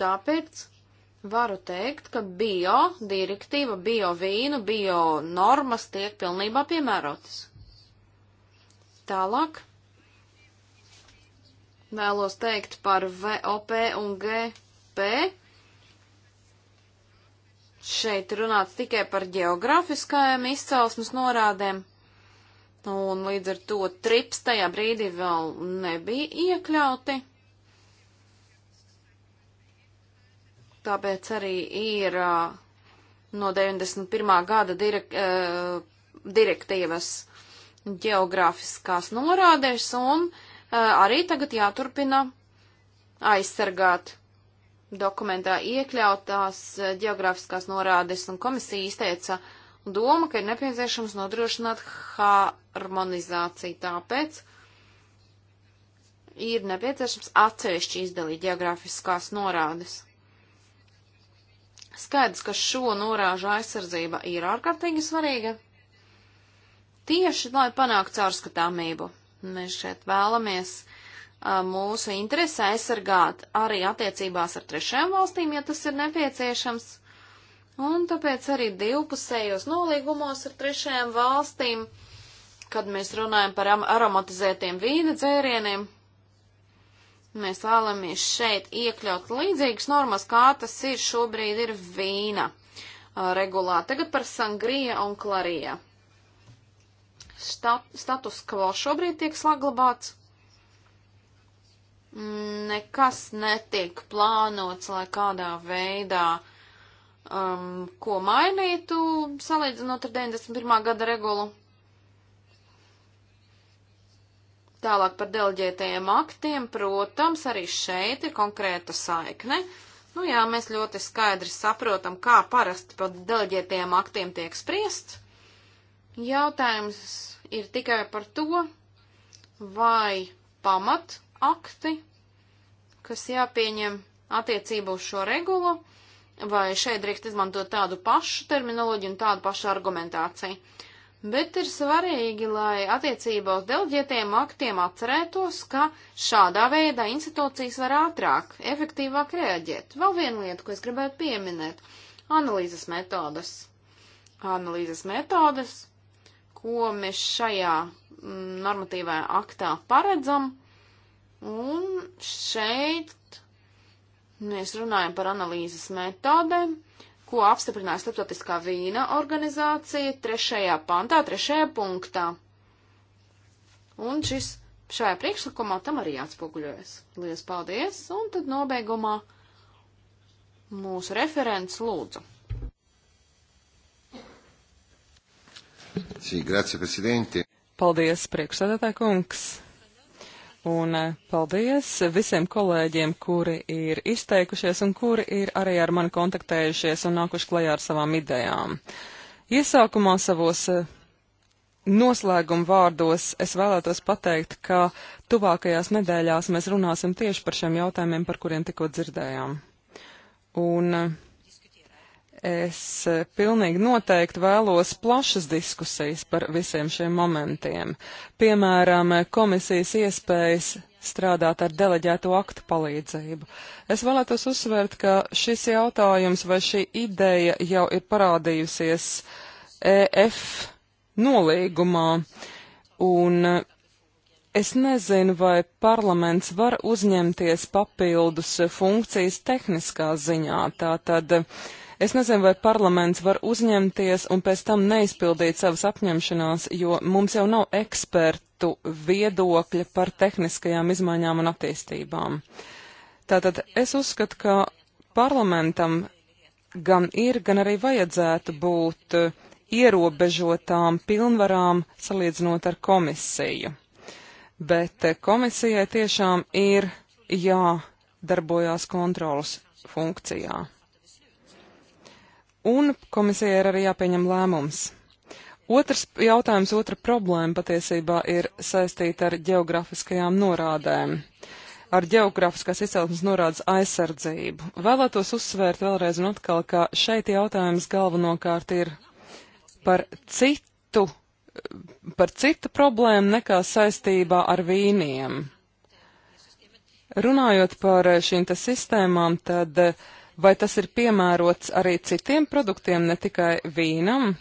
Tāpēc varu teikt, ka bio direktīva, bio vīnu, bio normas tiek pilnībā piemērotas. Tālāk vēlos teikt par VOP un GP Šeit runāts tikai par geogrāfiskajām izcelsmes norādēm, un līdz ar to trips tajā brīdī vēl nebija iekļauti. Tāpēc arī ir no 91. gada direk, direktīvas geogrāfiskās norādes, un arī tagad jāturpina aizsargāt dokumentā iekļautās eh, geogrāfiskās norādes, un komisija izteica domu, ka ir nepieciešams nodrošināt harmonizāciju. Tāpēc ir nepieciešams atsevišķi izdalīt geogrāfiskās norādes. Skaidrs, ka šo norāžu aizsardzība ir ārkārtīgi svarīga. Tieši, lai panāktu caurskatāmību, mēs šeit vēlamies uh, mūsu interesi aizsargāt arī attiecībās ar trešajām valstīm, ja tas ir nepieciešams. Un tāpēc arī divpusējos nolīgumos ar trešajām valstīm, kad mēs runājam par aromatizētiem vīna dzērieniem, mēs vēlamies šeit iekļaut līdzīgas normas, kā tas ir šobrīd ir vīna regulā. Tagad par sangrija un klarija. Stat status quo šobrīd tiek saglabāts nekas netiek plānots, lai kādā veidā um, ko mainītu, salīdzinot ar 91. gada regulu. Tālāk par deleģētajiem aktiem, protams, arī šeit ir konkrēta saikne. Nu jā, mēs ļoti skaidri saprotam, kā parasti par deleģētajiem aktiem tiek spriests. Jautājums ir tikai par to, vai pamat akti, kas jāpieņem attiecībā uz šo regulu, vai šeit drīkst izmantot tādu pašu terminoloģiju un tādu pašu argumentāciju. Bet ir svarīgi, lai attiecībā uz delģētiem aktiem atcerētos, ka šādā veidā institūcijas var ātrāk, efektīvāk reaģēt. Vēl viena lieta, ko es gribētu pieminēt - analīzes metodas. Analīzes metodas, ko mēs šajā mm, normatīvajā aktā paredzam, Un šeit mēs runājam par analīzes metodēm, ko apstiprināja Starptautiskā vīna organizācija trešajā pantā, trešajā punktā. Un šis šajā priekšlikumā tam arī atspoguļojas. Lielas paldies, un tad nobeigumā mūsu referents lūdzu. Sī, grazie, prezidenti. Paldies, priekšsēdētāj kungs. Un eh, paldies visiem kolēģiem, kuri ir izteikušies un kuri ir arī ar mani kontaktējušies un nākuši klajā ar savām idejām. Iesākumā savos eh, noslēguma vārdos es vēlētos pateikt, ka tuvākajās nedēļās mēs runāsim tieši par šiem jautājumiem, par kuriem tikko dzirdējām. Un eh, Es pilnīgi noteikti vēlos plašas diskusijas par visiem šiem momentiem. Piemēram, komisijas iespējas strādāt ar deleģēto aktu palīdzību. Es vēlētos uzsvērt, ka šis jautājums vai šī ideja jau ir parādījusies EF nolīgumā, un es nezinu, vai parlaments var uzņemties papildus funkcijas tehniskā ziņā. Tātad, uh, Es nezinu, vai parlaments var uzņemties un pēc tam neizpildīt savas apņemšanās, jo mums jau nav ekspertu viedokļa par tehniskajām izmaiņām un attīstībām. Tātad es uzskatu, ka parlamentam gan ir, gan arī vajadzētu būt uh, ierobežotām pilnvarām salīdzinot ar komisiju. Bet uh, komisijai tiešām ir jādarbojās kontrolas funkcijā un komisijai ir arī jāpieņem lēmums. Otrs jautājums, otra problēma patiesībā ir saistīta ar geografiskajām norādēm, ar geografiskās izcelsmes norādes aizsardzību. Vēlētos uzsvērt vēlreiz un atkal, ka šeit jautājums galvenokārt ir par citu, par citu problēmu nekā saistībā ar vīniem. Runājot par šīm te sistēmām, tad uh, Vai tas ir piemērots arī citiem produktiem, ne tikai vīnam?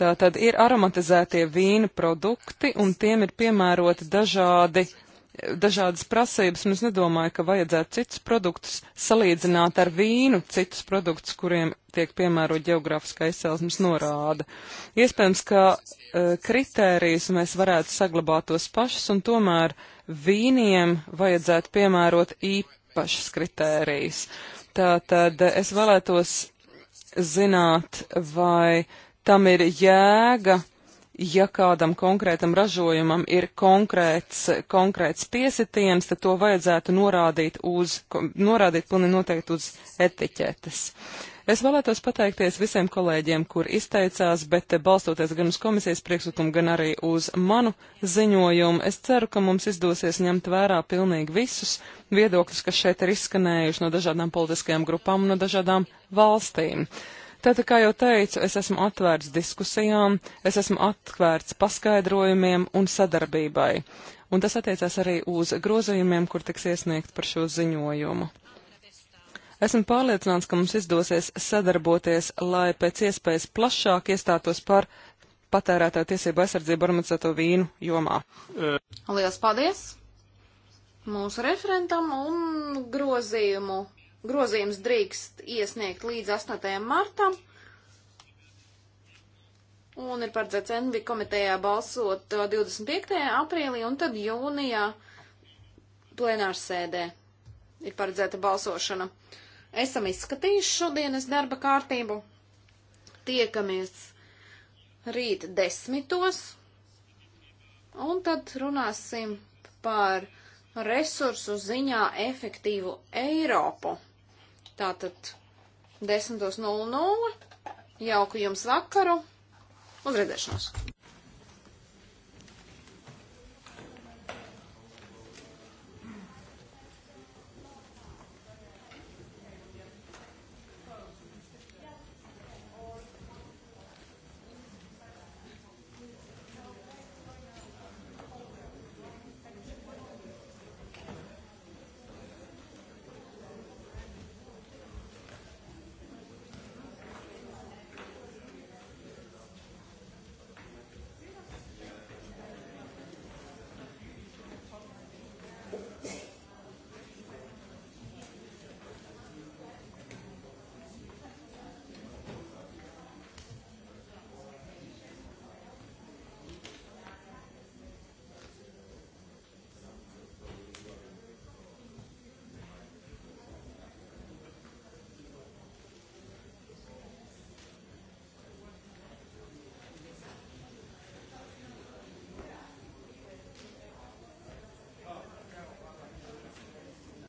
Tā tad ir aromatizētie vīna produkti, un tiem ir piemēroti dažādi, dažādas prasības, un es nedomāju, ka vajadzētu citus produktus salīdzināt ar vīnu, citus produktus, kuriem tiek piemērot geogrāfiskā izcelsmes norāda. Iespējams, ka e, kritērijas mēs varētu saglabāt tos pašus, un tomēr vīniem vajadzētu piemērot īpašas kritērijas. Uh, Tātad es vēlētos zināt, vai tam ir jēga, ja kādam konkrētam ražojumam ir konkrēts, konkrēts piesitiens, tad to vajadzētu norādīt uz, norādīt pilnīgi noteikti uz etiķetes. Uh, Es vēlētos pateikties visiem kolēģiem, kur izteicās, bet balstoties gan uz komisijas priekšlikumu, gan arī uz manu ziņojumu, es ceru, ka mums izdosies ņemt vērā pilnīgi visus viedokļus, kas šeit ir izskanējuši no dažādām politiskajām grupām un no dažādām valstīm. Tātad, kā jau teicu, es esmu atvērts diskusijām, es esmu atvērts paskaidrojumiem un sadarbībai. Un tas attiecās arī uz grozījumiem, kur tiks iesniegt par šo ziņojumu. Esmu pārliecināts, ka mums izdosies sadarboties, lai pēc iespējas plašāk iestātos par patērētāju tiesību aizsardzību aromatizēto vīnu jomā. Lielas paldies mūsu referentam un grozījumu. Grozījums drīkst iesniegt līdz 8. martam. Un ir paredzēts Envi komitejā balsot 25. aprīlī un tad jūnijā plenārsēdē ir paredzēta balsošana. Uh, Esam izskatījuši šodienas darba kārtību. Tiekamies rīt desmitos, un tad runāsim par resursu ziņā efektīvu Eiropu. Tātad 10.00. Jauku jums vakaru. Uz redzēšanos!